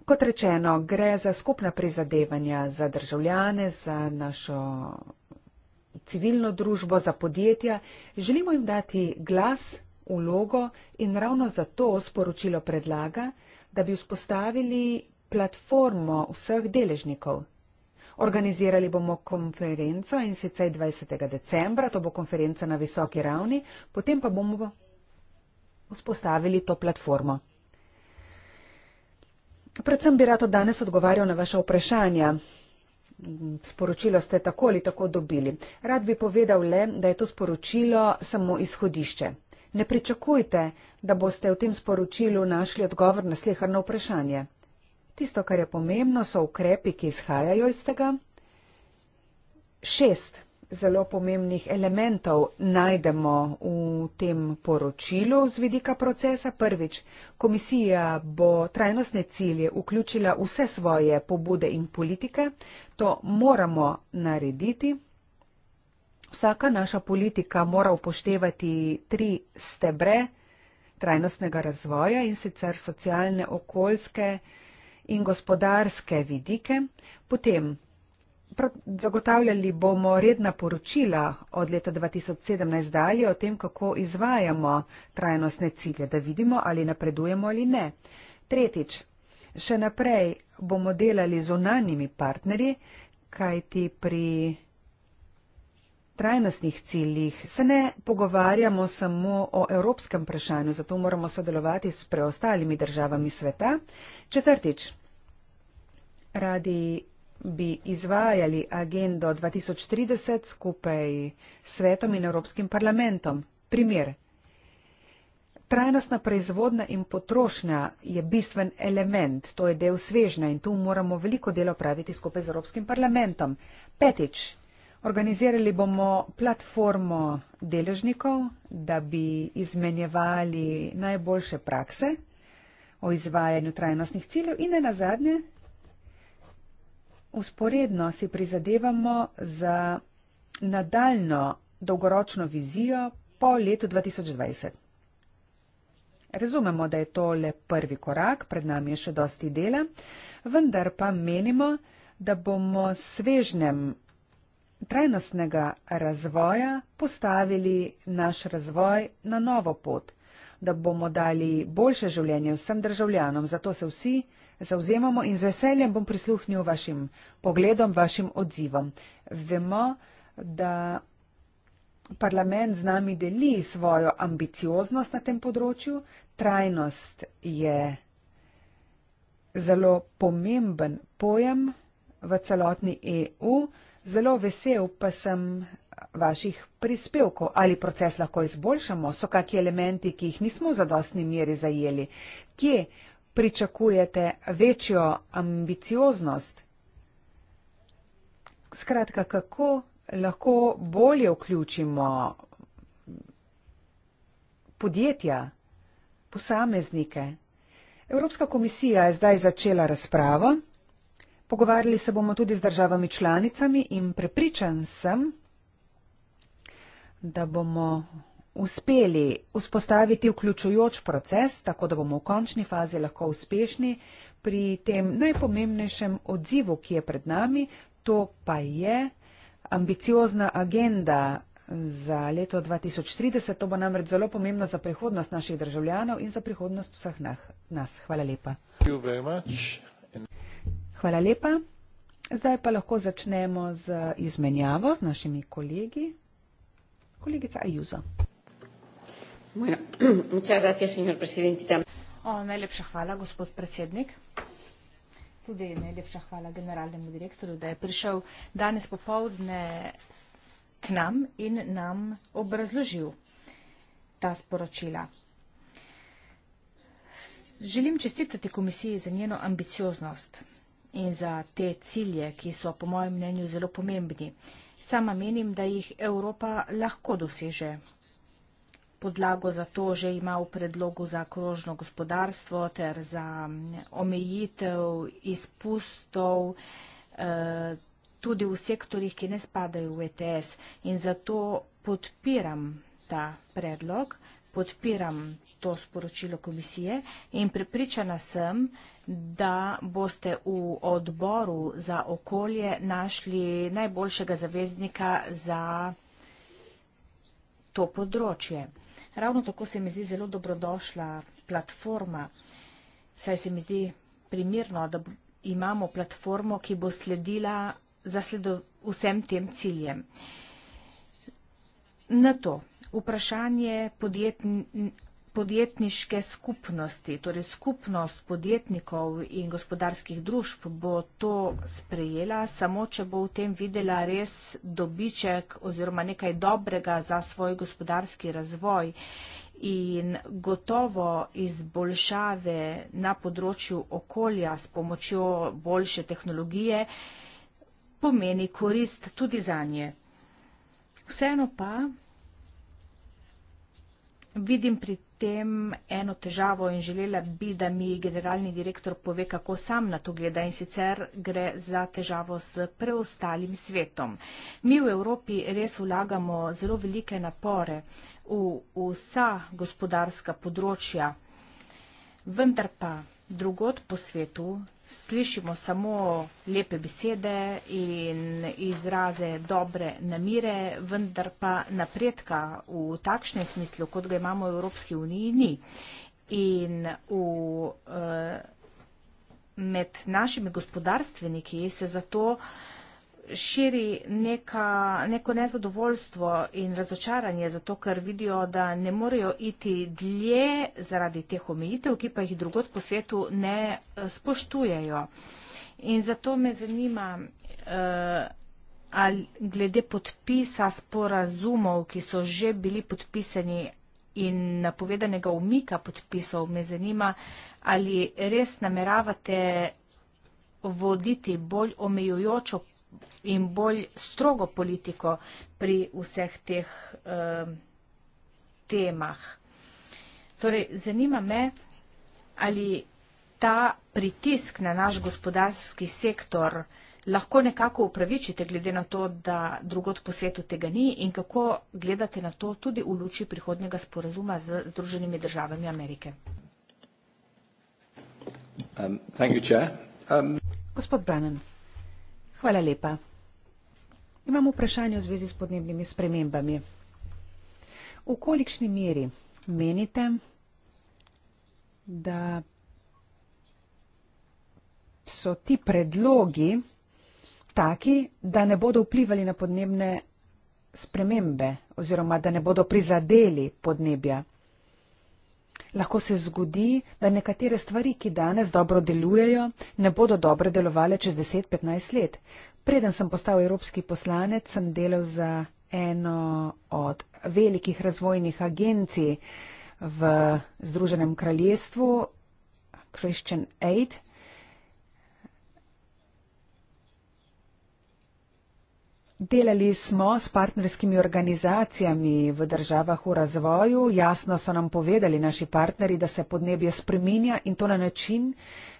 Kot rečeno, gre za skupna prizadevanja za državljane, za našo civilno družbo, za podjetja. Želimo jim dati glas, ulogo in ravno zato sporočilo predlaga, da bi vzpostavili platformo vseh deležnikov. Organizirali bomo konferenco in sicer 20. decembra, to bo konferenca na visoki ravni, potem pa bomo vzpostavili to platformo. Predvsem bi rado danes odgovarjal na vaše vprašanja sporočilo ste tako ali tako dobili. Rad bi povedal le, da je to sporočilo samo izhodišče. Ne pričakujte, da boste v tem sporočilu našli odgovor na sleharno vprašanje. Tisto, kar je pomembno, so ukrepi, ki izhajajo iz tega. Šest zelo pomembnih elementov najdemo v tem poročilu z vidika procesa. Prvič, komisija bo trajnostne cilje vključila vse svoje pobude in politike. To moramo narediti. Vsaka naša politika mora upoštevati tri stebre trajnostnega razvoja in sicer socialne, okoljske in gospodarske vidike. Potem Zagotavljali bomo redna poročila od leta 2017 dalje o tem, kako izvajamo trajnostne cilje, da vidimo, ali napredujemo ali ne. Tretjič, še naprej bomo delali z onanjimi partnerji, kajti pri trajnostnih ciljih se ne pogovarjamo samo o evropskem vprašanju, zato moramo sodelovati s preostalimi državami sveta. Četrtič, radi bi izvajali agendo 2030 skupaj s svetom in Evropskim parlamentom. Primer. Trajnostna proizvodna in potrošnja je bistven element, to je del svežnja in tu moramo veliko delo praviti skupaj z Evropskim parlamentom. Petič. Organizirali bomo platformo deležnikov, da bi izmenjevali najboljše prakse o izvajanju trajnostnih ciljev in ne nazadnje Usporedno si prizadevamo za nadaljno dolgoročno vizijo po letu 2020. Razumemo, da je to le prvi korak, pred nami je še dosti dela, vendar pa menimo, da bomo svežnem trajnostnega razvoja postavili naš razvoj na novo pot, da bomo dali boljše življenje vsem državljanom, zato se vsi zauzemamo in z veseljem bom prisluhnil vašim pogledom, vašim odzivom. Vemo, da parlament z nami deli svojo ambicioznost na tem področju, trajnost je zelo pomemben pojem v celotni EU, zelo vesel pa sem vaših prispevkov, ali proces lahko izboljšamo, so kakšni elementi, ki jih nismo v zadostni meri zajeli, kje pričakujete večjo ambicioznost? Skratka, kako lahko bolje vključimo podjetja, posameznike? Evropska komisija je zdaj začela razpravo. Pogovarjali se bomo tudi z državami članicami in prepričan sem, da bomo uspeli vzpostaviti vključujoč proces, tako da bomo v končni fazi lahko uspešni pri tem najpomembnejšem odzivu, ki je pred nami, to pa je ambiciozna agenda za leto 2030. To bo namreč zelo pomembno za prihodnost naših državljanov in za prihodnost vseh nas. Hvala lepa. Hvala lepa. Zdaj pa lahko začnemo z izmenjavo z našimi kolegi. Kolegica Ajuzo. Bueno, muchas gracias, señor presidente. O, najlepša hvala, gospod predsednik. Tudi najlepša hvala generalnemu direktorju, da je prišel danes popovdne k nam in nam obrazložil ta sporočila. Želim čestitati komisiji za njeno ambicioznost in za te cilje, ki so po mojem mnenju zelo pomembni. Sama menim, da jih Evropa lahko doseže podlago za to že ima v predlogu za krožno gospodarstvo ter za omejitev izpustov eh, tudi v sektorjih, ki ne spadajo v ETS. In zato podpiram ta predlog, podpiram to sporočilo komisije in pripričana sem, da boste v odboru za okolje našli najboljšega zaveznika za to področje. Ravno tako se mi zdi zelo dobrodošla platforma, saj se mi zdi primirno, da imamo platformo, ki bo sledila zasledo vsem tem ciljem. Na to vprašanje podjetn, podjetniške skupnosti, torej skupnost podjetnikov in gospodarskih družb bo to sprejela, samo če bo v tem videla res dobiček oziroma nekaj dobrega za svoj gospodarski razvoj in gotovo izboljšave na področju okolja s pomočjo boljše tehnologije pomeni korist tudi za nje. Vseeno pa vidim pri tem eno težavo in želela bi, da mi generalni direktor pove, kako sam na to gleda in sicer gre za težavo z preostalim svetom. Mi v Evropi res vlagamo zelo velike napore v vsa gospodarska področja, vendar pa drugot po svetu slišimo samo lepe besede in izraze dobre namire, vendar pa napredka v takšnem smislu, kot ga imamo v Evropski uniji, ni. In v, eh, med našimi gospodarstveniki se zato širi neka, neko nezadovoljstvo in razočaranje, zato ker vidijo, da ne morejo iti dlje zaradi teh omejitev, ki pa jih drugot po svetu ne eh, spoštujejo. In zato me zanima, eh, ali glede podpisa sporazumov, ki so že bili podpisani in napovedanega umika podpisov, me zanima, ali res nameravate voditi bolj omejujočo in bolj strogo politiko pri vseh teh uh, temah. Torej, zanima me, ali ta pritisk na naš gospodarski sektor lahko nekako upravičite, glede na to, da drugot po svetu tega ni in kako gledate na to tudi v luči prihodnjega sporazuma z Združenimi državami Amerike. Um, um... Gospod Brennan. Hvala lepa. Imam vprašanje v zvezi s podnebnimi spremembami. V kolikšni meri menite, da so ti predlogi taki, da ne bodo vplivali na podnebne spremembe oziroma da ne bodo prizadeli podnebja? lahko se zgodi, da nekatere stvari, ki danes dobro delujejo, ne bodo dobro delovale čez 10-15 let. Preden sem postal evropski poslanec, sem delal za eno od velikih razvojnih agencij v Združenem kraljestvu, Christian Aid. Delali smo s partnerskimi organizacijami v državah v razvoju. Jasno so nam povedali naši partneri, da se podnebje spreminja in to na način,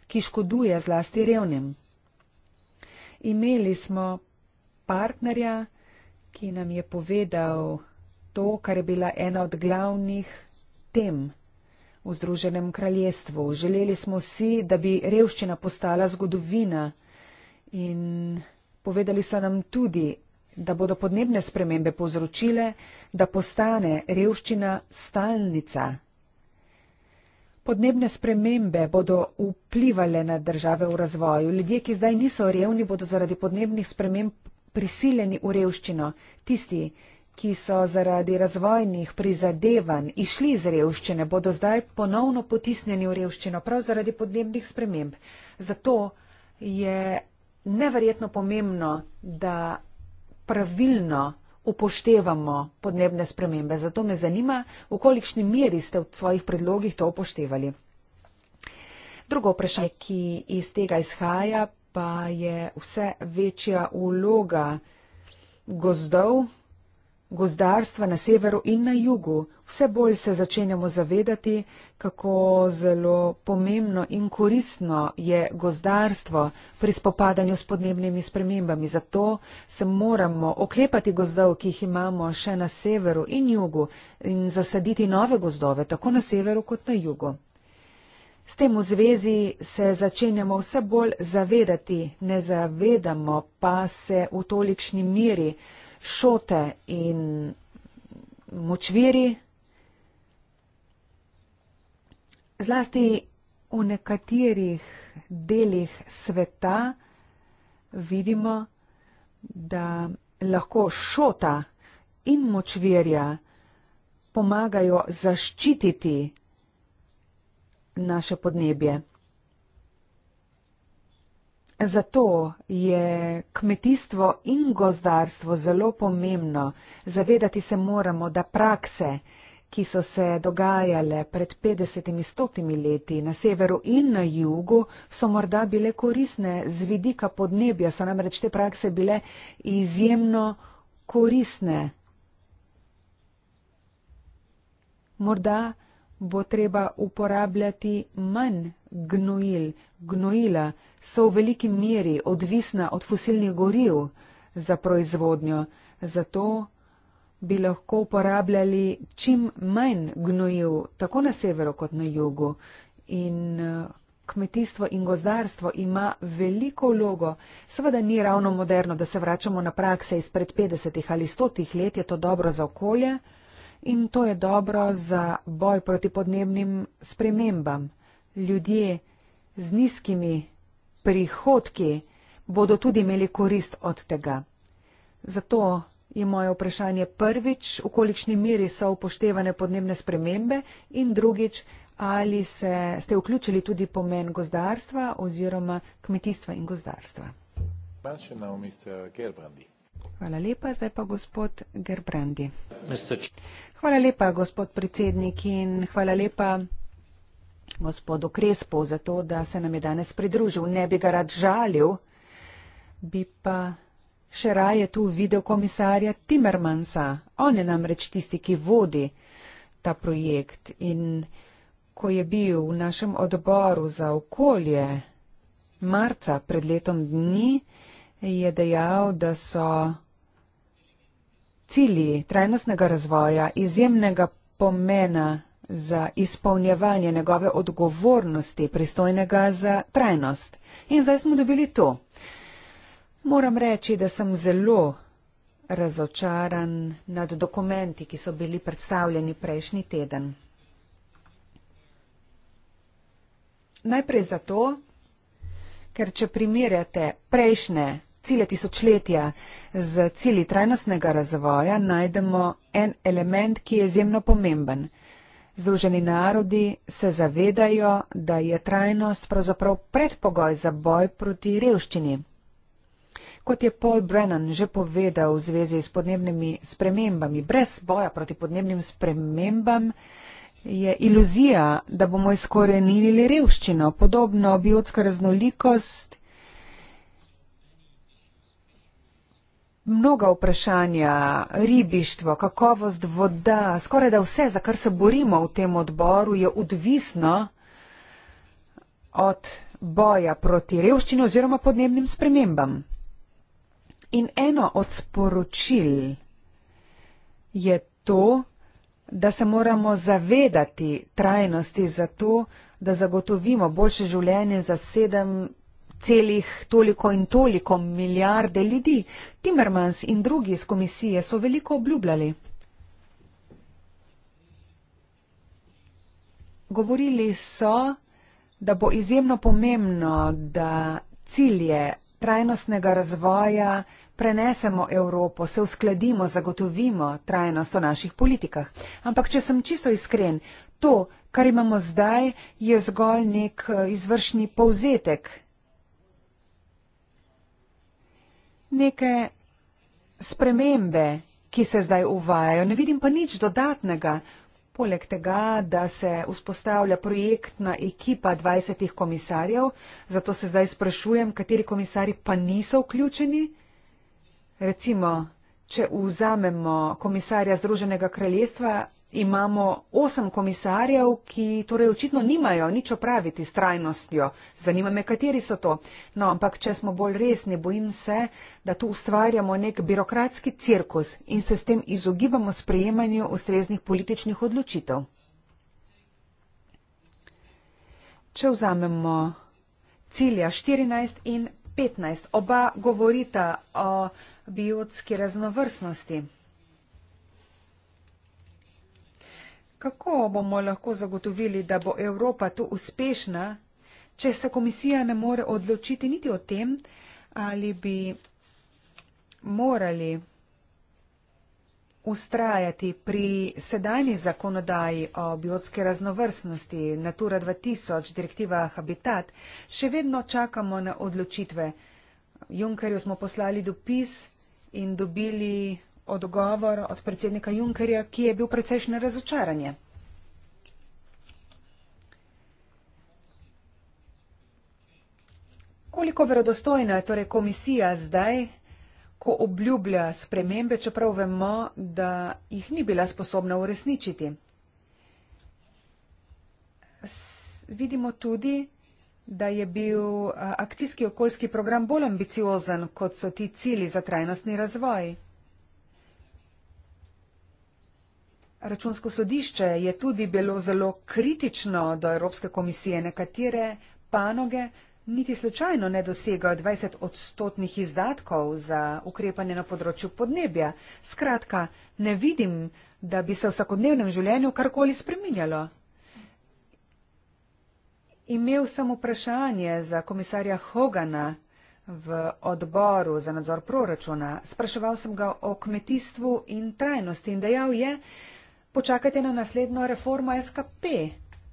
ki škoduje zlasti revnim. Imeli smo partnerja, ki nam je povedal to, kar je bila ena od glavnih tem v Združenem kraljestvu. Želeli smo si, da bi revščina postala zgodovina in povedali so nam tudi, da bodo podnebne spremembe povzročile, da postane revščina stalnica. Podnebne spremembe bodo vplivale na države v razvoju. Ljudje, ki zdaj niso revni, bodo zaradi podnebnih sprememb prisiljeni v revščino. Tisti, ki so zaradi razvojnih prizadevanj išli iz revščine, bodo zdaj ponovno potisnjeni v revščino, prav zaradi podnebnih sprememb. Zato je neverjetno pomembno, da pravilno upoštevamo podnebne spremembe. Zato me zanima, v kolikšni meri ste v svojih predlogih to upoštevali. Drugo vprašanje, ki iz tega izhaja, pa je vse večja vloga gozdov gozdarstva na severu in na jugu, vse bolj se začenjamo zavedati, kako zelo pomembno in koristno je gozdarstvo pri spopadanju s podnebnimi spremembami. Zato se moramo oklepati gozdov, ki jih imamo še na severu in jugu in zasaditi nove gozdove, tako na severu kot na jugu. S tem v zvezi se začenjamo vse bolj zavedati, ne zavedamo pa se v tolikšni miri, šote in močviri, zlasti v nekaterih delih sveta vidimo, da lahko šota in močvirja pomagajo zaščititi naše podnebje. Zato je kmetijstvo in gozdarstvo zelo pomembno. Zavedati se moramo, da prakse, ki so se dogajale pred 50-100 leti na severu in na jugu, so morda bile korisne z vidika podnebja, so namreč te prakse bile izjemno korisne. Morda bo treba uporabljati manj gnojil, gnojila so v veliki meri odvisna od fosilnih goril za proizvodnjo, zato bi lahko uporabljali čim manj gnojil tako na severu kot na jugu. In eh, kmetijstvo in gozdarstvo ima veliko vlogo. Seveda ni ravno moderno, da se vračamo na prakse izpred 50 ali 100 let, je to dobro za okolje. In to je dobro za boj proti podnebnim spremembam ljudje z nizkimi prihodki bodo tudi imeli korist od tega. Zato je moje vprašanje prvič, v kolikšni meri so upoštevane podnebne spremembe in drugič, ali se, ste vključili tudi pomen gozdarstva oziroma kmetijstva in gozdarstva. Hvala lepa, zdaj pa gospod Gerbrandi. Hvala lepa, gospod predsednik, in hvala lepa gospodu Krespu za to, da se nam je danes pridružil. Ne bi ga rad žalil, bi pa še raje tu videl komisarja Timmermansa. On je namreč tisti, ki vodi ta projekt. In ko je bil v našem odboru za okolje marca pred letom dni, je dejal, da so cilji trajnostnega razvoja izjemnega pomena za izpolnjevanje njegove odgovornosti pristojnega za trajnost. In zdaj smo dobili to. Moram reči, da sem zelo razočaran nad dokumenti, ki so bili predstavljeni prejšnji teden. Najprej zato, ker če primerjate prejšnje cilje tisočletja z cilji trajnostnega razvoja, najdemo en element, ki je izjemno pomemben. Združeni narodi se zavedajo, da je trajnost pravzaprav predpogoj za boj proti revščini. Kot je Paul Brennan že povedal v zvezi s podnebnimi spremembami, brez boja proti podnebnim spremembam je iluzija, da bomo izkorenili revščino, podobno biotska raznolikost mnoga vprašanja, ribištvo, kakovost voda, skoraj da vse, za kar se borimo v tem odboru, je odvisno od boja proti revščini oziroma podnebnim spremembam. In eno od sporočil je to, da se moramo zavedati trajnosti za to, da zagotovimo boljše življenje za 7 celih toliko in toliko milijarde ljudi. Timmermans in drugi iz komisije so veliko obljubljali. Govorili so, da bo izjemno pomembno, da cilje trajnostnega razvoja prenesemo Evropo, se uskladimo, zagotovimo trajnost v naših politikah. Ampak, če sem čisto iskren, to, kar imamo zdaj, je zgolj nek eh, izvršni povzetek neke spremembe, ki se zdaj uvajajo. Ne vidim pa nič dodatnega, poleg tega, da se vzpostavlja projektna ekipa 20 komisarjev, zato se zdaj sprašujem, kateri komisari pa niso vključeni. Recimo, če vzamemo komisarja Združenega kraljestva, Imamo osem komisarjev, ki torej očitno nimajo nič opraviti s trajnostjo. Zanima me, kateri so to. No, ampak če smo bolj resni, bojim se, da tu ustvarjamo nek birokratski cirkus in se s tem izogibamo sprejemanju ustreznih političnih odločitev. Če vzamemo cilja 14 in 15, oba govorita o biotski raznovrstnosti. Kako bomo lahko zagotovili, da bo Evropa tu uspešna, če se komisija ne more odločiti niti o tem, ali bi morali ustrajati pri sedajni zakonodaji o biotske raznovrstnosti Natura 2000, direktiva Habitat, še vedno čakamo na odločitve. Junkerju smo poslali dopis in dobili odgovor od predsednika Junkerja, ki je bil precejšnje razočaranje. Koliko verodostojna je torej komisija zdaj, ko obljublja spremembe, čeprav vemo, da jih ni bila sposobna uresničiti? Vidimo tudi, da je bil akcijski okoljski program bolj ambiciozen, kot so ti cili za trajnostni razvoj. Računsko sodišče je tudi bilo zelo kritično do Evropske komisije, nekatere panoge niti slučajno ne dosegajo 20 odstotnih izdatkov za ukrepanje na področju podnebja. Skratka, ne vidim, da bi se v vsakodnevnem življenju karkoli spreminjalo. Imel sem vprašanje za komisarja Hogana v odboru za nadzor proračuna. Spraševal sem ga o kmetijstvu in trajnosti in dejal je, počakajte na naslednjo reformo SKP.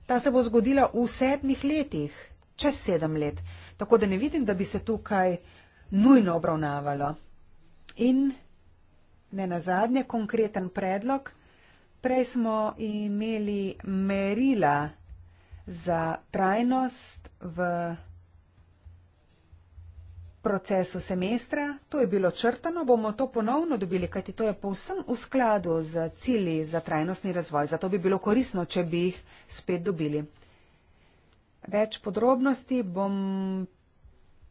Ta se bo zgodila v sedmih letih, čez sedem let. Tako da ne vidim, da bi se tukaj nujno obravnavalo. In ne nazadnje, konkreten predlog. Prej smo imeli merila za trajnost v procesu semestra, to je bilo črtano, bomo to ponovno dobili, kajti to je povsem v skladu z cilji za trajnostni razvoj. Zato bi bilo korisno, če bi jih spet dobili. Več podrobnosti bom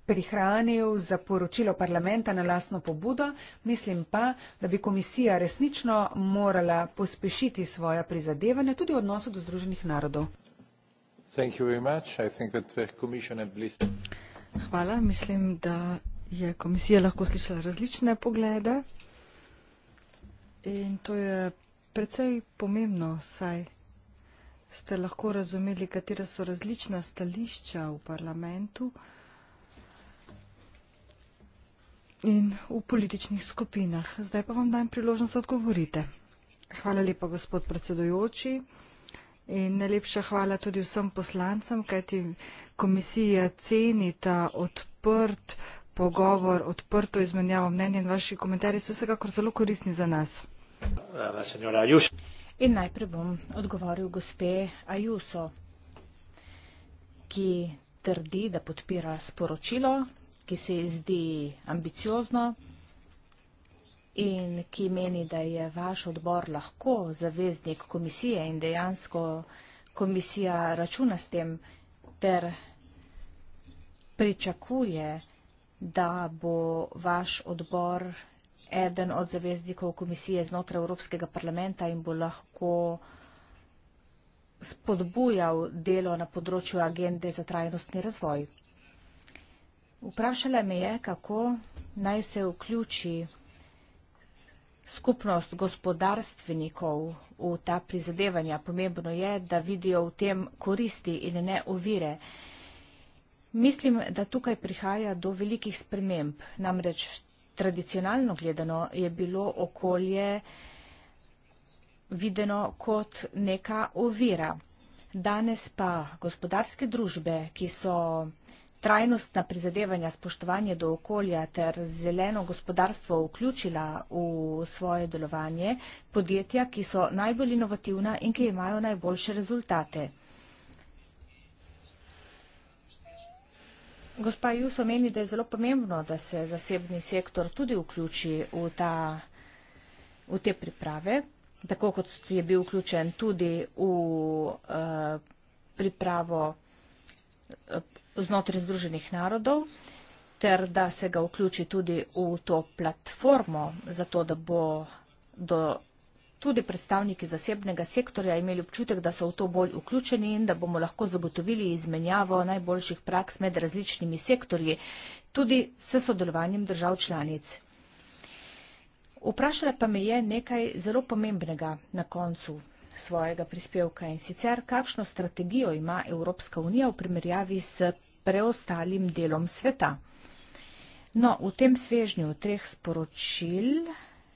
prihranil za poročilo parlamenta na lastno pobudo. Mislim pa, da bi komisija resnično morala pospešiti svoja prizadevanja tudi v odnosu do Združenih narodov. Thank you very much. I think that the Commission at least... Hvala. Mislim, da je komisija lahko slišala različne poglede in to je precej pomembno, saj ste lahko razumeli, katera so različna stališča v parlamentu in v političnih skupinah. Zdaj pa vam dajem priložnost, da odgovorite. Hvala lepa, gospod predsedujoči. In najlepša hvala tudi vsem poslancem, kajti komisija ceni ta odprt pogovor, odprto izmenjavo mnenja in vaši komentarji so vsekakor zelo koristni za nas. In najprej bom odgovoril gospe Ajuso, ki trdi, da podpira sporočilo, ki se ji zdi ambiciozno, in ki meni, da je vaš odbor lahko zaveznik komisije in dejansko komisija računa s tem ter pričakuje, da bo vaš odbor eden od zaveznikov komisije znotraj Evropskega parlamenta in bo lahko spodbujal delo na področju agende za trajnostni razvoj. Vprašala me je, kako naj se vključi skupnost gospodarstvenikov v ta prizadevanja. Pomembno je, da vidijo v tem koristi in ne ovire. Mislim, da tukaj prihaja do velikih sprememb. Namreč tradicionalno gledano je bilo okolje videno kot neka ovira. Danes pa gospodarske družbe, ki so vsega, trajnostna prizadevanja, spoštovanje do okolja ter zeleno gospodarstvo vključila v svoje delovanje podjetja, ki so najbolj inovativna in ki imajo najboljše rezultate. Gospa Jus omeni, da je zelo pomembno, da se zasebni sektor tudi vključi v, ta, v te priprave, tako kot je bil vključen tudi v uh, pripravo znotraj Združenih narodov ter da se ga vključi tudi v to platformo, zato da bo do tudi predstavniki zasebnega sektorja imeli občutek, da so v to bolj vključeni in da bomo lahko zagotovili izmenjavo najboljših praks med različnimi sektorji, tudi s sodelovanjem držav članic. Vprašala pa me je nekaj zelo pomembnega na koncu svojega prispevka in sicer, kakšno strategijo ima Evropska unija v primerjavi s preostalim delom sveta. No, v tem svežnju treh sporočil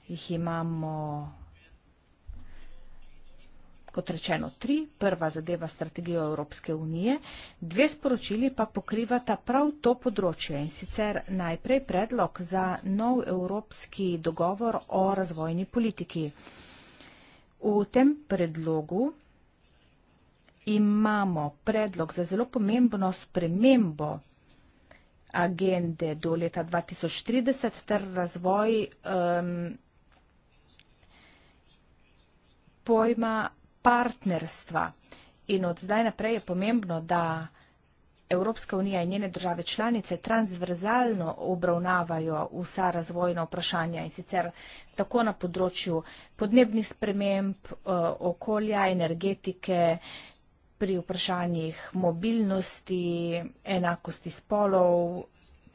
jih imamo, kot rečeno, tri. Prva zadeva strategijo Evropske unije, dve sporočili pa pokrivata prav to področje in sicer najprej predlog za nov evropski dogovor o razvojni politiki. V tem predlogu imamo predlog za zelo pomembno spremembo agende do leta 2030 ter razvoj um, pojma partnerstva. In od zdaj naprej je pomembno, da Evropska unija in njene države članice transverzalno obravnavajo vsa razvojna vprašanja in sicer tako na področju podnebnih sprememb, eh, okolja, energetike, pri vprašanjih mobilnosti, enakosti spolov,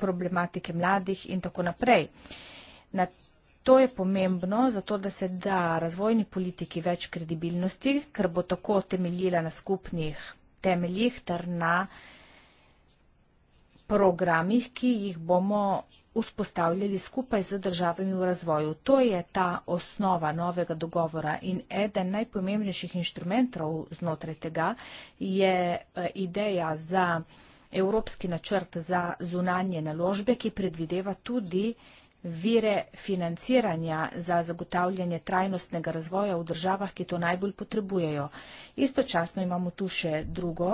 problematike mladih in tako naprej. Na to je pomembno, zato da se da razvojni politiki več kredibilnosti, ker bo tako temeljila na skupnih temeljih ter na programih, ki jih bomo vzpostavljali skupaj z državami v razvoju. To je ta osnova novega dogovora in eden najpomembnejših inštrumentov znotraj tega je e, ideja za evropski načrt za zunanje naložbe, ki predvideva tudi vire financiranja za zagotavljanje trajnostnega razvoja v državah, ki to najbolj potrebujejo. Istočasno imamo tu še drugo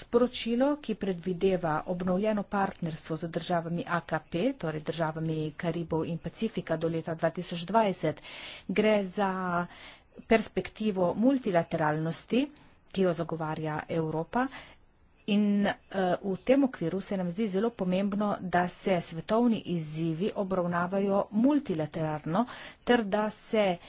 sporočilo, ki predvideva obnovljeno partnerstvo z državami AKP, torej državami Karibov in Pacifika do leta 2020. Gre za perspektivo multilateralnosti ki jo zagovarja Evropa, In uh, v tem okviru se nam zdi zelo pomembno, da se svetovni izzivi obravnavajo multilateralno ter da se uh,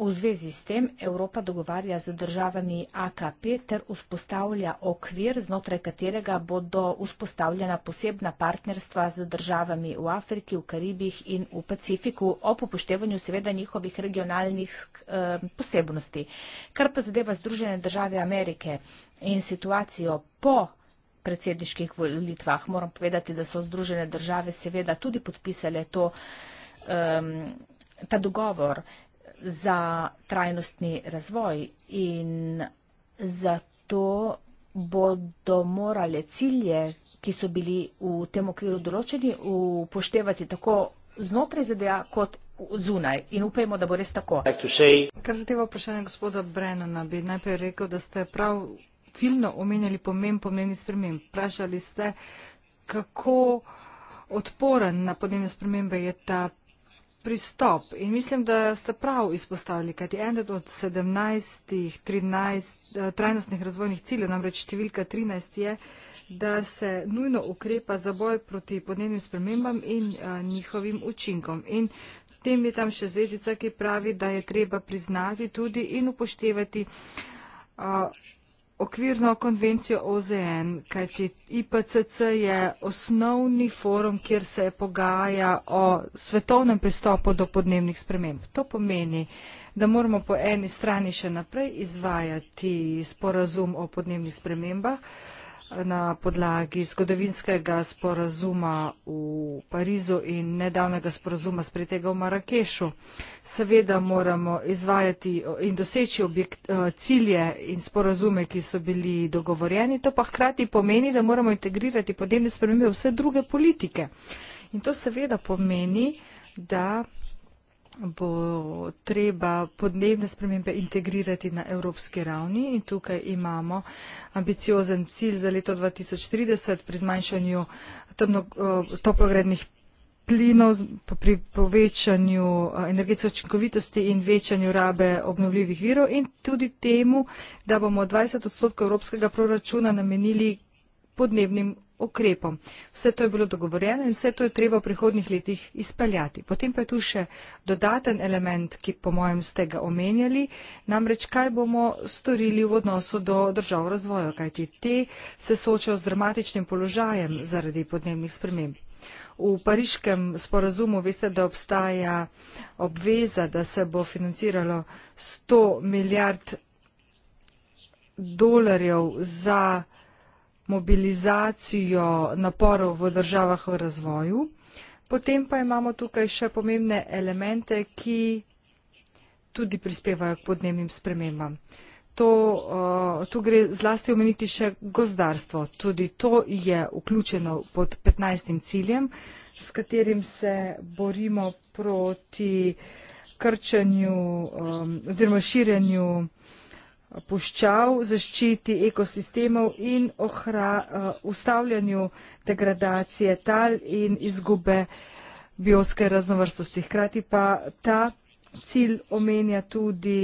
V zvezi s tem Evropa dogovarja z državami AKP ter vzpostavlja okvir, znotraj katerega bodo vzpostavljena posebna partnerstva z državami v Afriki, v Karibih in v Pacifiku, ob upoštevanju seveda njihovih regionalnih eh, posebnosti. Kar pa zadeva Združene države Amerike in situacijo po predsedniških volitvah, moram povedati, da so Združene države seveda tudi podpisale to, ta dogovor za trajnostni razvoj in zato bodo morale cilje, ki so bili v tem okviru določeni, upoštevati tako znotraj ZDA kot zunaj in upajmo, da bo res tako. Kar zadeva vprašanje gospoda Brennana, bi najprej rekel, da ste prav filmno omenjali pomen pomeni sprememb. Vprašali ste, kako odporen na podnebne spremembe je ta pristop in mislim, da ste prav izpostavili, kajti enet od sedemnajstih, eh, trajnostnih razvojnih ciljev, namreč številka trinajst je, da se nujno ukrepa za boj proti podnebnim spremembam in a, eh, njihovim učinkom. In tem je tam še zvezdica, ki pravi, da je treba priznati tudi in upoštevati. A, eh, okvirno konvencijo OZN, kajti IPCC je osnovni forum, kjer se pogaja o svetovnem pristopu do podnebnih sprememb. To pomeni, da moramo po eni strani še naprej izvajati sporazum o podnebnih spremembah, uh, na podlagi zgodovinskega sporazuma v Parizu in nedavnega sporazuma spretega v Marakešu. Seveda moramo izvajati in doseči objekt, eh, cilje in sporazume, ki so bili dogovorjeni, to pa hkrati pomeni, da moramo integrirati podnebne spremembe v vse druge politike. In to seveda pomeni, da bo treba podnebne spremembe integrirati na evropski ravni in tukaj imamo ambiciozen cilj za leto 2030 pri zmanjšanju toplogrednih plinov, pri povečanju energetske očinkovitosti in večanju rabe obnovljivih virov in tudi temu, da bomo 20 odstotkov evropskega proračuna namenili podnebnim ukrepom. Vse to je bilo dogovorjeno in vse to je treba v prihodnih letih izpeljati. Potem pa je tu še dodaten element, ki po mojem ste ga omenjali, namreč kaj bomo storili v odnosu do držav razvoja, kajti te se soočajo z dramatičnim položajem zaradi podnebnih sprememb. V pariškem sporazumu veste, da obstaja obveza, da se bo financiralo 100 milijard dolarjev za mobilizacijo naporov v državah v razvoju. Potem pa imamo tukaj še pomembne elemente, ki tudi prispevajo k podnebnim spremembam. To, uh, tu gre zlasti omeniti še gozdarstvo. Tudi to je vključeno pod 15. ciljem, s katerim se borimo proti krčanju um, eh, oziroma širjenju uh, puščav, zaščiti ekosistemov in ohra, eh, ustavljanju degradacije tal in izgube biotske raznovrstosti. Hkrati pa ta cilj omenja tudi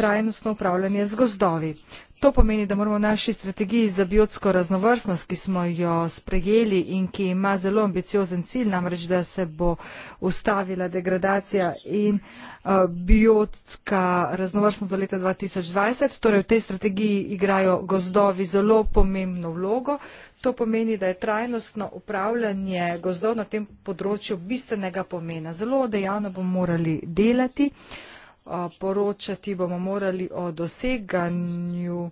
trajnostno upravljanje z gozdovi. To pomeni, da moramo v naši strategiji za biotsko raznovrstnost, ki smo jo sprejeli in ki ima zelo ambiciozen cilj, namreč da se bo ustavila degradacija in eh, biotska raznovrstnost do leta 2020, torej v tej strategiji igrajo gozdovi zelo pomembno vlogo. To pomeni, da je trajnostno upravljanje gozdov na tem področju bistvenega pomena. Zelo dejavno bomo morali delati poročati bomo morali o doseganju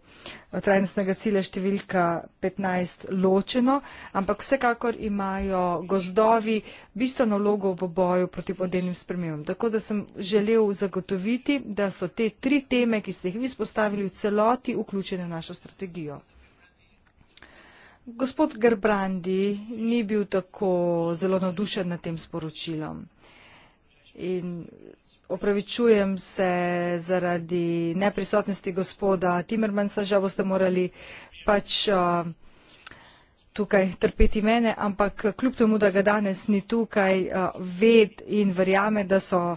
eh, trajnostnega cilja številka 15 ločeno, ampak vsekakor imajo gozdovi bistveno vlogo v boju proti podnebnim spremembam. Tako da sem želel zagotoviti, da so te tri teme, ki ste jih vi spostavili v celoti, vključene v našo strategijo. Gospod Gerbrandi ni bil tako zelo navdušen nad tem sporočilom. In opravičujem se zaradi neprisotnosti gospoda Timmermansa, žal boste morali pač uh, tukaj trpeti mene, ampak kljub temu, da ga danes ni tukaj, uh, ved in verjame, da so uh,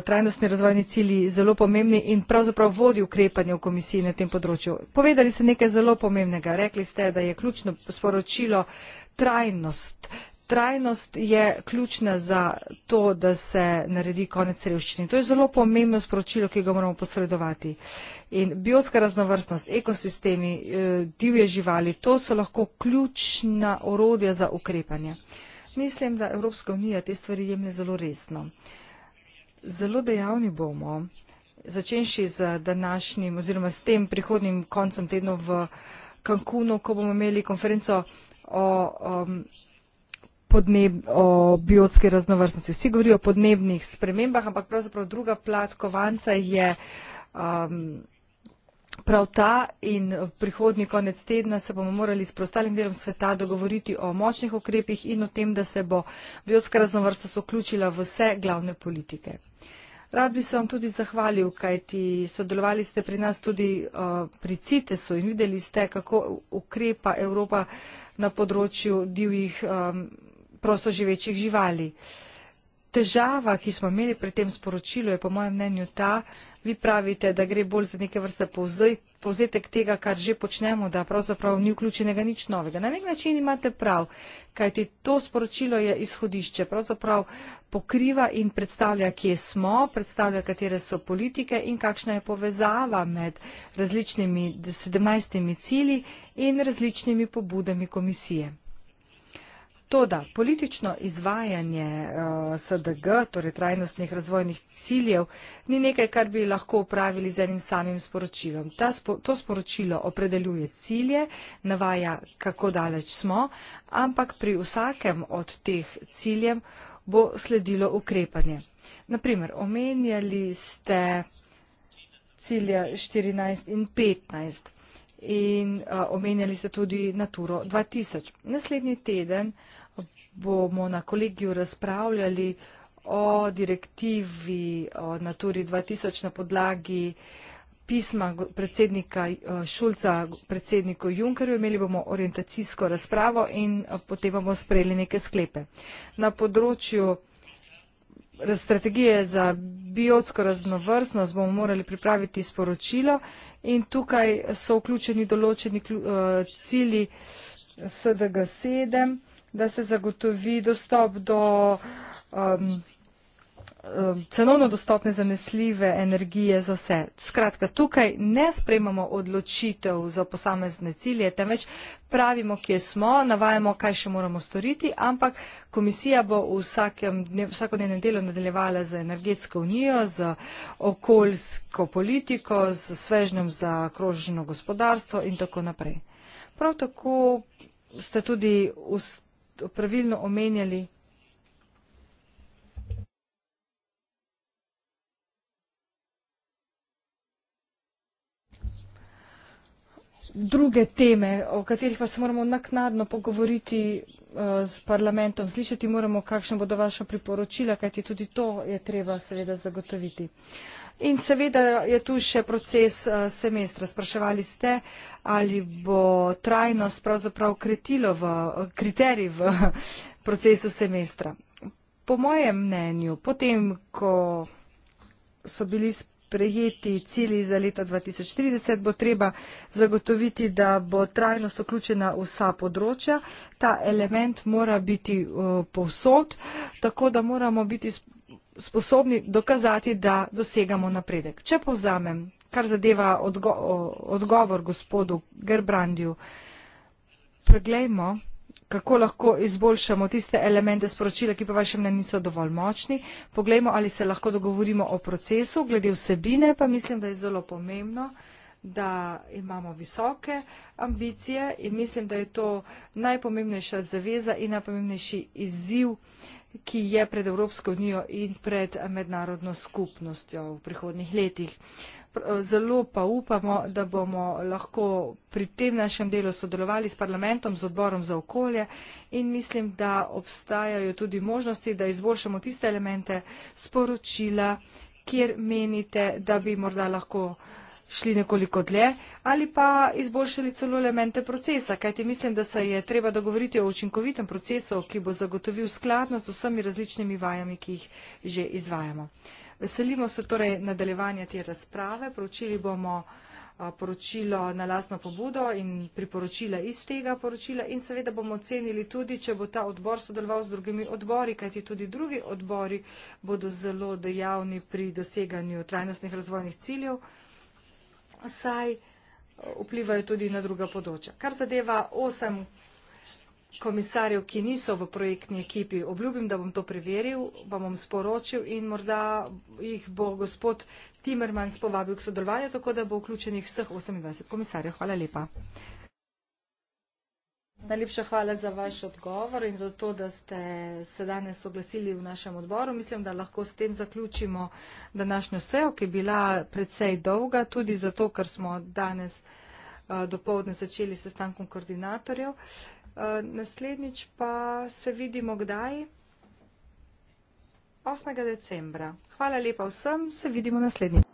trajnostni razvojni cilji zelo pomembni in pravzaprav vodi ukrepanje v komisiji na tem področju. Povedali ste nekaj zelo pomembnega. Rekli ste, da je ključno sporočilo trajnost, trajnost je ključna za to, da se naredi konec revščine. To je zelo pomembno sporočilo, ki ga moramo posredovati. In biotska raznovrstnost, ekosistemi, eh, divje živali, to so lahko ključna orodja za ukrepanje. Mislim, da Evropska unija te stvari jemlje zelo resno. Zelo dejavni bomo, začenši z današnjim oziroma s tem prihodnim koncem tedna v Cancunu, ko bomo imeli konferenco o um, podneb, o biotski raznovrstnosti. Vsi govorijo o podnebnih spremembah, ampak pravzaprav druga plat kovanca je um, prav ta in prihodnji konec tedna se bomo morali s prostalim delom sveta dogovoriti o močnih ukrepih in o tem, da se bo biotska raznovrstnost vključila v vse glavne politike. Rad bi se vam tudi zahvalil, kajti sodelovali ste pri nas tudi uh, pri CITES-u in videli ste, kako ukrepa Evropa na področju divjih um, prostoživečih živali. Težava, ki smo imeli pri tem sporočilu, je po mojem mnenju ta, vi pravite, da gre bolj za neke vrste povzetek tega, kar že počnemo, da pravzaprav ni vključenega nič novega. Na nek način imate prav, kajti to sporočilo je izhodišče, pravzaprav pokriva in predstavlja, kje smo, predstavlja, katere so politike in kakšna je povezava med različnimi 17 cilji in različnimi pobudami komisije. Toda politično izvajanje uh, eh, SDG, torej trajnostnih razvojnih ciljev, ni nekaj, kar bi lahko upravili z enim samim sporočilom. Ta, to sporočilo opredeljuje cilje, navaja, kako daleč smo, ampak pri vsakem od teh ciljem bo sledilo ukrepanje. Naprimer, omenjali ste cilja 14 in 15 in uh, omenjali ste tudi Naturo 2000. Naslednji teden bomo na kolegiju razpravljali o direktivi o Naturi 2000 na podlagi pisma predsednika Šulca predsedniku Junkerju. Imeli bomo orientacijsko razpravo in potem bomo sprejeli neke sklepe. Na področju uh, strategije za biotsko raznovrstnost bomo morali pripraviti sporočilo in tukaj so vključeni določeni eh, cilji SDG-7, da se zagotovi dostop do um, Um, cenovno dostopne zanesljive energije za vse. Skratka, tukaj ne sprejmamo odločitev za posamezne cilje, temveč pravimo, kje smo, navajamo, kaj še moramo storiti, ampak komisija bo v vsakodnevnem delu nadaljevala z energetsko unijo, z okoljsko politiko, z svežnjem za kroženo gospodarstvo in tako naprej. Prav tako ste tudi pravilno omenjali druge teme, o katerih pa se moramo naknadno pogovoriti z eh, parlamentom. Slišati moramo, kakšne bodo vaša priporočila, kajti tudi to je treba seveda zagotoviti. In seveda je tu še proces eh, semestra. Spraševali ste, ali bo trajnost pravzaprav kretilo v kriterij v procesu semestra. Po mojem mnenju, potem, ko so bili prejeti cili za leto 2030, bo treba zagotoviti, da bo trajnost vključena vsa področja. Ta element mora biti uh, povsod, tako da moramo biti sposobni dokazati, da dosegamo napredek. Če povzamem, kar zadeva odgo odgovor gospodu Gerbrandiju, preglejmo, kako lahko izboljšamo tiste elemente sporočila, ki pa vaše mnenje niso dovolj močni. Poglejmo, ali se lahko dogovorimo o procesu, glede vsebine pa mislim, da je zelo pomembno da imamo visoke ambicije in mislim, da je to najpomembnejša zaveza in najpomembnejši izziv, ki je pred Evropsko unijo in pred mednarodno skupnostjo v prihodnjih letih. Uh, zelo pa upamo, da bomo lahko pri tem našem delu sodelovali s parlamentom, z odborom za okolje in mislim, da obstajajo tudi možnosti, da izboljšamo tiste elemente sporočila, kjer menite, da bi morda lahko šli nekoliko dlje ali pa izboljšali celo elemente procesa, kajti mislim, da se je treba dogovoriti o učinkovitem procesu, ki bo zagotovil skladnost z vsemi različnimi vajami, ki jih že izvajamo. Veselimo se torej nadaljevanja te razprave. Poročili bomo poročilo na lasno pobudo in priporočila iz tega poročila in seveda bomo ocenili tudi, če bo ta odbor sodeloval z drugimi odbori, kajti tudi drugi odbori bodo zelo dejavni pri doseganju trajnostnih razvojnih ciljev, saj vplivajo tudi na druga področja. Kar zadeva osem komisarjev, ki niso v projektni ekipi. Obljubim, da bom to preveril, vam bom sporočil in morda jih bo gospod Timerman spovabil k sodelovanju, tako da bo vključenih vseh 28 komisarjev. Hvala lepa. Najlepša hvala za vaš odgovor in za to, da ste se danes oglasili v našem odboru. Mislim, da lahko s tem zaključimo današnjo sejo, ki je bila predvsej dolga, tudi zato, ker smo danes uh, eh, dopovdne začeli s sestankom koordinatorjev. Uh, Eh, naslednjič pa se vidimo kdaj? 8. decembra. Hvala lepa vsem, se vidimo naslednjič.